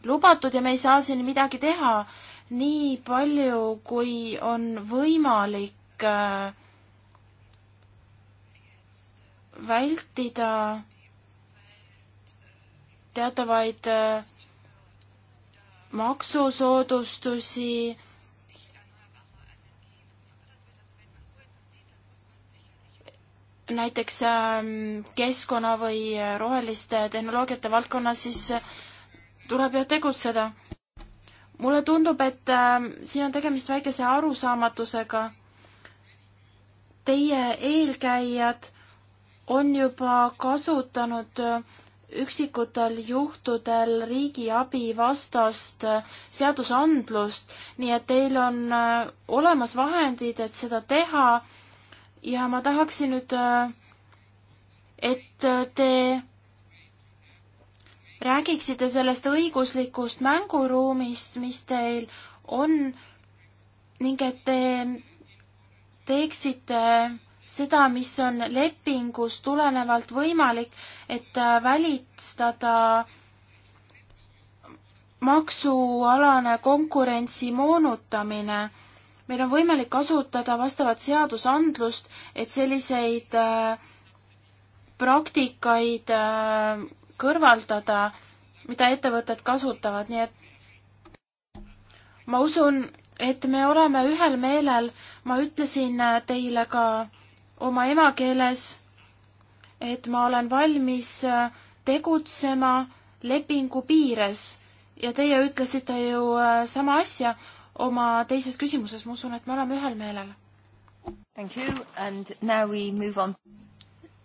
lubatud ja me ei saa siin midagi teha. nii palju, kui on võimalik äh, vältida teatavaid maksusoodustusi näiteks ähm, keskkonna või roheliste tehnoloogiate valdkonnas, siis äh, tuleb ju tegutseda. mulle tundub, et ähm, siin on tegemist väikese arusaamatusega. Teie eelkäijad on juba kasutanud äh, üksikutel juhtudel riigiabi vastast äh, seadusandlust, nii et teil on olemas vahendid, et seda teha ja ma tahaksin nüüd, äh, et äh, te räägiksite sellest õiguslikust mänguruumist, mis teil on ning et te teeksite seda, mis on lepingust tulenevalt võimalik, et äh, välistada maksualane konkurentsi moonutamine meil on võimalik kasutada vastavat seadusandlust, et selliseid äh, praktikaid äh, kõrvaldada, mida ettevõtted kasutavad, nii et ma usun, et me oleme ühel meelel, ma ütlesin äh, teile ka oma emakeeles, et ma olen valmis tegutsema lepingu piires ja teie ütlesite ju sama asja, oma teises küsimuses, ma usun, et me oleme ühel meelel. Thank you and now we move on.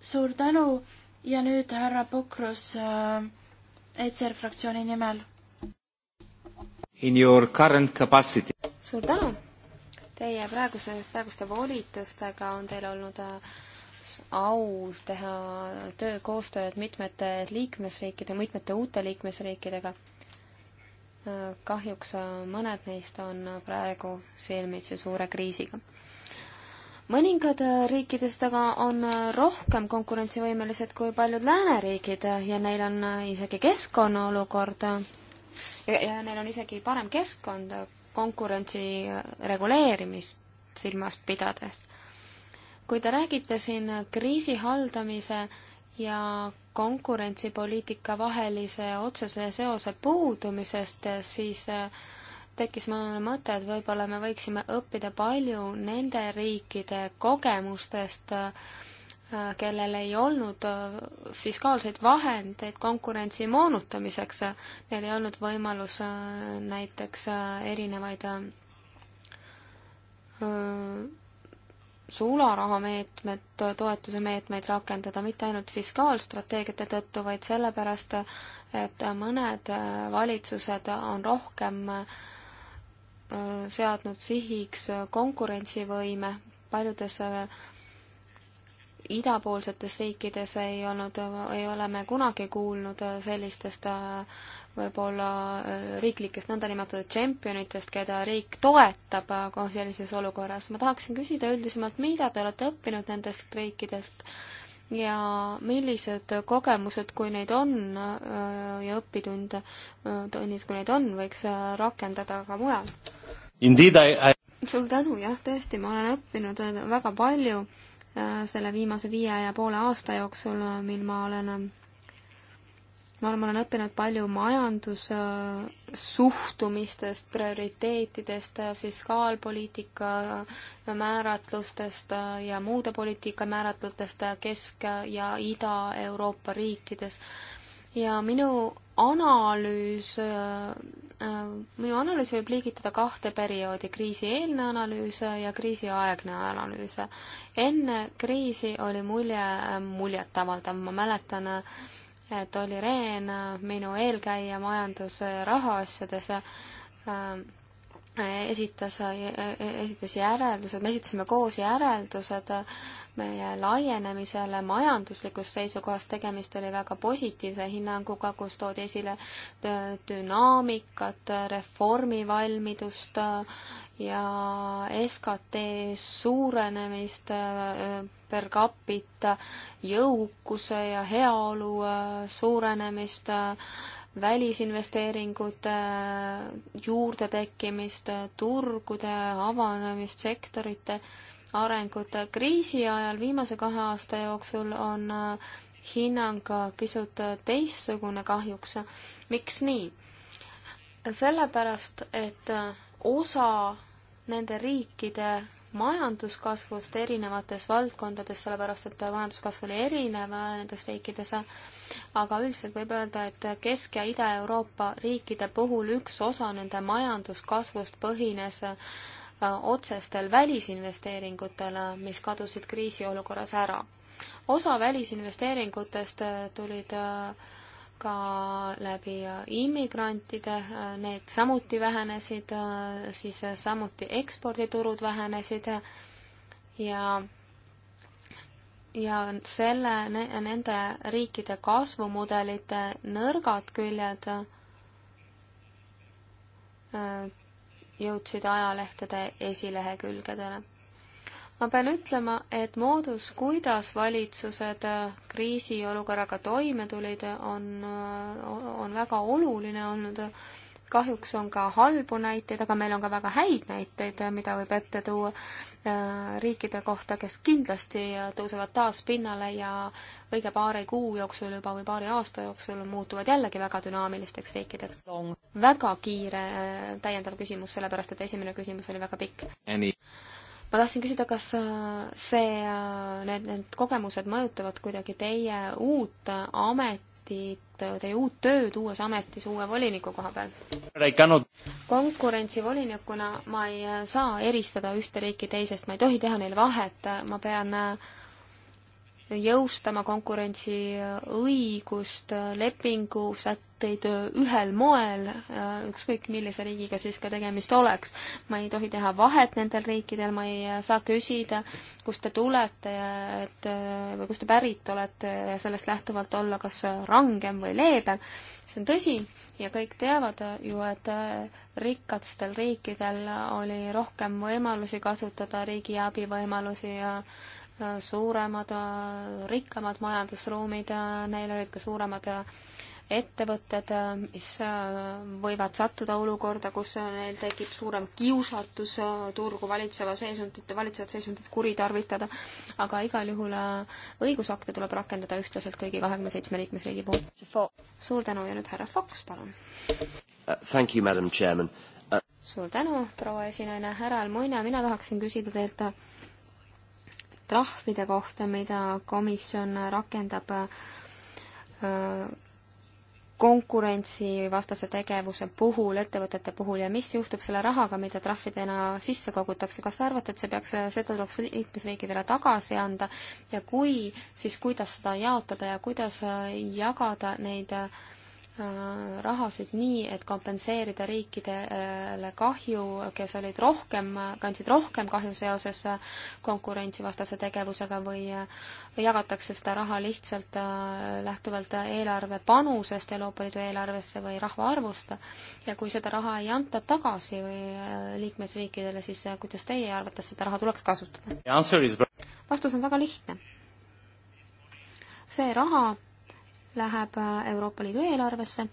suur tänu ja nüüd härra Pukrus äh, ECR fraktsiooni nimel. In your current capacity. suur tänu. Teie praeguse, praeguste volitustega on teil olnud äh, au teha töö koostööd mitmete liikmesriikide, mitmete uute liikmesriikidega kahjuks mõned neist on praegu silmitsi suure kriisiga. mõningad riikidest aga on rohkem konkurentsivõimelised kui paljud lääneriigid ja neil on isegi keskkonna olukord ja, ja neil on isegi parem keskkond konkurentsi reguleerimist silmas pidades. kui te räägite siin kriisi haldamise ja konkurentsipoliitika vahelise otsese seose puudumisest, siis äh, tekkis mulle mõte, et võib-olla me võiksime õppida palju nende riikide kogemustest, äh, kellel ei olnud äh, fiskaalseid vahendeid konkurentsi moonutamiseks, neil ei olnud võimalus näiteks erinevaid sularahameetmed, toetuse meetmeid rakendada mitte ainult fiskaalstrateegiate tõttu, vaid sellepärast, et mõned valitsused on rohkem seadnud sihiks konkurentsivõime, paljudes idapoolsetes riikides ei olnud, ei ole me kunagi kuulnud sellistest võib-olla äh, riiklikest nõndanimetatud tšempionitest, keda riik toetab sellises olukorras. ma tahaksin küsida üldisemalt, mida te olete õppinud nendest riikidest ja millised kogemused, kui neid on äh, ja õppitunde, äh, tunnid, kui neid on, võiks rakendada ka mujal? I... suur tänu, jah, tõesti, ma olen õppinud väga palju selle viimase viie ja poole aasta jooksul, mil ma olen ma olen, ma olen õppinud palju majandussuhtumistest, prioriteetidest, fiskaalpoliitika määratlustest ja muude poliitika määratlustest Kesk- ja Ida-Euroopa riikides. ja minu analüüs, äh, minu analüüs võib liigitada kahte perioodi, kriisieelne analüüs ja kriisiaegne analüüs. enne kriisi oli mulje äh, muljetavaldav, ma mäletan äh, Tolli Rehn, minu eelkäija majandus- ja rahaasjades, ähm, esitas, esitas järeldused, me esitasime koos järeldused meie laienemisele majanduslikust seisukohast, tegemist oli väga positiivse hinnanguga, kus toodi esile dünaamikat, reformivalmidust ja SKT suurenemist per capita jõukuse ja heaolu äh, suurenemist, äh, välisinvesteeringute äh, juurde tekkimist, turgude avanemist, sektorite arengut. kriisi ajal viimase kahe aasta jooksul on hinnang pisut teistsugune kahjuks. miks nii? sellepärast, et osa nende riikide majanduskasvust erinevates valdkondades, sellepärast et majanduskasv oli erinev nendes riikides, aga üldiselt võib öelda, et Kesk- ja Ida-Euroopa riikide puhul üks osa nende majanduskasvust põhines äh, otsestel välisinvesteeringutel, mis kadusid kriisiolukorras ära. osa välisinvesteeringutest äh, tulid äh, ka läbi immigrantide, need samuti vähenesid, siis samuti eksporditurud vähenesid ja ja selle, nende riikide kasvumudelite nõrgad küljed jõudsid ajalehtede esilehekülgedele ma pean ütlema, et moodus, kuidas valitsused äh, kriisiolukorraga toime tulid, on, äh, on väga oluline olnud. kahjuks on ka halbu näiteid, aga meil on ka väga häid näiteid, äh, mida võib ette tuua riikide kohta, kes kindlasti tõusevad taas pinnale ja õige paari kuu jooksul juba või paari aasta jooksul muutuvad jällegi väga dünaamilisteks riikideks. väga kiire täiendav küsimus, sellepärast et esimene küsimus oli väga pikk ma tahtsin küsida, kas äh, see, äh, need, need kogemused mõjutavad kuidagi teie uut äh, ametit, teie uut tööd uues ametis uue voliniku koha peal? konkurentsivolinikuna ma ei saa eristada ühte riiki teisest, ma ei tohi teha neil vahet, ma pean äh, jõustama konkurentsiõigust, lepingusätteid ühel moel, ükskõik millise riigiga siis ka tegemist oleks. ma ei tohi teha vahet nendel riikidel, ma ei saa küsida, kust te tulete ja et või kust te pärit olete ja sellest lähtuvalt olla kas rangem või leebem. see on tõsi ja kõik teavad ju, et rikastel riikidel oli rohkem võimalusi kasutada riigiabi võimalusi ja suuremad, rikkamad majandusruumid, neil olid ka suuremad ettevõtted, mis võivad sattuda olukorda, kus neil tekib suurem kiusatus turgu valitseva seisundit, valitsevat seisundit kuritarvitada, aga igal juhul äh, õigusakte tuleb rakendada ühtlaselt kõigi kahekümne seitsme liikmesriigi puhul. suur tänu ja nüüd härra Fox, palun uh,! Thank you, madam chairman uh...! suur tänu, proua esinaine, härra Almuina, mina tahaksin küsida teilt trahvide kohta, mida komisjon rakendab äh, konkurentsivastase tegevuse puhul, ettevõtete puhul ja mis juhtub selle rahaga, mida trahvidena sisse kogutakse, kas te arvate, et see peaks, see tuleks liikmesriikidele tagasi anda ja kui, siis kuidas seda jaotada ja kuidas jagada neid äh, Äh, rahasid nii, et kompenseerida riikidele kahju, kes olid rohkem, kandsid rohkem kahju seoses äh, konkurentsivastase tegevusega äh, või jagatakse seda raha lihtsalt lähtuvalt eelarve panusest Euroopa Liidu eelarvesse või rahvaarvust. ja kui seda raha ei anta tagasi või liikmesriikidele, siis kuidas teie arvates seda raha tuleks kasutada? vastus on väga lihtne. see raha läheb Euroopa Liidu eelarvesse.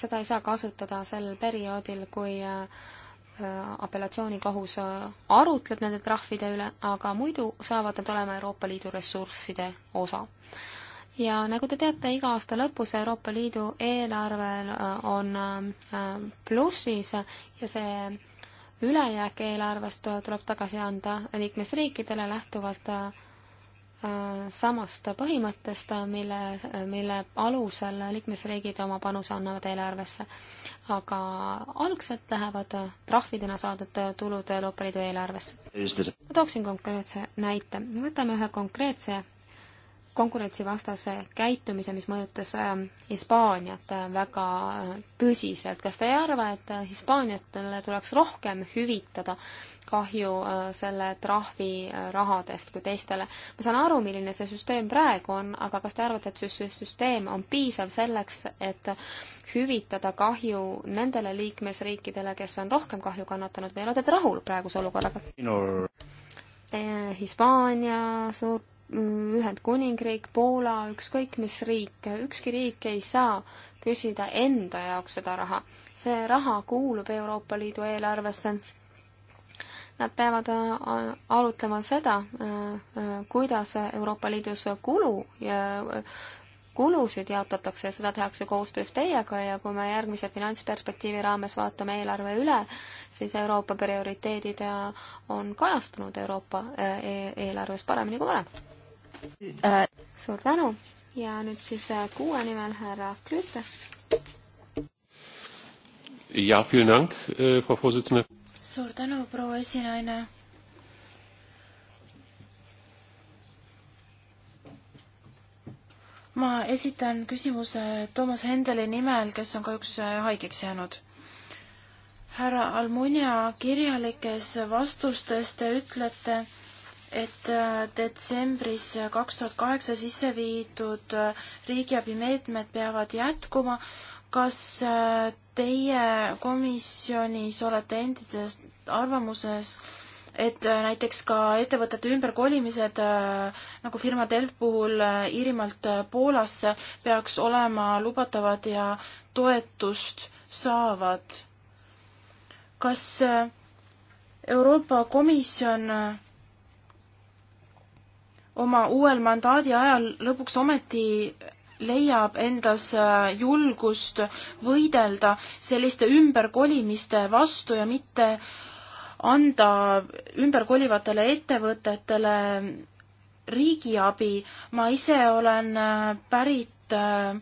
seda ei saa kasutada sel perioodil, kui äh, apellatsioonikohus äh, arutleb nende trahvide üle, aga muidu saavad nad olema Euroopa Liidu ressursside osa. ja nagu te teate, iga aasta lõpus Euroopa Liidu eelarvel äh, on plussis ja see ülejääk eelarvest tuleb tagasi anda liikmesriikidele lähtuvalt Äh, samast põhimõttest, mille, mille alusel liikmesriigid oma panuse annavad eelarvesse. aga algselt lähevad trahvidena saadud tulud Euroopa Liidu eelarvesse. ma tooksin konkreetse näite. võtame ühe konkreetse konkurentsivastase käitumise, mis mõjutas ähm, Hispaaniat äh, väga äh, tõsiselt. kas te ei arva, et äh, Hispaaniatele tuleks rohkem hüvitada kahju selle trahvi rahadest kui teistele? ma saan aru, milline see süsteem praegu on, aga kas te arvate, et see süsteem on piisav selleks, et hüvitada kahju nendele liikmesriikidele, kes on rohkem kahju kannatanud või olete te rahul praeguse olukorraga? Hispaania, Suur-, Ühendkuningriik, Poola, ükskõik mis riik, ükski riik ei saa küsida enda jaoks seda raha. see raha kuulub Euroopa Liidu eelarvesse. Nad peavad äh, arutlema seda, äh, äh, kuidas Euroopa Liidus kulu ja kulusid jaotatakse ja seda tehakse koostöös teiega ja kui me järgmise finantsperspektiivi raames vaatame eelarve üle, siis Euroopa prioriteedid on kajastunud Euroopa e-, eelarves paremini kui varem äh.. suur tänu ja nüüd siis äh, kuue nimel härra Klüüte. ja, äh, suur tänu, proua esinaine ma esitan küsimuse Toomas Hendeli nimel, kes on kahjuks äh, haigeks jäänud. härra Almunia, kirjalikes vastustes te ütlete, et äh, detsembris kaks tuhat kaheksa sisse viidud äh, riigiabimeetmed peavad jätkuma. kas äh, teie komisjonis olete endises arvamuses, et näiteks ka ettevõtete ümberkolimised nagu firma Delf puhul Iirimaalt Poolasse peaks olema lubatavad ja toetust saavad. kas Euroopa Komisjon oma uuel mandaadi ajal lõpuks ometi leiab endas äh, julgust võidelda selliste ümberkolimiste vastu ja mitte anda ümberkolivatele ettevõtetele riigiabi. ma ise olen äh, pärit äh,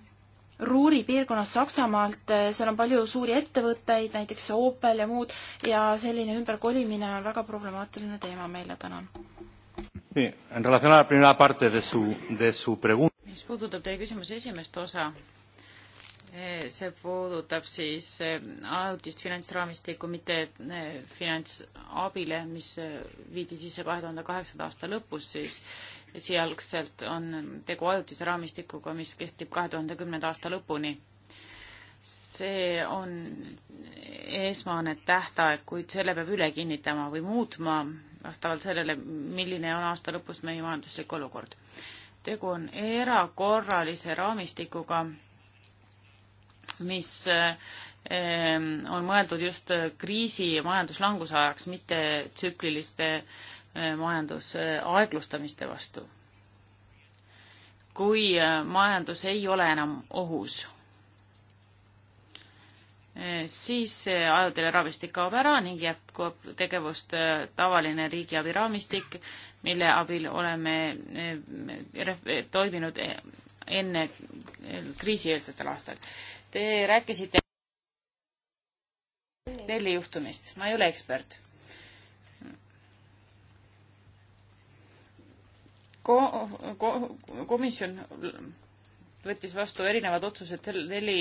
Ruuri piirkonnas Saksamaalt, seal on palju suuri ettevõtteid, näiteks Opel ja muud, ja selline ümberkolimine on väga problemaatiline teema meile, tänan mis puudutab teie küsimuse esimest osa, eh, see puudutab siis eh, ajutist finantsraamistikku, mitte eh, finantsabile, mis viidi sisse kahe tuhande kaheksanda aasta lõpus, siis esialgselt on tegu ajutise raamistikuga, mis kehtib kahe tuhande kümnenda aasta lõpuni. see on esmane tähtaeg, kuid selle peab üle kinnitama või muutma vastavalt sellele, milline on aasta lõpus meie majanduslik olukord. tegu on erakorralise raamistikuga, mis ehm, on mõeldud just kriisi ja majanduslanguse ajaks, mitte tsükliliste ehm, majandusaeglustamiste vastu. kui ehm, majandus ei ole enam ohus Eh, siis ajutine raamistik kaob ära ning jätkub tegevust eh, tavaline riigiabi raamistik, mille abil oleme eh, toiminud enne kriisieelsetel aastal. Te rääkisite Nelli juhtumist, ma ei ole ekspert. ko-, ko-, komisjon võttis vastu erinevad otsused sel-, Nelli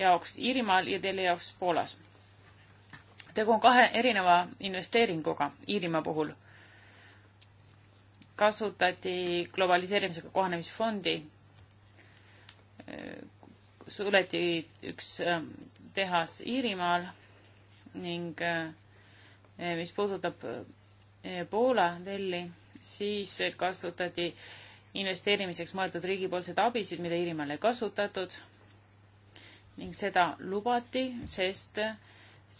jaoks Iirimaal ja teile jaoks Poolas. tegu on kahe erineva investeeringuga Iirimaa puhul. kasutati globaliseerimisega kohanemisfondi, suleti üks ähm, tehas Iirimaal ning äh, mis puudutab äh, Poola telli, siis kasutati investeerimiseks mõeldud riigipoolseid abisid, mida Iirimaal ei kasutatud ning seda lubati, sest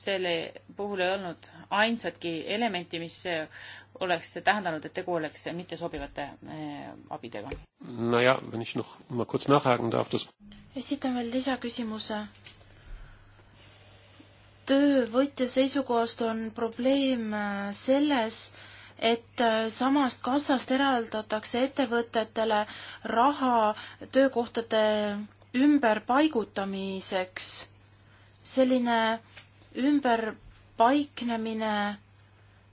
selle puhul ei olnud ainsatki elementi, mis oleks tähendanud, et tegu oleks mittesobivate eh, abidega. nojah, wenn ich noch mal kurz nachhaken darf, das esitan veel lisaküsimuse. töövõtja seisukohast on probleem eh, selles, et eh, samast kassast eraldatakse ettevõtetele raha töökohtade ümberpaigutamiseks. selline ümberpaiknemine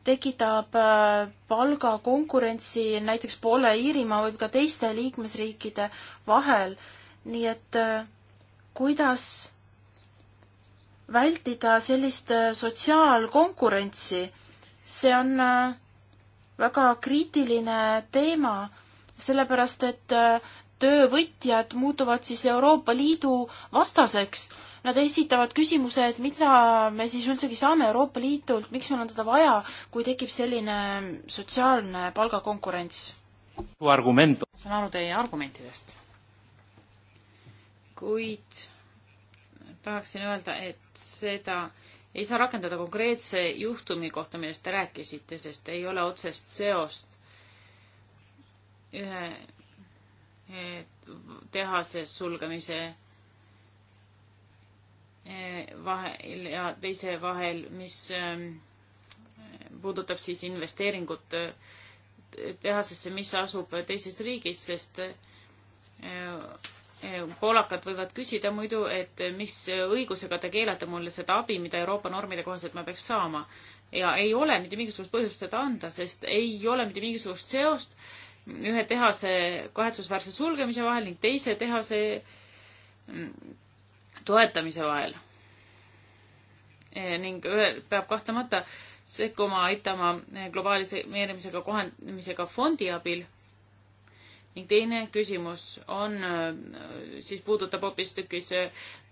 tekitab äh, palgakonkurentsi näiteks poole Iirimaa või ka teiste liikmesriikide vahel. nii et äh, kuidas vältida sellist äh, sotsiaalkonkurentsi, see on väga kriitiline teema, sellepärast et töövõtjad muutuvad siis Euroopa Liidu vastaseks. Nad esitavad küsimuse, et mida me siis üldsegi saame Euroopa Liidult, miks meil on teda vaja, kui tekib selline sotsiaalne palgakonkurents? saan aru teie argumentidest. kuid tahaksin öelda, et seda ei saa rakendada konkreetse juhtumi kohta, millest te rääkisite, sest ei ole otsest seost ühe tehase sulgemise eh, vahel ja teise vahel, mis ehm, puudutab siis investeeringut eh, tehasesse, mis asub teises riigis, sest eh, poolakad võivad küsida muidu, et mis õigusega te keelate mulle seda abi, mida Euroopa normide kohaselt ma peaks saama. ja ei ole mitte mingisugust põhjust seda anda, sest ei ole mitte mingisugust seost äh, ühe tehase kahetsusväärse sulgemise vahel ning teise tehase mm, toetamise vahel. E, ning peab kahtlemata sekkuma, aitama e, globaalise meerimisega kohandamisega fondi abil ning teine küsimus on, äh, siis puudutab hoopistükkis äh,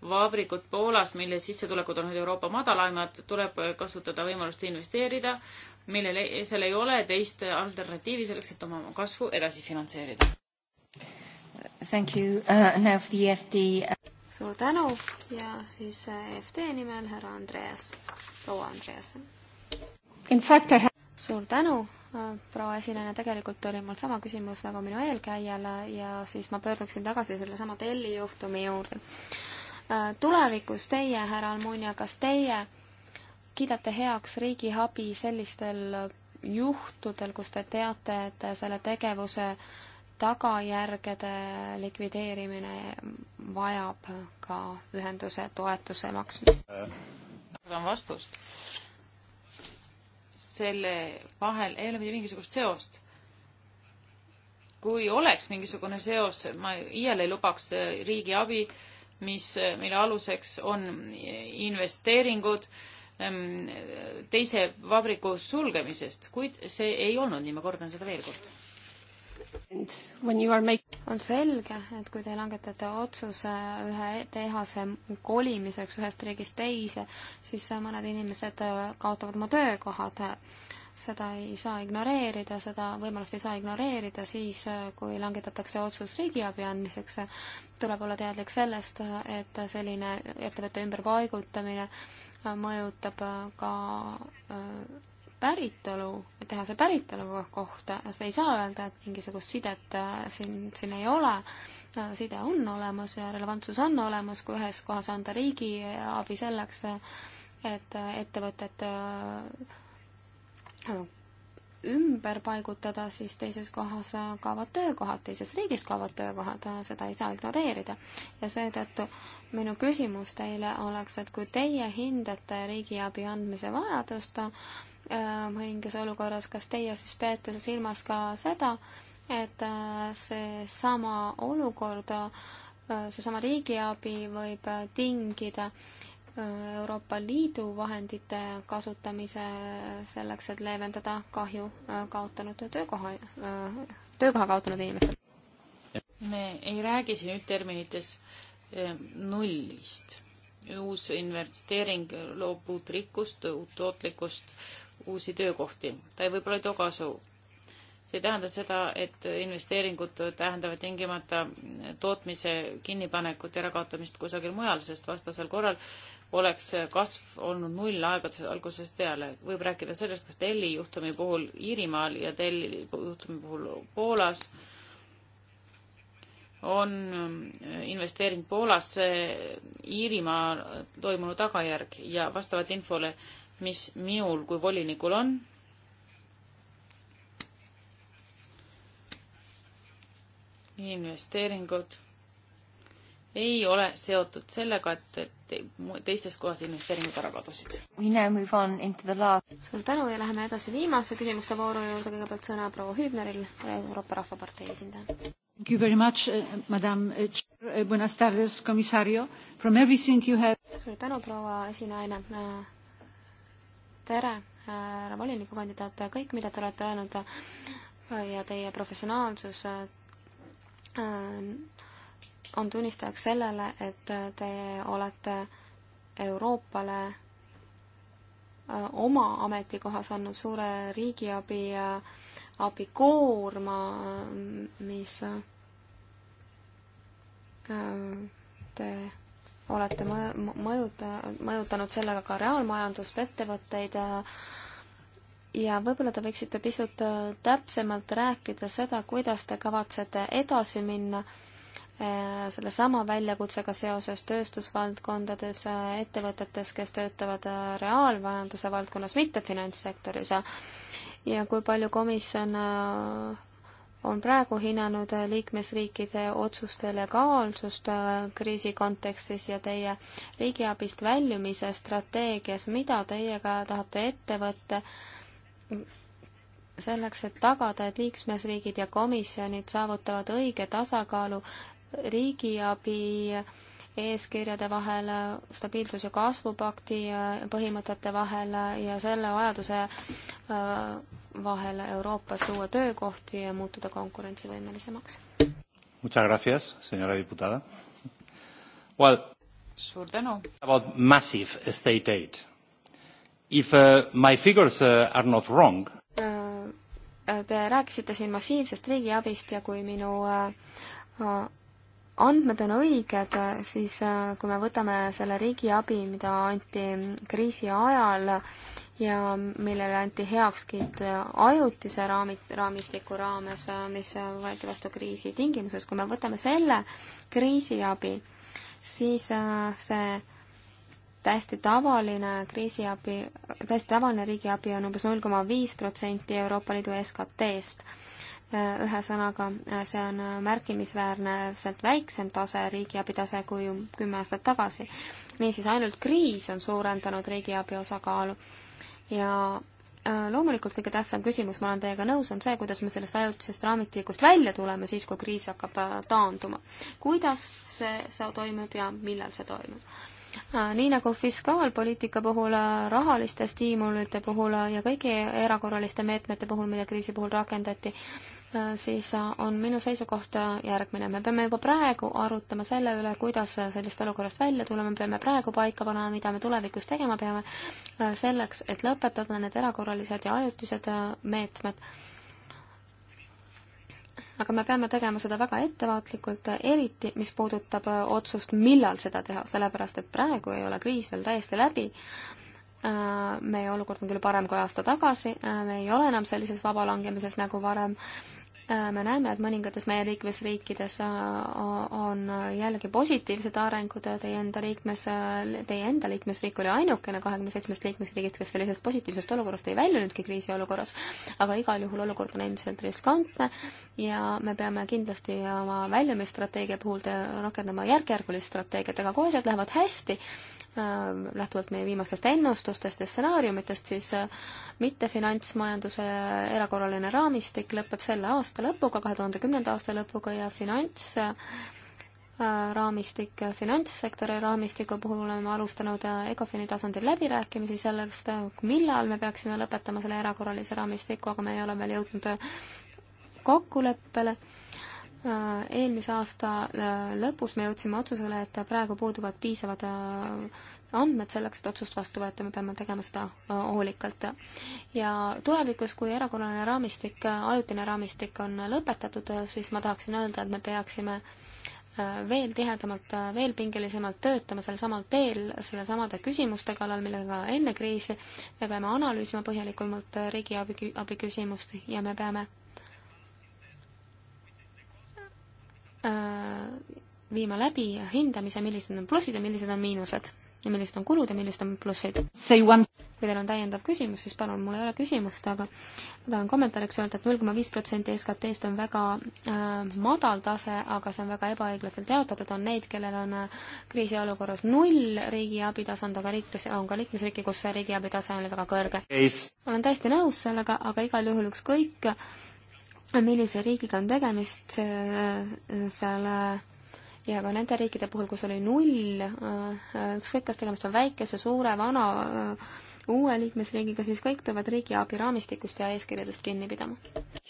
vabrikut Poolas, mille sissetulekud on nüüd Euroopa madalaimad, tuleb äh, kasutada võimalust investeerida, millel, seal ei ole teist alternatiivi selleks, et oma kasvu edasi finantseerida. Thank you uh,, now for the e FD. Uh, suur tänu ja siis e FD nimel härra Andreas, proua Andreasen. suur tänu proua esinejana, tegelikult oli mul sama küsimus nagu minu eelkäijale ja siis ma pöörduksin tagasi sellesama Telli juhtumi juurde. Äh, tulevikus teie, härra Almunia, kas teie kiidate heaks riigiabi sellistel juhtudel, kus te teate, et selle tegevuse tagajärgede likvideerimine vajab ka ühenduse toetuse maksmist? arvan äh. vastust selle vahel ei ole mitte mingisugust seost. kui oleks mingisugune seos, ma iial ei lubaks äh, riigi abi, mis, äh, mille aluseks on äh, investeeringud ähm, teise vabriku sulgemisest, kuid see ei olnud nii, ma kordan seda veel kord Make... on selge, et kui te langetate otsuse ühe tehase kolimiseks ühest riigist teise, siis mõned inimesed kaotavad oma töökohad. seda ei saa ignoreerida, seda võimalust ei saa ignoreerida siis, kui langetatakse otsus riigiabi andmiseks. tuleb olla teadlik sellest, et selline ettevõtte ümberpaigutamine mõjutab ka päritolu, tehase päritolu kohta, seda ei saa öelda, et mingisugust sidet äh, siin, siin ei ole, äh, side on olemas ja relevantsus on olemas, kui ühes kohas anda riigi abi selleks, et äh, ettevõtet ümber paigutada, siis teises kohas kaovad töökohad, teises riigis kaovad töökohad, seda ei saa ignoreerida. ja seetõttu minu küsimus teile oleks, et kui teie hindate riigiabi andmise vajadust, Äh, mõningas olukorras, kas teie siis peate silmas ka seda, et äh, seesama olukord, äh, seesama riigiabi võib tingida Euroopa Liidu vahendite kasutamise selleks, et leevendada kahju kaotanud töökoha, töökoha kaotanud inimestel? me ei räägi siin üldterminites nullist uus investeering loob uut rikkust, uut tootlikkust, uusi töökohti. ta ei võib-olla ei too kasu. see ei tähenda seda, et investeeringud tähendavad tingimata tootmise kinnipanekut ja ärakaotamist kusagil mujal, sest vastasel korral oleks kasv olnud null aegade algusest peale. võib rääkida sellest, kas Delli juhtumi puhul Iirimaal ja Delli juhtumi puhul Poolas on äh, investeering Poolasse Iirimaal toimunud tagajärg ja vastavalt infole mis minul kui volinikul on. investeeringud ei ole seotud sellega, et, et teistes kohas investeeringud ära kadusid. suur tänu ja läheme edasi viimase küsimuste vooru juurde, kõigepealt sõna proua Hübneril, Euroopa Rahvapartei esindaja. Thank you very much, eh, madam, eh, eh, buenas tardes, komissario, from everything you have. suur tänu, proua esinaine tere, härra volinikukandidaat, kõik, mida te olete öelnud ja teie professionaalsus äh, on tunnistajaks sellele, et te olete Euroopale äh, oma ametikohas andnud suure riigiabi ja abikoorma, mis äh, te olete mõjuta-, mõjutanud sellega ka reaalmajandust, ettevõtteid ja äh, ja võib-olla te võiksite pisut äh, täpsemalt rääkida seda, kuidas te kavatsete edasi minna äh, sellesama väljakutsega seoses tööstusvaldkondades, ettevõtetes, kes töötavad reaalmajanduse valdkonnas, mitte finantssektoris ja ja kui palju komisjon on praegu hinnanud liikmesriikide otsuste legaalsust äh, kriisi kontekstis ja teie riigiabist väljumise strateegias, mida teiega tahate ette võtta selleks, et tagada, et liikmesriigid ja komisjonid saavutavad õige tasakaalu riigiabi eeskirjade vahel, stabiilsus- ja kasvupakti äh, põhimõtete vahel ja selle vajaduse äh, vahel Euroopas luua töökohti ja muutuda konkurentsivõimelisemaks. Muchas gracias, señora diputada. Well, suur tänu. About massive state aid. If uh, my figures uh, are not wrong uh,. Te rääkisite siin massiivsest riigiabist ja kui minu uh, uh, andmed on õiged, siis äh, kui me võtame selle riigiabi, mida anti kriisi ajal ja millele anti heakskiit äh, ajutise raami, raamistiku raames, äh, mis võeti vastu kriisi tingimuses, kui me võtame selle kriisiabi, siis see täiesti tavaline kriisiabi, täiesti tavaline riigiabi on umbes null koma viis protsenti Euroopa Liidu SKT-st Äh, ühesõnaga, äh, see on äh, märkimisväärselt väiksem tase, riigiabi tase, kui kümme aastat tagasi. niisiis, ainult kriis on suurendanud riigiabi osakaalu ja loomulikult kõige tähtsam küsimus, ma olen teiega nõus, on see, kuidas me sellest ajutisest raamitikust välja tuleme siis, kui kriis hakkab taanduma. kuidas see, see toimub ja millal see toimub? nii nagu fiskaalpoliitika puhul, rahaliste stiimulite puhul ja kõigi erakorraliste meetmete puhul, mida kriisi puhul rakendati, Äh, siis äh, on minu seisukoht äh, järgmine. me peame juba praegu arutama selle üle, kuidas sellest olukorrast välja tulla, me peame praegu paika panema, mida me tulevikus tegema peame, selleks, et lõpetada need erakorralised ja ajutised meetmed. aga me peame tegema seda väga ettevaatlikult, eriti mis puudutab otsust, millal seda teha, sellepärast et praegu ei ole kriis veel täiesti läbi meie olukord on küll parem kui aasta tagasi, me ei ole enam sellises vabalangemises nagu varem Äh, me näeme, et mõningates meie liikmesriikides äh, on äh, jällegi positiivsed arengud, teie enda liikmes, teie enda liikmesriik oli ainukene kahekümne seitsmest liikmesriigist, kes sellisest positiivsest olukorrast ei väljunudki kriisiolukorras, aga igal juhul olukord on endiselt riskantne ja me peame kindlasti oma väljumisstrateegia puhul rakendama järk-järgulist strateegiat, aga kui asjad lähevad hästi, Äh, lähtuvalt meie viimastest ennustustest ja stsenaariumitest, siis äh, mittefinantsmajanduse erakorraline raamistik lõpeb selle aasta lõpuga, kahe tuhande kümnenda aasta lõpuga ja finants äh, raamistik, finantssektori raamistiku puhul oleme alustanud ECOFIN-i tasandil läbirääkimisi sellest, millal me peaksime lõpetama selle erakorralise raamistiku, aga me ei ole veel jõudnud kokkuleppele Äh, eelmise aasta äh, lõpus me jõudsime otsusele, et praegu puuduvad piisavad äh, andmed selleks, et otsust vastu võtta, me peame tegema seda hoolikalt. ja tulevikus, kui erakorraline raamistik, ajutine raamistik on lõpetatud, siis ma tahaksin öelda, et me peaksime veel tihedamalt, veel pingelisemalt töötama sel samal teel, sellesamade küsimuste kallal, millega enne kriisi me peame analüüsima põhjalikumalt riigiabi, abi küsimust ja me peame Äh, viima läbi hindamise, millised on plussid ja millised on miinused ja millised on kulud ja millised on plussid. kui teil on täiendav küsimus, siis palun, mul ei ole küsimust, aga ma tahan kommentaariks öelda, et null koma viis protsenti SKT-st on väga äh, madal tase, aga see on väga ebaõiglaselt jaotatud, on neid, kellel on äh, kriisiolukorras null riigiabi tasand, aga riiklis, on ka liikmesriike, kus see riigiabi tase on väga kõrge. olen täiesti nõus sellega, aga igal juhul ükskõik, millise riigiga on tegemist äh, seal äh, ja ka nende riikide puhul, kus oli null, äh, ükskõik, kas tegemist on väikese, suure, vana, uue liikmesriigiga, siis kõik peavad riigiabi raamistikust ja eeskirjadest kinni pidama.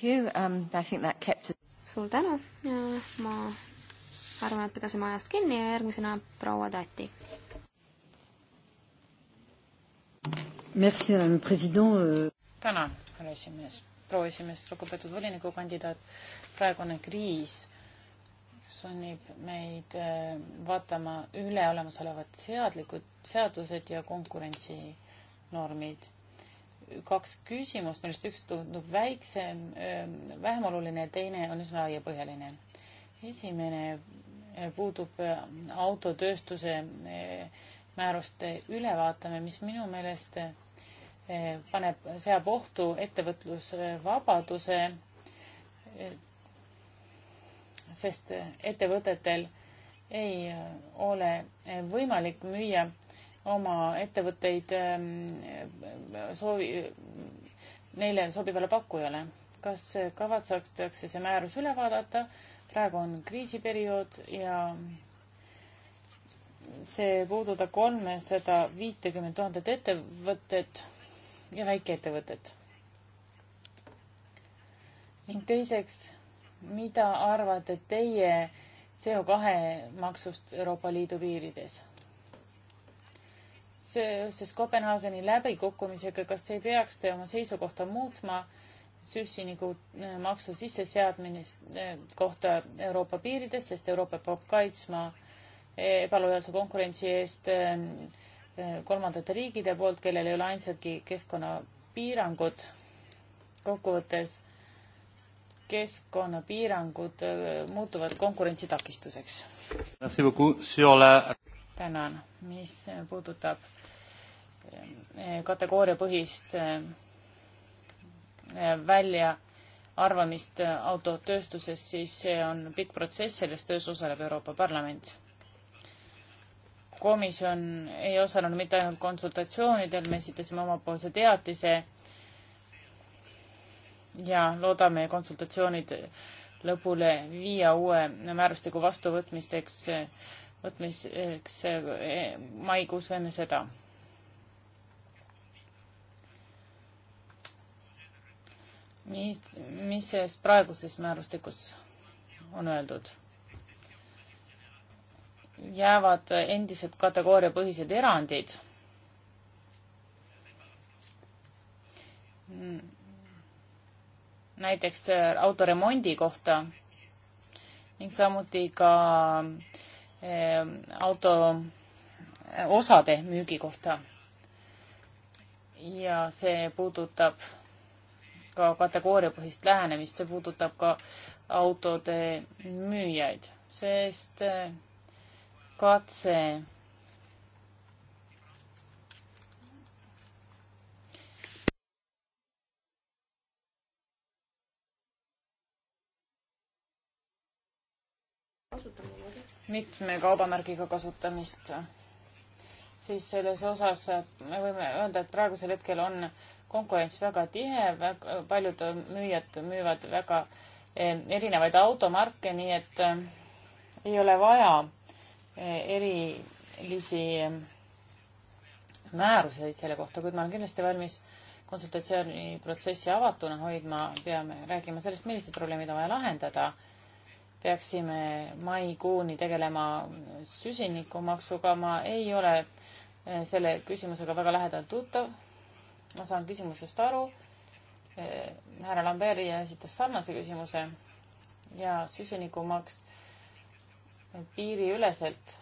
Um, kept... suur tänu, ma arvan, et pidasime ajast kinni ja järgmisena proua Tati. Euh- tänan, härra esimees proua esimees, lugupeetud volinikukandidaat, praegune kriis sunnib meid äh, vaatama üle olemasolevad seadlikud seadused ja konkurentsinormid. kaks küsimust, millest üks tundub väiksem, äh, vähem oluline, teine on üsna laiapõhjaline. esimene äh, puudub autotööstuse määruste ülevaatamine, mis minu meelest paneb, seab ohtu ettevõtlusvabaduse, sest ettevõtetel ei ole võimalik müüa oma ettevõtteid ähm, soovi, neile sobivale pakkujale. kas kavatsetakse see määrus üle vaadata? praegu on kriisiperiood ja see puudutab kolmesada viitekümmet tuhandet ettevõtet ja väikeettevõtet? ning teiseks, mida arvate teie CO2 maksust Euroopa Liidu piirides? seoses Kopenhaageni läbikukkumisega, kas te ei peaks te oma seisukohta muutma süsiniku äh, maksu sisseseadmine äh, kohta Euroopa piirides, sest Euroopa peab kaitsma äh, ebalojaalse konkurentsi eest ähm, kolmandate riikide poolt, kellel ei ole ainsatki keskkonnapiirangut. kokkuvõttes keskkonnapiirangud äh, muutuvad konkurentsi takistuseks. tänan, mis puudutab äh, kategooriapõhist äh, väljaarvamist autotööstuses, siis see on pikk protsess, selles töös osaleb Euroopa Parlament komisjon ei osalenud mitte ainult konsultatsioonidel, me esitasime omapoolse teatise ja loodame konsultatsioonid lõpule viia uue määrustiku vastuvõtmisteks, võtmiseks eh, maikuus enne seda. mis, mis sellest praeguses määrustikus on öeldud? jäävad endised kategooriapõhised erandid. näiteks autoremondi kohta ning samuti ka eh, auto eh, osade müügi kohta. ja see puudutab ka kategooriapõhist lähenemist, see puudutab ka autode müüjaid, sest eh, katse mitme kaubamärgiga kasutamist, siis selles osas me võime öelda, et praegusel hetkel on konkurents väga tihe, paljud müüjad müüvad väga eh, erinevaid automarke, nii et eh, ei ole vaja erilisi ehm, määruseid selle kohta, kuid ma olen kindlasti valmis konsultatsiooniprotsessi avatuna hoidma, peame rääkima sellest, millised probleemid on vaja lahendada. peaksime maikuuni tegelema süsinikumaksuga, ma ei ole eh, selle küsimusega väga lähedalt tuttav. ma saan küsimusest aru. Eh, härra Lamberi esitas sarnase küsimuse ja süsinikumaks piiriüleselt.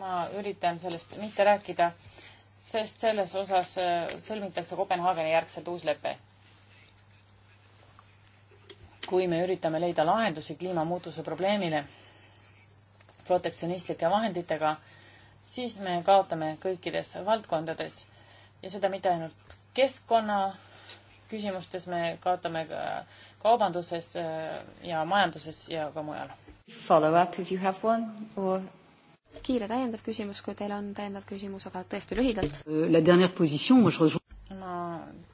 ma üritan sellest mitte rääkida, sest selles osas äh, sõlmitakse Kopenhaageni järgselt uus lepe. kui me üritame leida lahendusi kliimamuutuse probleemile protektsionistlike vahenditega, siis me kaotame kõikides valdkondades ja seda mitte ainult keskkonna küsimustes, me kaotame ka kaubanduses äh, ja majanduses ja ka mujal Follow-up if you have one or kiire täiendav küsimus, kui teil on täiendav küsimus, aga tõesti lühidalt. Euh, ma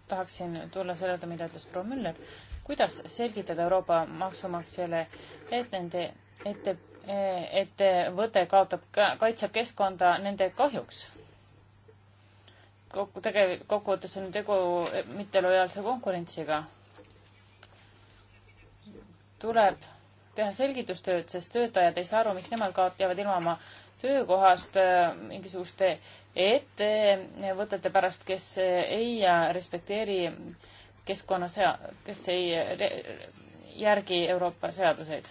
tahaksin tulla selle juurde, mida ütles proua Müller. kuidas selgitada Euroopa maksumaksjale, et nende ette, eh, ettevõte kaotab, kaitseb keskkonda nende kahjuks? kokku, tegelikult kokkuvõttes on tegu eh, mittelojaalse konkurentsiga. tuleb teha selgitustööd, sest töötajad ei saa aru, miks nemad kaot-, jäävad ilma oma töökohast äh, mingisuguste ettevõtete pärast, kes ei äh, respekteeri keskkonnasea-, kes ei järgi Euroopa seaduseid.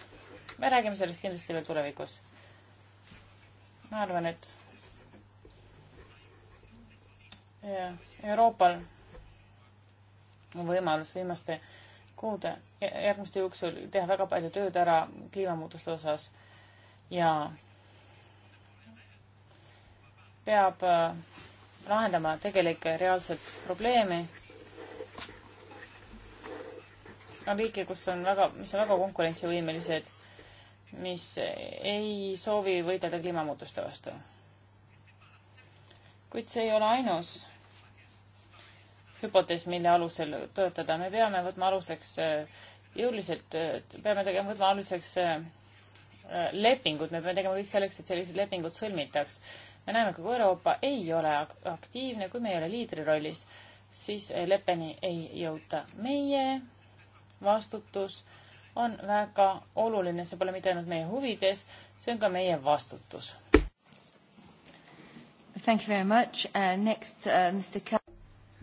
me räägime sellest kindlasti veel tulevikus. ma arvan, et Euroopal on võimalus viimaste kuude, järgmiste jooksul teha väga palju tööd ära kliimamuutuste osas ja peab äh, lahendama tegelikke reaalseid probleeme. on riike, kus on väga, mis on väga konkurentsivõimelised, mis ei soovi võidelda kliimamuutuste vastu. kuid see ei ole ainus hüpotees, mille alusel töötada. me peame võtma aluseks äh, jõuliselt, äh, peame tegema, võtma aluseks äh, lepingud, me peame tegema kõik selleks, et sellised lepingud sõlmitaks. me näeme, kui Euroopa ei ole aktiivne, kui me ei ole liidri rollis, siis leppeni ei jõuta. meie vastutus on väga oluline, see pole mitte ainult meie huvides, see on ka meie vastutus. Thank you very much uh,. Next uh, Mr. Kelly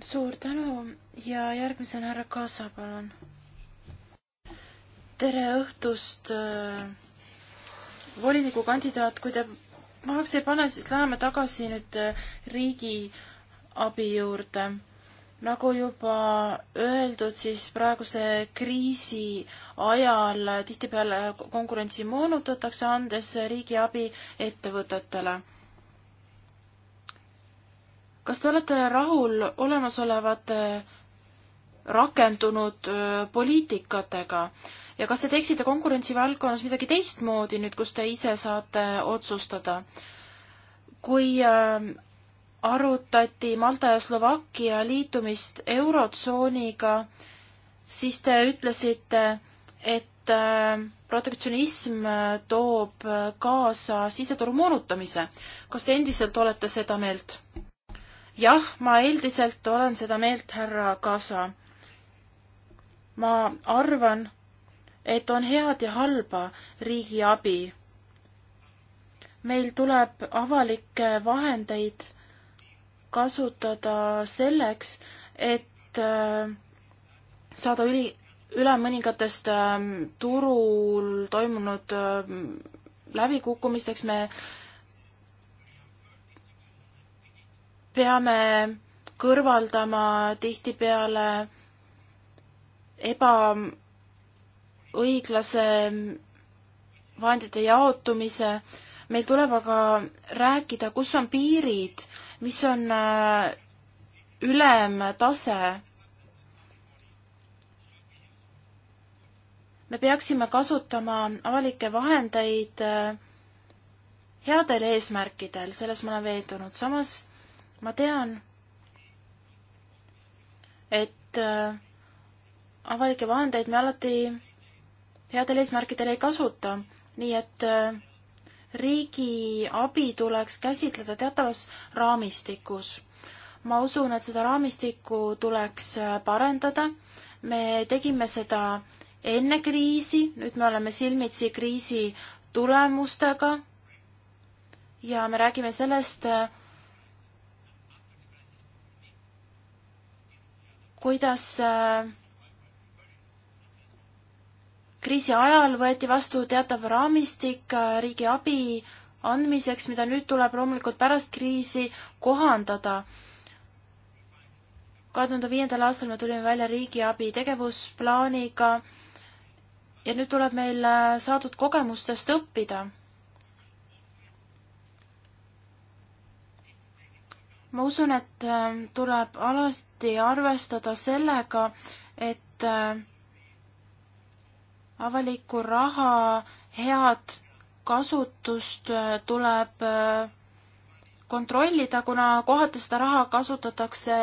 suur tänu ja järgmisena härra Kaasa, palun. tere õhtust äh,, volinikukandidaat, kui te pahaks ei pane, siis läheme tagasi nüüd äh, riigi abi juurde nagu juba öeldud, siis praeguse kriisi ajal tihtipeale konkurentsi moonutatakse, andes riigiabi ettevõtetele kas te olete rahul olemasolevate rakendunud poliitikatega ja kas te teeksite konkurentsivaldkonnas midagi teistmoodi nüüd, kus te ise saate otsustada? kui arutati Malta ja Slovakkia liitumist Eurotsooniga, siis te ütlesite, et protektsionism toob kaasa siseturu moonutamise. kas te endiselt olete seda meelt? jah, ma endiselt olen seda meelt, härra Kasa. ma arvan, et on head ja halba riigiabi. meil tuleb avalikke vahendeid kasutada selleks, et äh, saada üli, üle mõningatest äh, turul toimunud äh, läbikukkumisteks, me peame kõrvaldama tihtipeale ebaõiglase vahendite jaotumise. meil tuleb aga rääkida, kus on piirid, mis on äh, ülemtase. me peaksime kasutama avalikke vahendeid äh, headel eesmärkidel, selles ma olen veendunud. samas ma tean, et äh, avalikke vahendeid me alati headel eesmärkidel ei kasuta, nii et äh, riigi abi tuleks käsitleda teatavas raamistikus. ma usun, et seda raamistikku tuleks äh, parendada. me tegime seda enne kriisi, nüüd me oleme silmitsi kriisi tulemustega ja me räägime sellest, kuidas äh, kriisi ajal võeti vastu teatav raamistik äh, riigi abi andmiseks, mida nüüd tuleb loomulikult pärast kriisi kohandada. kahe tuhande viiendal aastal me tulime välja riigiabi tegevusplaaniga ja nüüd tuleb meil äh, saadud kogemustest õppida ma usun, et ähm, tuleb alati arvestada sellega, et äh, avaliku raha head kasutust äh, tuleb äh, kontrollida, kuna kohati seda raha kasutatakse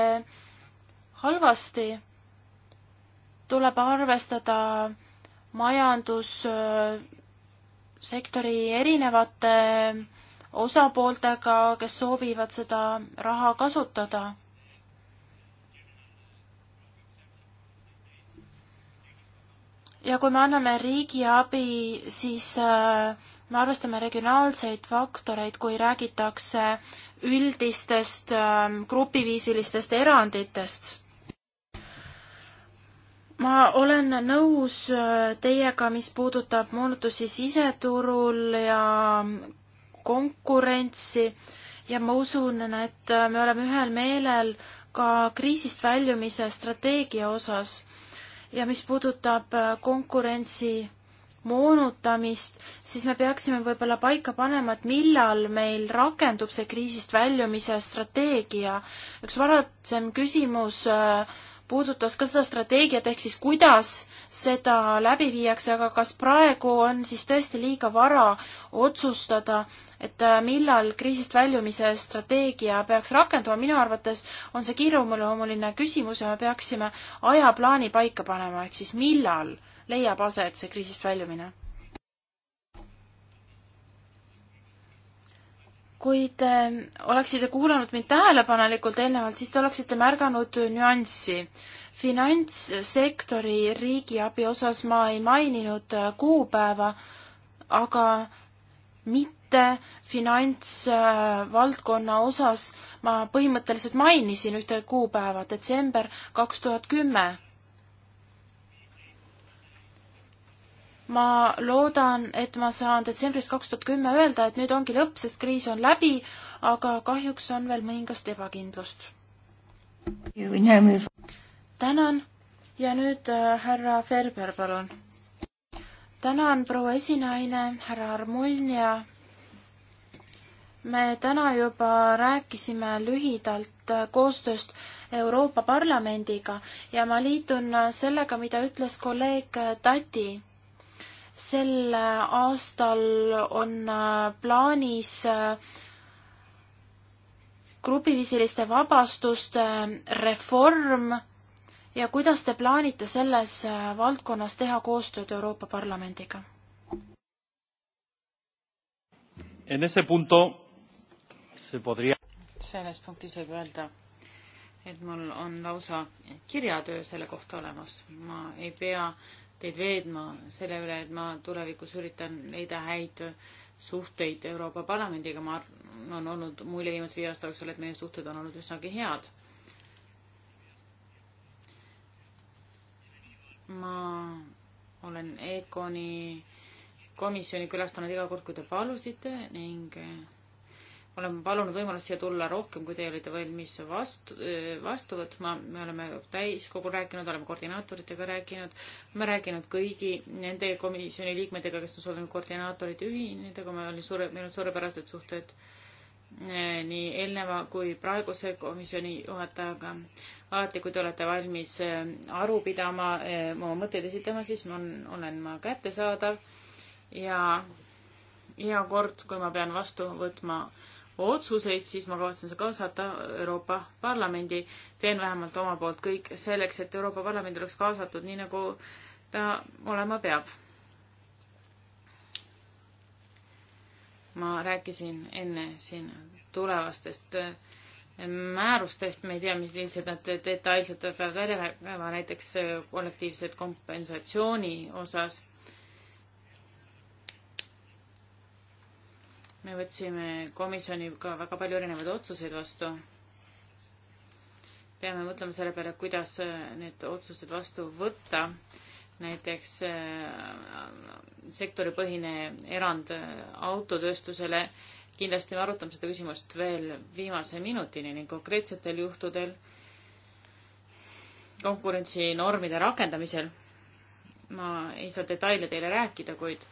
halvasti. tuleb arvestada majandussektori erinevate äh, osapooltega, kes soovivad seda raha kasutada. ja kui me anname riigiabi, siis äh, me arvestame regionaalseid faktoreid, kui räägitakse üldistest ähm, grupiviisilistest eranditest ma olen nõus äh, teiega, mis puudutab moonutusi siseturul ja konkurentsi ja ma usun, et me oleme ühel meelel ka kriisist väljumise strateegia osas. ja mis puudutab äh, konkurentsi moonutamist, siis me peaksime võib-olla paika panema, et millal meil rakendub see kriisist väljumise strateegia. üks varasem küsimus äh, puudutas ka seda strateegiat, ehk siis kuidas seda läbi viiakse, aga kas praegu on siis tõesti liiga vara otsustada, et äh, millal kriisist väljumise strateegia peaks rakenduma, minu arvates on see kiireloomuline küsimus ja me peaksime ajaplaani paika panema, ehk siis millal leiab aset see kriisist väljumine? kui te oleksite kuulanud mind tähelepanelikult eelnevalt, siis te oleksite märganud nüanssi. finantssektori riigiabi osas ma ei maininud äh, kuupäeva, aga mitte finantsvaldkonna äh, osas ma põhimõtteliselt mainisin ühte kuupäeva, detsember kaks tuhat kümme ma loodan, et ma saan detsembris kaks tuhat kümme öelda, et nüüd ongi lõpp, sest kriis on läbi, aga kahjuks on veel mõningast ebakindlust. tänan ja nüüd äh, härra Ferber, palun. tänan, proua esinaine, härra Armulja. me täna juba rääkisime lühidalt äh, koostööst Euroopa Parlamendiga ja ma liitun äh, sellega, mida ütles kolleeg äh, Tati sel aastal on äh, plaanis äh, grupiviisiliste vabastuste äh, reform ja kuidas te plaanite selles valdkonnas teha koostööd Euroopa Parlamendiga? selles punktis võib öelda, et mul on lausa kirjatöö selle kohta olemas, ma ei pea äh, teid veedma selle üle, et ma tulevikus üritan leida häid suhteid Euroopa Parlamendiga, ma on olnud mulje viimase viie aasta jooksul, et meie suhted on olnud üsnagi head. ma olen EKONi komisjoni külastanud iga kord, kui te palusite ning oleme palunud võimalust siia tulla rohkem, kui teie olite valmis vastu, eh, vastu võtma. me oleme täiskogul rääkinud, oleme koordinaatoritega rääkinud, me rääkinud kõigi nende komisjoni liikmetega, kes on olnud koordinaatorite ühinedega, me olime suure, meil on suurepärased suhted eh, nii eelneva kui praeguse komisjoni juhatajaga. alati, kui te olete valmis eh, aru pidama, oma mõtteid esitama, siis on, olen ma kättesaadav ja iga kord, kui ma pean vastu võtma otsuseid, siis ma kavatsen see kaasata Euroopa Parlamendi. teen vähemalt oma poolt kõik selleks, et Euroopa Parlament oleks kaasatud nii, nagu ta olema peab. ma rääkisin enne siin tulevastest eh, määrustest, me ei tea, millised nad detailselt peavad välja rääkima, näiteks eh, kollektiivsed kompensatsiooni osas me võtsime komisjoniga väga palju erinevaid otsuseid vastu. peame mõtlema selle peale, kuidas äh, need otsused vastu võtta. näiteks äh, sektoripõhine erand äh, autotööstusele. kindlasti me arutame seda küsimust veel viimase minutini ning konkreetsetel juhtudel konkurentsinormide rakendamisel. ma ei saa detaile teile rääkida, kuid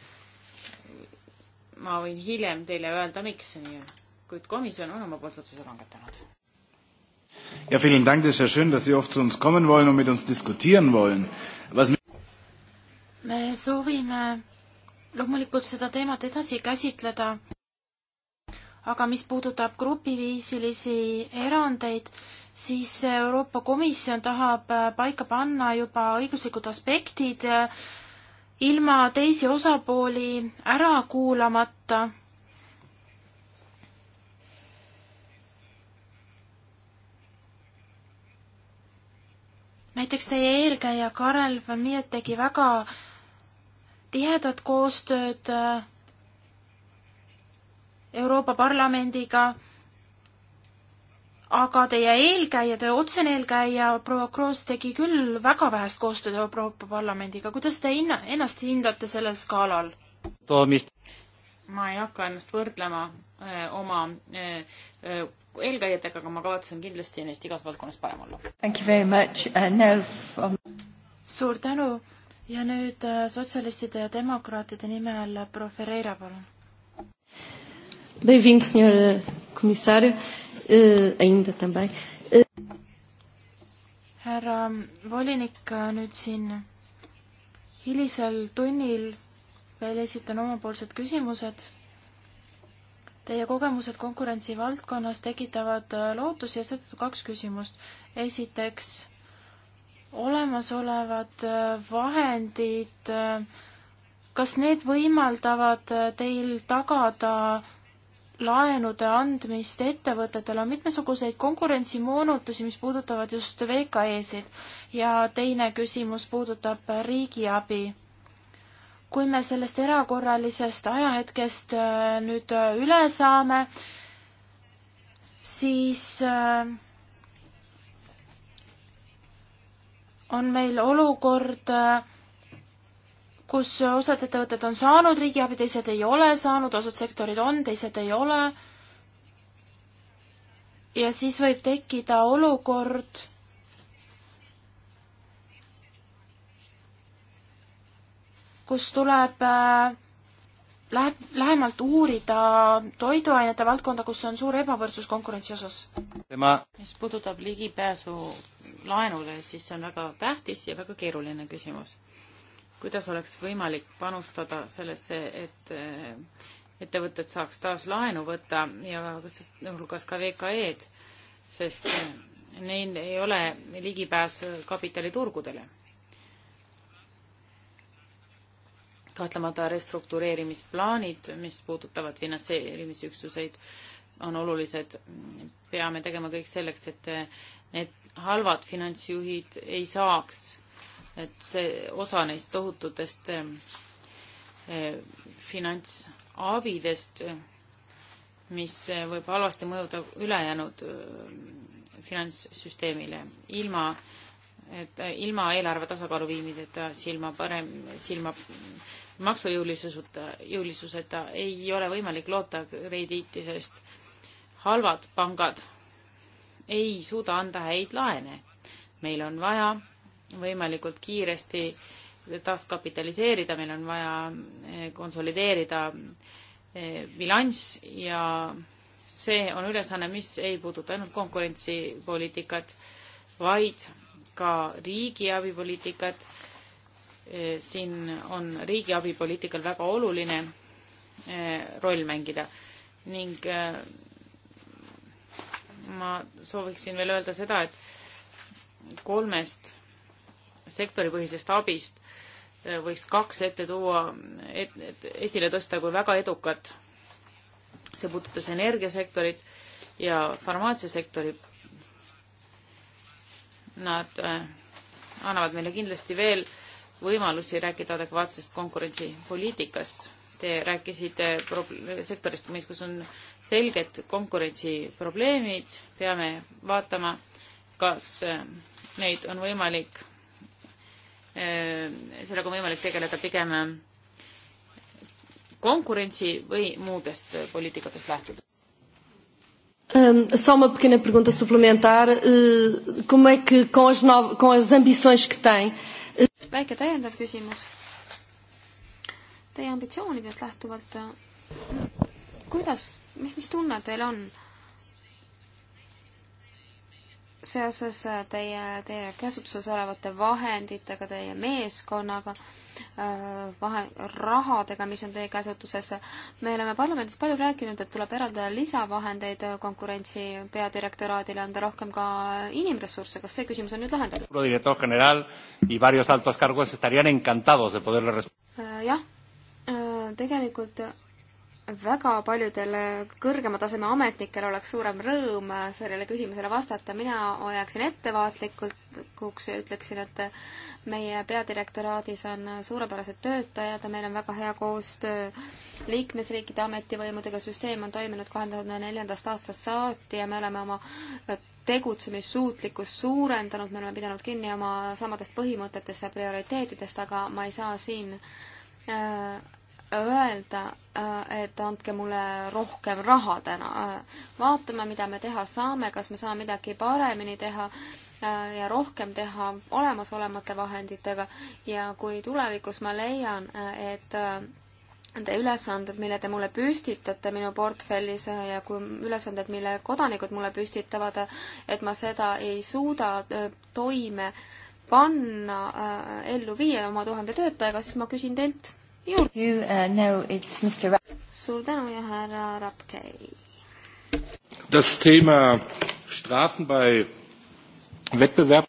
ma võin hiljem teile öelda, miks see nii on, kuid komisjon on omapoolse otsuse langetanud. Ja, vielen Dank, das ist ja schön, dass Sie oft zu uns kommen wollen und mit uns diskutieren wollen. Was me soovime loomulikult seda teemat edasi käsitleda, aga mis puudutab grupiviisilisi erandeid, siis Euroopa Komisjon tahab paika panna juba õiguslikud aspektid ilma teisi osapooli ära kuulamata. näiteks teie eelkäija Karel van Miet tegi väga tihedat koostööd äh, Euroopa Parlamendiga aga teie eelkäija, teie otsene eelkäija proua Kroos tegi küll väga vähest koostööd Euroopa Parlamendiga, kuidas te hinna, ennast hindate sellel skaalal? ma ei hakka ennast võrdlema öö, eh, oma öö, eh, eh, eelkäijatega, aga ma kavatsen kindlasti neist igas valdkonnas parem olla. Uh, from... suur tänu ja nüüd sotsialistide ja demokraatide nimel proua Ferreira, palun. Bem-vindo, senhor comissário. Uh, uh, ainda também. Uh... härra volinik, nüüd siin hilisel tunnil veel esitan omapoolsed küsimused. Teie kogemused konkurentsivaldkonnas tekitavad eh, lootusi ja seetõttu kaks küsimust. esiteks, olemasolevad vahendid, kas need võimaldavad teil tagada laenude andmist ettevõtetele on mitmesuguseid konkurentsimoonutusi, mis puudutavad just VKE-sid ja teine küsimus puudutab riigiabi. kui me sellest erakorralisest ajahetkest äh, nüüd äh, üle saame, siis äh, on meil olukord, kus osad ettevõtted on saanud riigiabi, teised ei ole saanud, osad sektorid on, teised ei ole. ja siis võib tekkida olukord, kus tuleb äh, läheb, lähemalt uurida toiduainete valdkonda, kus on suur ebavõrdsus konkurentsi osas. tema mis puudutab ligipääsu laenule, siis see on väga tähtis ja väga keeruline küsimus kuidas oleks võimalik panustada sellesse, et eh, ettevõtted saaks taas laenu võtta ja hulgas ka VKE-d, sest eh, neil ei ole ligipääs kapitaliturgudele. kahtlemata restruktureerimisplaanid, mis puudutavad finantseerimisüksuseid, on olulised. peame tegema kõik selleks, et eh, need halvad finantsjuhid ei saaks et see osa neist tohututest ehm, ehm, finantsaabidest, mis eh, võib halvasti mõjuda ülejäänud ehm, finantssüsteemile ilma, et eh, ilma eelarve tasakaalu viimideta, silma parem, silma maksujõulisuseta, jõulisuseta ei ole võimalik loota krediiti, sest halvad pangad ei suuda anda häid laene. meil on vaja võimalikult kiiresti taaskapitaliseerida, meil on vaja eh, konsolideerida eh, bilanss ja see on ülesanne, mis ei puuduta ainult konkurentsipoliitikat, vaid ka riigiabipoliitikat. Eh, siin on riigiabipoliitikal väga oluline roll mängida ning ma sooviksin veel öelda seda, et kolmest sektoripõhisest abist äh, võiks kaks ette tuua et,, et esile tõsta kui väga edukat. see puudutas energiasektorit ja farmaatsiasektori. Nad äh, annavad meile kindlasti veel võimalusi rääkida adekvaatsest konkurentsipoliitikast. Te rääkisite sektorist, kus on selged konkurentsiprobleemid, peame vaatama, kas äh, neid on võimalik Äh, sellega on võimalik tegeleda pigem äh, konkurentsi või muudest äh, poliitikatest lähtuda. Um, só uma pequena pergunta suplementar. Uh, como é que, com as, no... com as ambições que tem. Uh... väike täiendav küsimus. Teie ambitsioonidest lähtuvalt, eh, kuidas, mis, mis tunne teil on? seoses äh, teie, teie käsutuses olevate vahenditega, teie meeskonnaga, äh, vahe, rahadega, mis on teie käsutuses. me oleme parlamendis palju rääkinud, et tuleb eraldada lisavahendeid konkurentsi peadirektoraadile, anda rohkem ka inimressursse. kas see küsimus on nüüd lahendatud? Äh, jah, tegelikult väga paljudel kõrgema taseme ametnikel oleks suurem rõõm sellele küsimusele vastata. mina hoiaksin ettevaatlikuks ja ütleksin, et meie peadirektoraadis on suurepärased töötajad ja meil on väga hea koostöö liikmesriikide ametivõimudega. süsteem on toiminud kahe tuhande neljandast aastast saati ja me oleme oma tegutsemissuutlikkust suurendanud, me oleme pidanud kinni oma samadest põhimõtetest ja prioriteetidest, aga ma ei saa siin äh, öelda, äh, et andke mulle rohkem raha täna. Äh, vaatame, mida me teha saame, kas me saame midagi paremini teha äh, ja rohkem teha olemasolevate vahenditega ja kui tulevikus ma leian, et Te ülesanded, mille te mulle püstitate minu portfellis ja kui ülesanded, mille kodanikud mulle püstitavad, et ma seda ei suuda toime panna, ellu viia oma tuhande töötajaga, siis ma küsin teilt juurde uh,. No, suur tänu ja härra Rapkei. Das Thema Strafen bei Wettbewerb.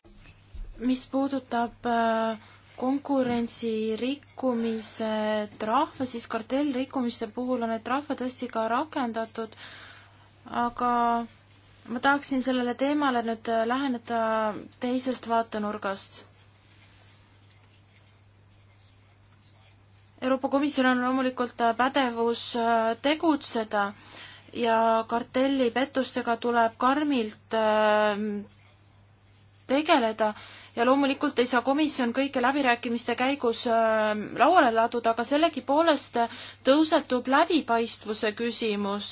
mis puudutab äh, konkurentsi rikkumise trahve, siis kartellrikkumiste puhul on need trahve tõesti ka rakendatud, aga ma tahaksin sellele teemale nüüd äh, läheneda teisest vaatenurgast Euroopa Komisjonil on loomulikult äh, pädevus äh, tegutseda ja kartellipettustega tuleb karmilt ähm, tegeleda ja loomulikult ei saa komisjon kõike läbirääkimiste käigus ähm, lauale laduda, aga sellegipoolest äh, tõusetub läbipaistvuse küsimus.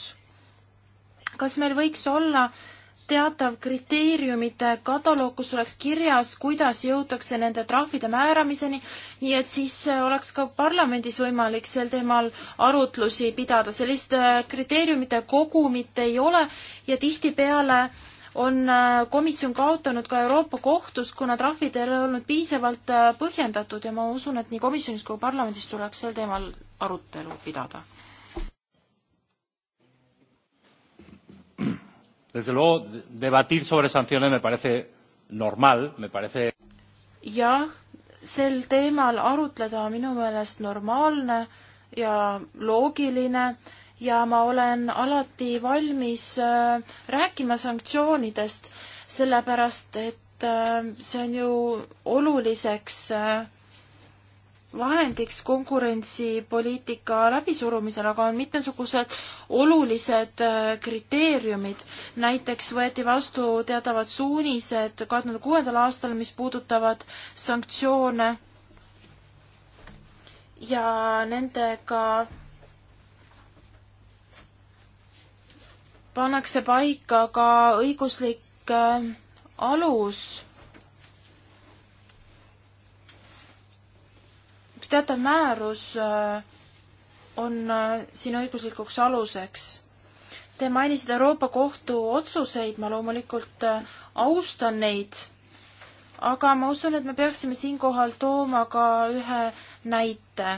kas meil võiks olla äh, teatav kriteeriumite kataloog, kus oleks kirjas, kuidas jõutakse nende trahvide määramiseni, nii et siis äh, oleks ka parlamendis võimalik sel teemal arutlusi pidada. sellist äh, kriteeriumite kogumit ei ole ja tihtipeale on äh, komisjon kaotanud ka Euroopa kohtus, kuna trahvid ei ole olnud piisavalt põhjendatud ja ma usun, et nii komisjonis kui parlamendis tuleks sel teemal arutelu pidada Desde luego, debatir sobre sanciones me parece normal, me parece. jah, sel teemal arutleda on minu meelest normaalne ja loogiline ja ma olen alati valmis äh, rääkima sanktsioonidest, sellepärast et äh, see on ju oluliseks äh, vahendiks konkurentsipoliitika läbisurumisel, aga on mitmesugused olulised äh, kriteeriumid. näiteks võeti vastu teatavad suunised kahe tuhande kuuendal aastal, mis puudutavad sanktsioone ja nendega pannakse paika ka õiguslik äh, alus teatav määrus äh, on äh, siin õiguslikuks aluseks. Te mainisite Euroopa Kohtu otsuseid, ma loomulikult äh, austan neid, aga ma usun, et me peaksime siinkohal tooma ka ühe näite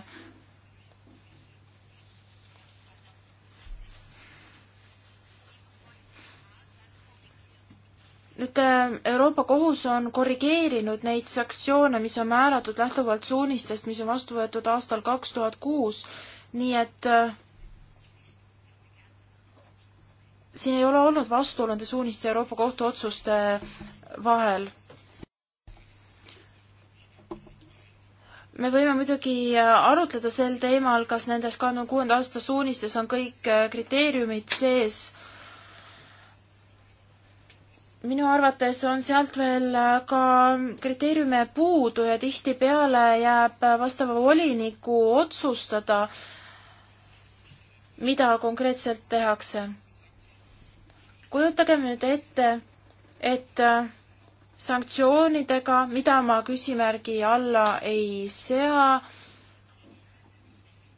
nüüd äh, Euroopa Kohus on korrigeerinud neid sanktsioone, mis on määratud lähtuvalt suunistest, mis on vastu võetud aastal kaks tuhat kuus, nii et äh, siin ei ole olnud vastuolu nende suuniste Euroopa Kohtu otsuste äh, vahel. me võime muidugi äh, arutleda sel teemal, kas nendes kahekümne kuuenda aasta suunistes on kõik kriteeriumid sees äh, minu arvates on sealt veel ka kriteeriume puudu ja tihtipeale jääb vastava voliniku otsustada, mida konkreetselt tehakse. kujutagem nüüd ette, et sanktsioonidega, mida ma küsimärgi alla ei sea,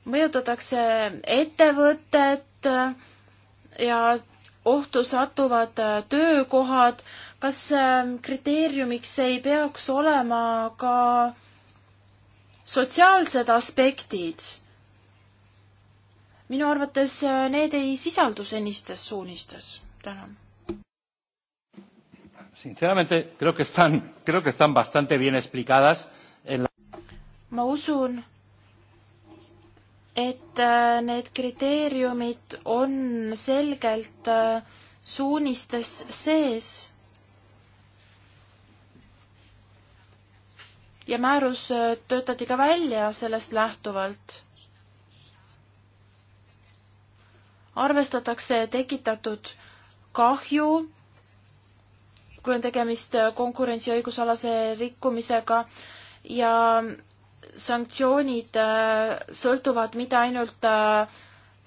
mõjutatakse ettevõtet ja ohtu satuvad äh, töökohad, kas ähm, kriteeriumiks ei peaks olema ka sotsiaalsed aspektid? minu arvates äh, need ei sisaldu senistes suunistes. tänan. Sinceramente creo que están, creo que están bastante bien explicadas en la ma usun, et äh, need kriteeriumid on selgelt äh, suunistes sees. ja määrus äh, töötati ka välja sellest lähtuvalt. arvestatakse tekitatud kahju, kui on tegemist konkurentsiõigusalase rikkumisega ja sanktsioonid äh, sõltuvad mitte ainult äh,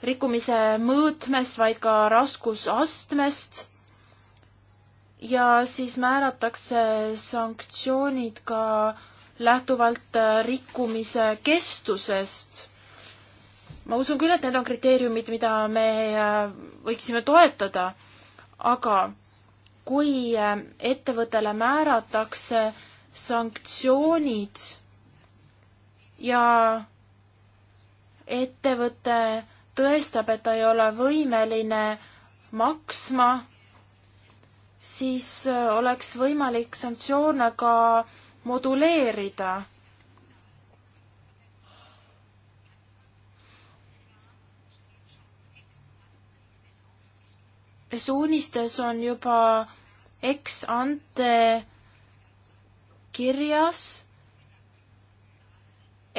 rikkumise mõõtmest, vaid ka raskusastmest ja siis määratakse sanktsioonid ka lähtuvalt äh, rikkumise kestusest. ma usun küll, et need on kriteeriumid, mida me võiksime toetada, aga kui ettevõttele määratakse sanktsioonid, ja ettevõte tõestab, et ta ei ole võimeline maksma, siis äh, oleks võimalik sanktsioone ka moduleerida. suunistes on juba ex ante kirjas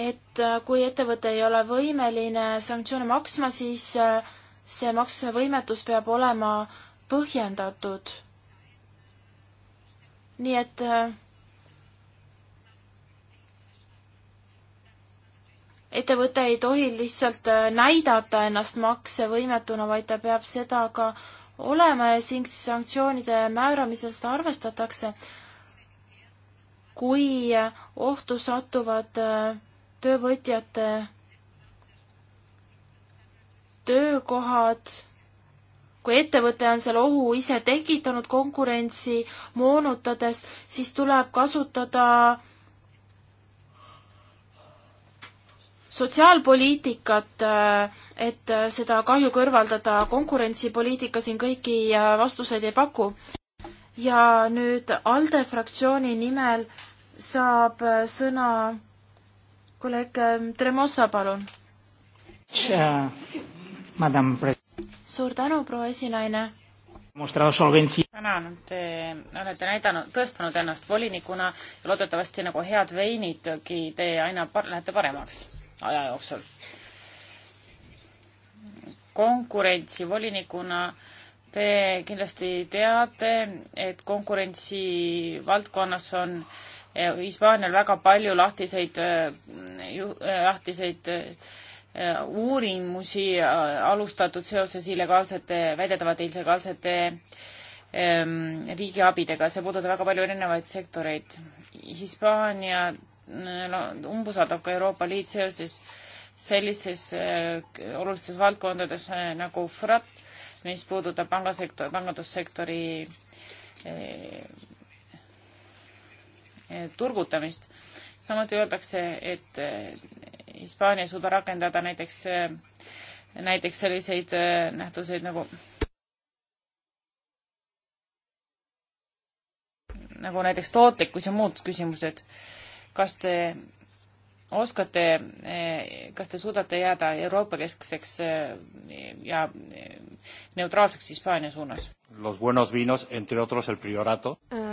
et äh, kui ettevõte ei ole võimeline sanktsioone maksma, siis äh, see maksevõimetus peab olema põhjendatud. nii et äh, ettevõte ei tohi lihtsalt näidata ennast maksevõimetuna, vaid ta peab seda ka olema ja siin siis sanktsioonide määramisel seda arvestatakse. kui ohtu satuvad äh, töövõtjate töökohad, kui ettevõte on selle ohu ise tekitanud konkurentsi moonutades, siis tuleb kasutada sotsiaalpoliitikat, et seda kahju kõrvaldada, konkurentsipoliitika siin kõiki vastuseid ei paku. ja nüüd ALDE fraktsiooni nimel saab sõna kolleeg ähm, Tremosa, palun. Äh, suur tänu, proua esinaine. tänan, te olete näidanud, tõestanud ennast volinikuna ja loodetavasti nagu head veinidki, te aina par-, lähete paremaks aja jooksul. konkurentsivolinikuna te kindlasti teate, et konkurentsi valdkonnas on äh, Hispaanial väga palju lahtiseid, äh, äh, lahtiseid äh, uurimusi alustatud seoses illegaalsete, väidetavate illegaalsete ähm, riigiabidega, see puudutab väga palju erinevaid sektoreid. Hispaania umbusaldab ka Euroopa Liit seoses sellises olulistes valdkondades nagu FRAT, mis puudutab pangasektor, pangandussektori Eh, turgutamist. samuti öeldakse, et eh, Hispaania ei suuda rakendada näiteks, eh, näiteks selliseid nähtuseid nagu nagu näiteks tootlikkus ja muud küsimused. kas te oskate, kas te suudate jääda Euroopa-keskseks ja neutraalseks Hispaania suunas?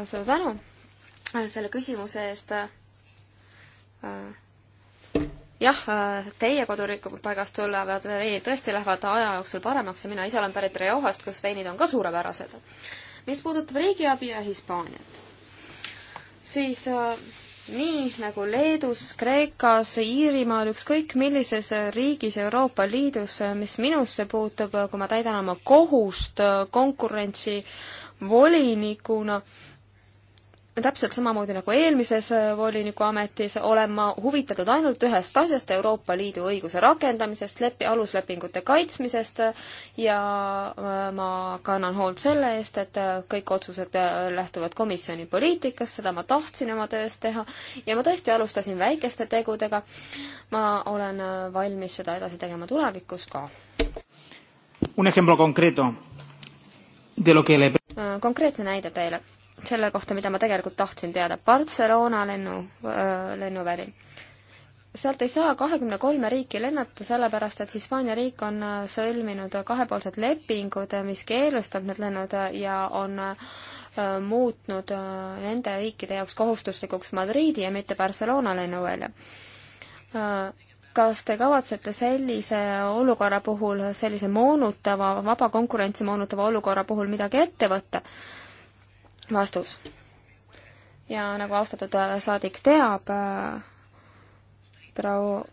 suur tänu, selle küsimuse eest. jah, teie koduriikupaigast tulevad veinid tõesti lähevad aja jooksul paremaks ja mina ise olen pärit Riohast, kus veinid on ka suurepärased. mis puudutab riigiabi ja Hispaaniat, siis äh, nii nagu Leedus, Kreekas, Iirimaal, ükskõik millises riigis Euroopa Liidus, äh, mis minusse puutub, äh, kui ma täidan oma kohust konkurentsivolinikuna, täpselt samamoodi nagu eelmises äh, voliniku ametis olen ma huvitatud ainult ühest asjast, Euroopa Liidu õiguse rakendamisest, lepi-, aluslepingute kaitsmisest äh, ja äh, ma kannan hoolt selle eest, et kõik otsused lähtuvad komisjoni poliitikast, seda ma tahtsin oma töös teha ja ma tõesti alustasin väikeste tegudega. ma olen valmis seda edasi tegema tulevikus ka. konkreetne näide teile selle kohta, mida ma tegelikult tahtsin teada. Barcelona lennu, lennuväli. sealt ei saa kahekümne kolme riiki lennata, sellepärast et Hispaania riik on sõlminud kahepoolsed lepingud, mis keelustab need lennud ja on muutnud nende riikide jaoks kohustuslikuks Madriidi ja mitte Barcelona lennuvälja. kas te kavatsete sellise olukorra puhul, sellise moonutava, vaba konkurentsi moonutava olukorra puhul midagi ette võtta? vastus. ja nagu austatud äh, saadik teab, äh, proua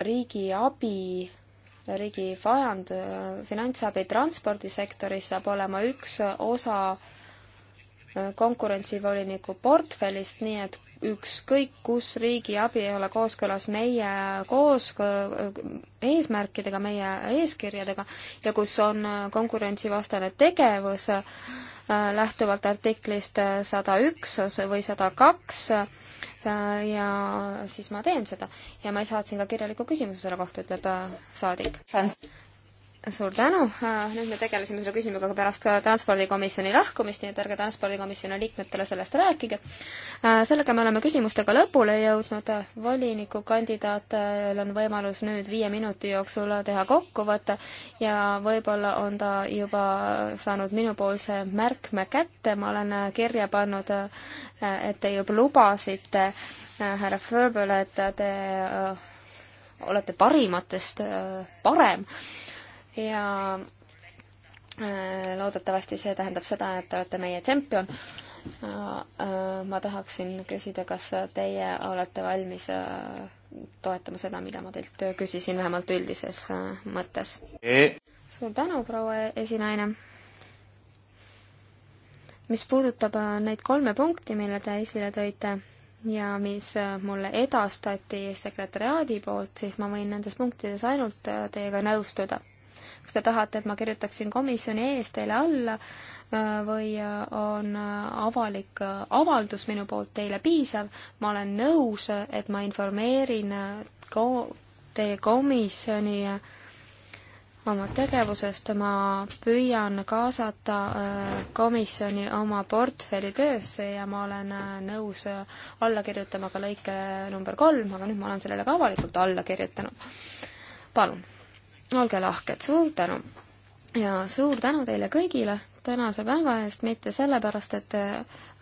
riigiabi, riigi vajand, äh, finantsabi transpordisektoris saab olema üks osa konkurentsivoliniku portfellist, nii et ükskõik, kus riigiabi ei ole kooskõlas meie koos eesmärkidega, meie eeskirjadega ja kus on konkurentsivastane tegevus, Äh, lähtuvalt artiklist äh, sada üks või sada kaks äh, ja siis ma teen seda. ja ma saatsin ka kirjaliku küsimuse selle kohta, ütleb saadik suur tänu, äh, nüüd me tegelesime selle küsimusega pärast ka transpordikomisjoni lahkumist, nii et ärge transpordikomisjoni liikmetele sellest rääkige. Äh, sellega me oleme küsimustega lõpule jõudnud, volinikukandidaadil on võimalus nüüd viie minuti jooksul teha kokkuvõte ja võib-olla on ta juba saanud minupoolse märkme kätte, ma olen kirja pannud, et te juba lubasite äh, härra Fööbele, et te olete parimatest parem ja äh, loodetavasti see tähendab seda, et te olete meie tšempion. Äh, äh, ma tahaksin küsida, kas teie olete valmis toetama seda, mida ma teilt küsisin, vähemalt üldises mõttes e. suur tänu, proua esinaine. mis puudutab neid kolme punkti, mille te esile tõite ja mis mulle edastati sekretäriaadi poolt, siis ma võin nendes punktides ainult teiega nõustuda kas te tahate, et ma kirjutaksin komisjoni ees teile alla äh, või äh, on äh, avalik avaldus minu poolt teile piisav, ma olen nõus, et ma informeerin ko-, teie komisjoni oma tegevusest, ma püüan kaasata komisjoni oma portfelli töösse ja ma olen nõus alla kirjutama ka lõike number kolm, aga nüüd ma olen sellele ka avalikult alla kirjutanud. palun olge lahked, suur tänu! ja suur tänu teile kõigile tänase päeva eest, mitte sellepärast, et te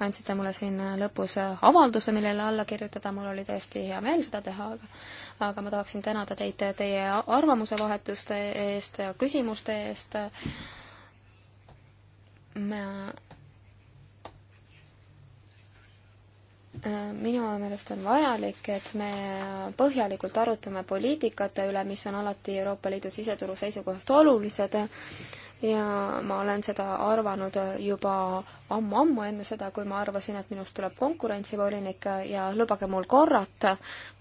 andsite mulle siin lõpus avalduse, millele alla kirjutada, mul oli tõesti hea meel seda teha, aga aga ma tahaksin tänada teid teie arvamusevahetuste eest ja küsimuste eest. ma minu meelest on vajalik, et me põhjalikult arutame poliitikate üle, mis on alati Euroopa Liidu siseturu seisukohast olulised ja ma olen seda arvanud juba ammu-ammu enne seda, kui ma arvasin, et minust tuleb konkurentsivolinik ja lubage mul korrata,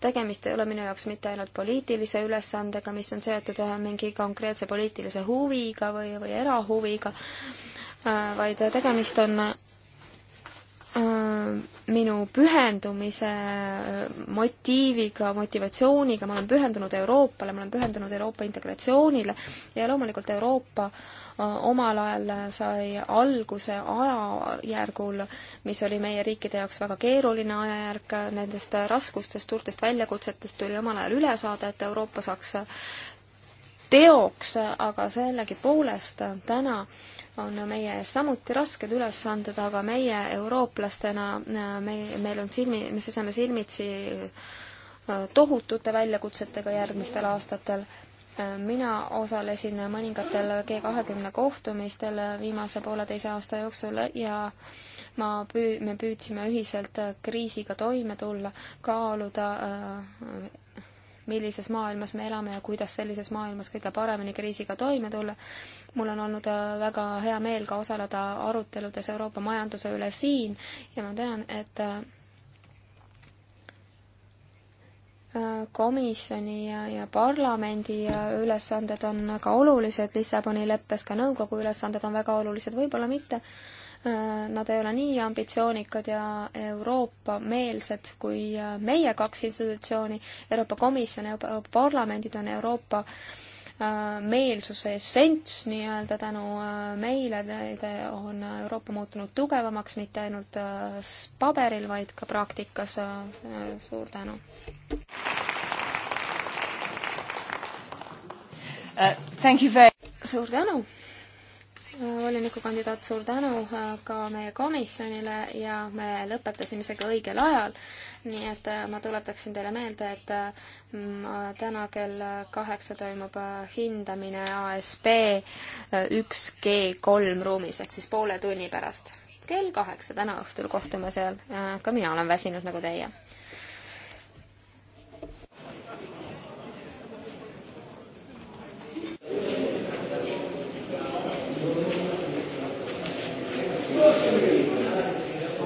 tegemist ei ole minu jaoks mitte ainult poliitilise ülesandega, mis on seotud mingi konkreetse poliitilise huviga või, või erahuviga, vaid tegemist on Äh, minu pühendumise äh, motiiviga, motivatsiooniga, ma olen pühendunud Euroopale, ma olen pühendunud Euroopa integratsioonile ja loomulikult Euroopa äh, omal ajal sai alguse ajajärgul, mis oli meie riikide jaoks väga keeruline ajajärk, nendest raskustest, suurtest väljakutsetest tuli omal ajal üle saada, et Euroopa saaks teoks, aga sellegipoolest täna on meie ees samuti rasked ülesanded, aga meie eurooplastena, meie, meil on silmi, me seisame silmitsi äh, tohutute väljakutsetega järgmistel aastatel. Äh, mina osalesin mõningatel G kahekümne kohtumistel viimase pooleteise aasta jooksul ja ma püü-, me püüdsime ühiselt kriisiga toime tulla, kaaluda äh, millises maailmas me elame ja kuidas sellises maailmas kõige paremini kriisiga toime tulla. mul on olnud äh, väga hea meel ka osaleda aruteludes Euroopa majanduse üle siin ja ma tean, et äh, äh, komisjoni ja, ja parlamendi ülesanded on väga olulised, Lissaboni leppes ka nõukogu ülesanded on väga olulised, võib-olla mitte äh, Äh, nad ei ole nii ambitsioonikad ja Euroopa-meelsed kui äh, meie kaks institutsiooni, Euroopa Komisjon ja Euroopa Parlamendid on Euroopa äh, meelsuse essents nii-öelda tänu meile on Euroopa muutunud tugevamaks mitte ainult paberil, vaid ka praktikas. suur tänu uh,! suur tänu! volinikukandidaat, suur tänu äh, ka meie komisjonile ja me lõpetasime isegi õigel ajal. nii et äh, ma tuletaksin teile meelde, et äh, täna kell kaheksa toimub hindamine ASB üks G kolm ruumis ehk siis poole tunni pärast. kell kaheksa täna õhtul kohtume seal. ka mina olen väsinud nagu teie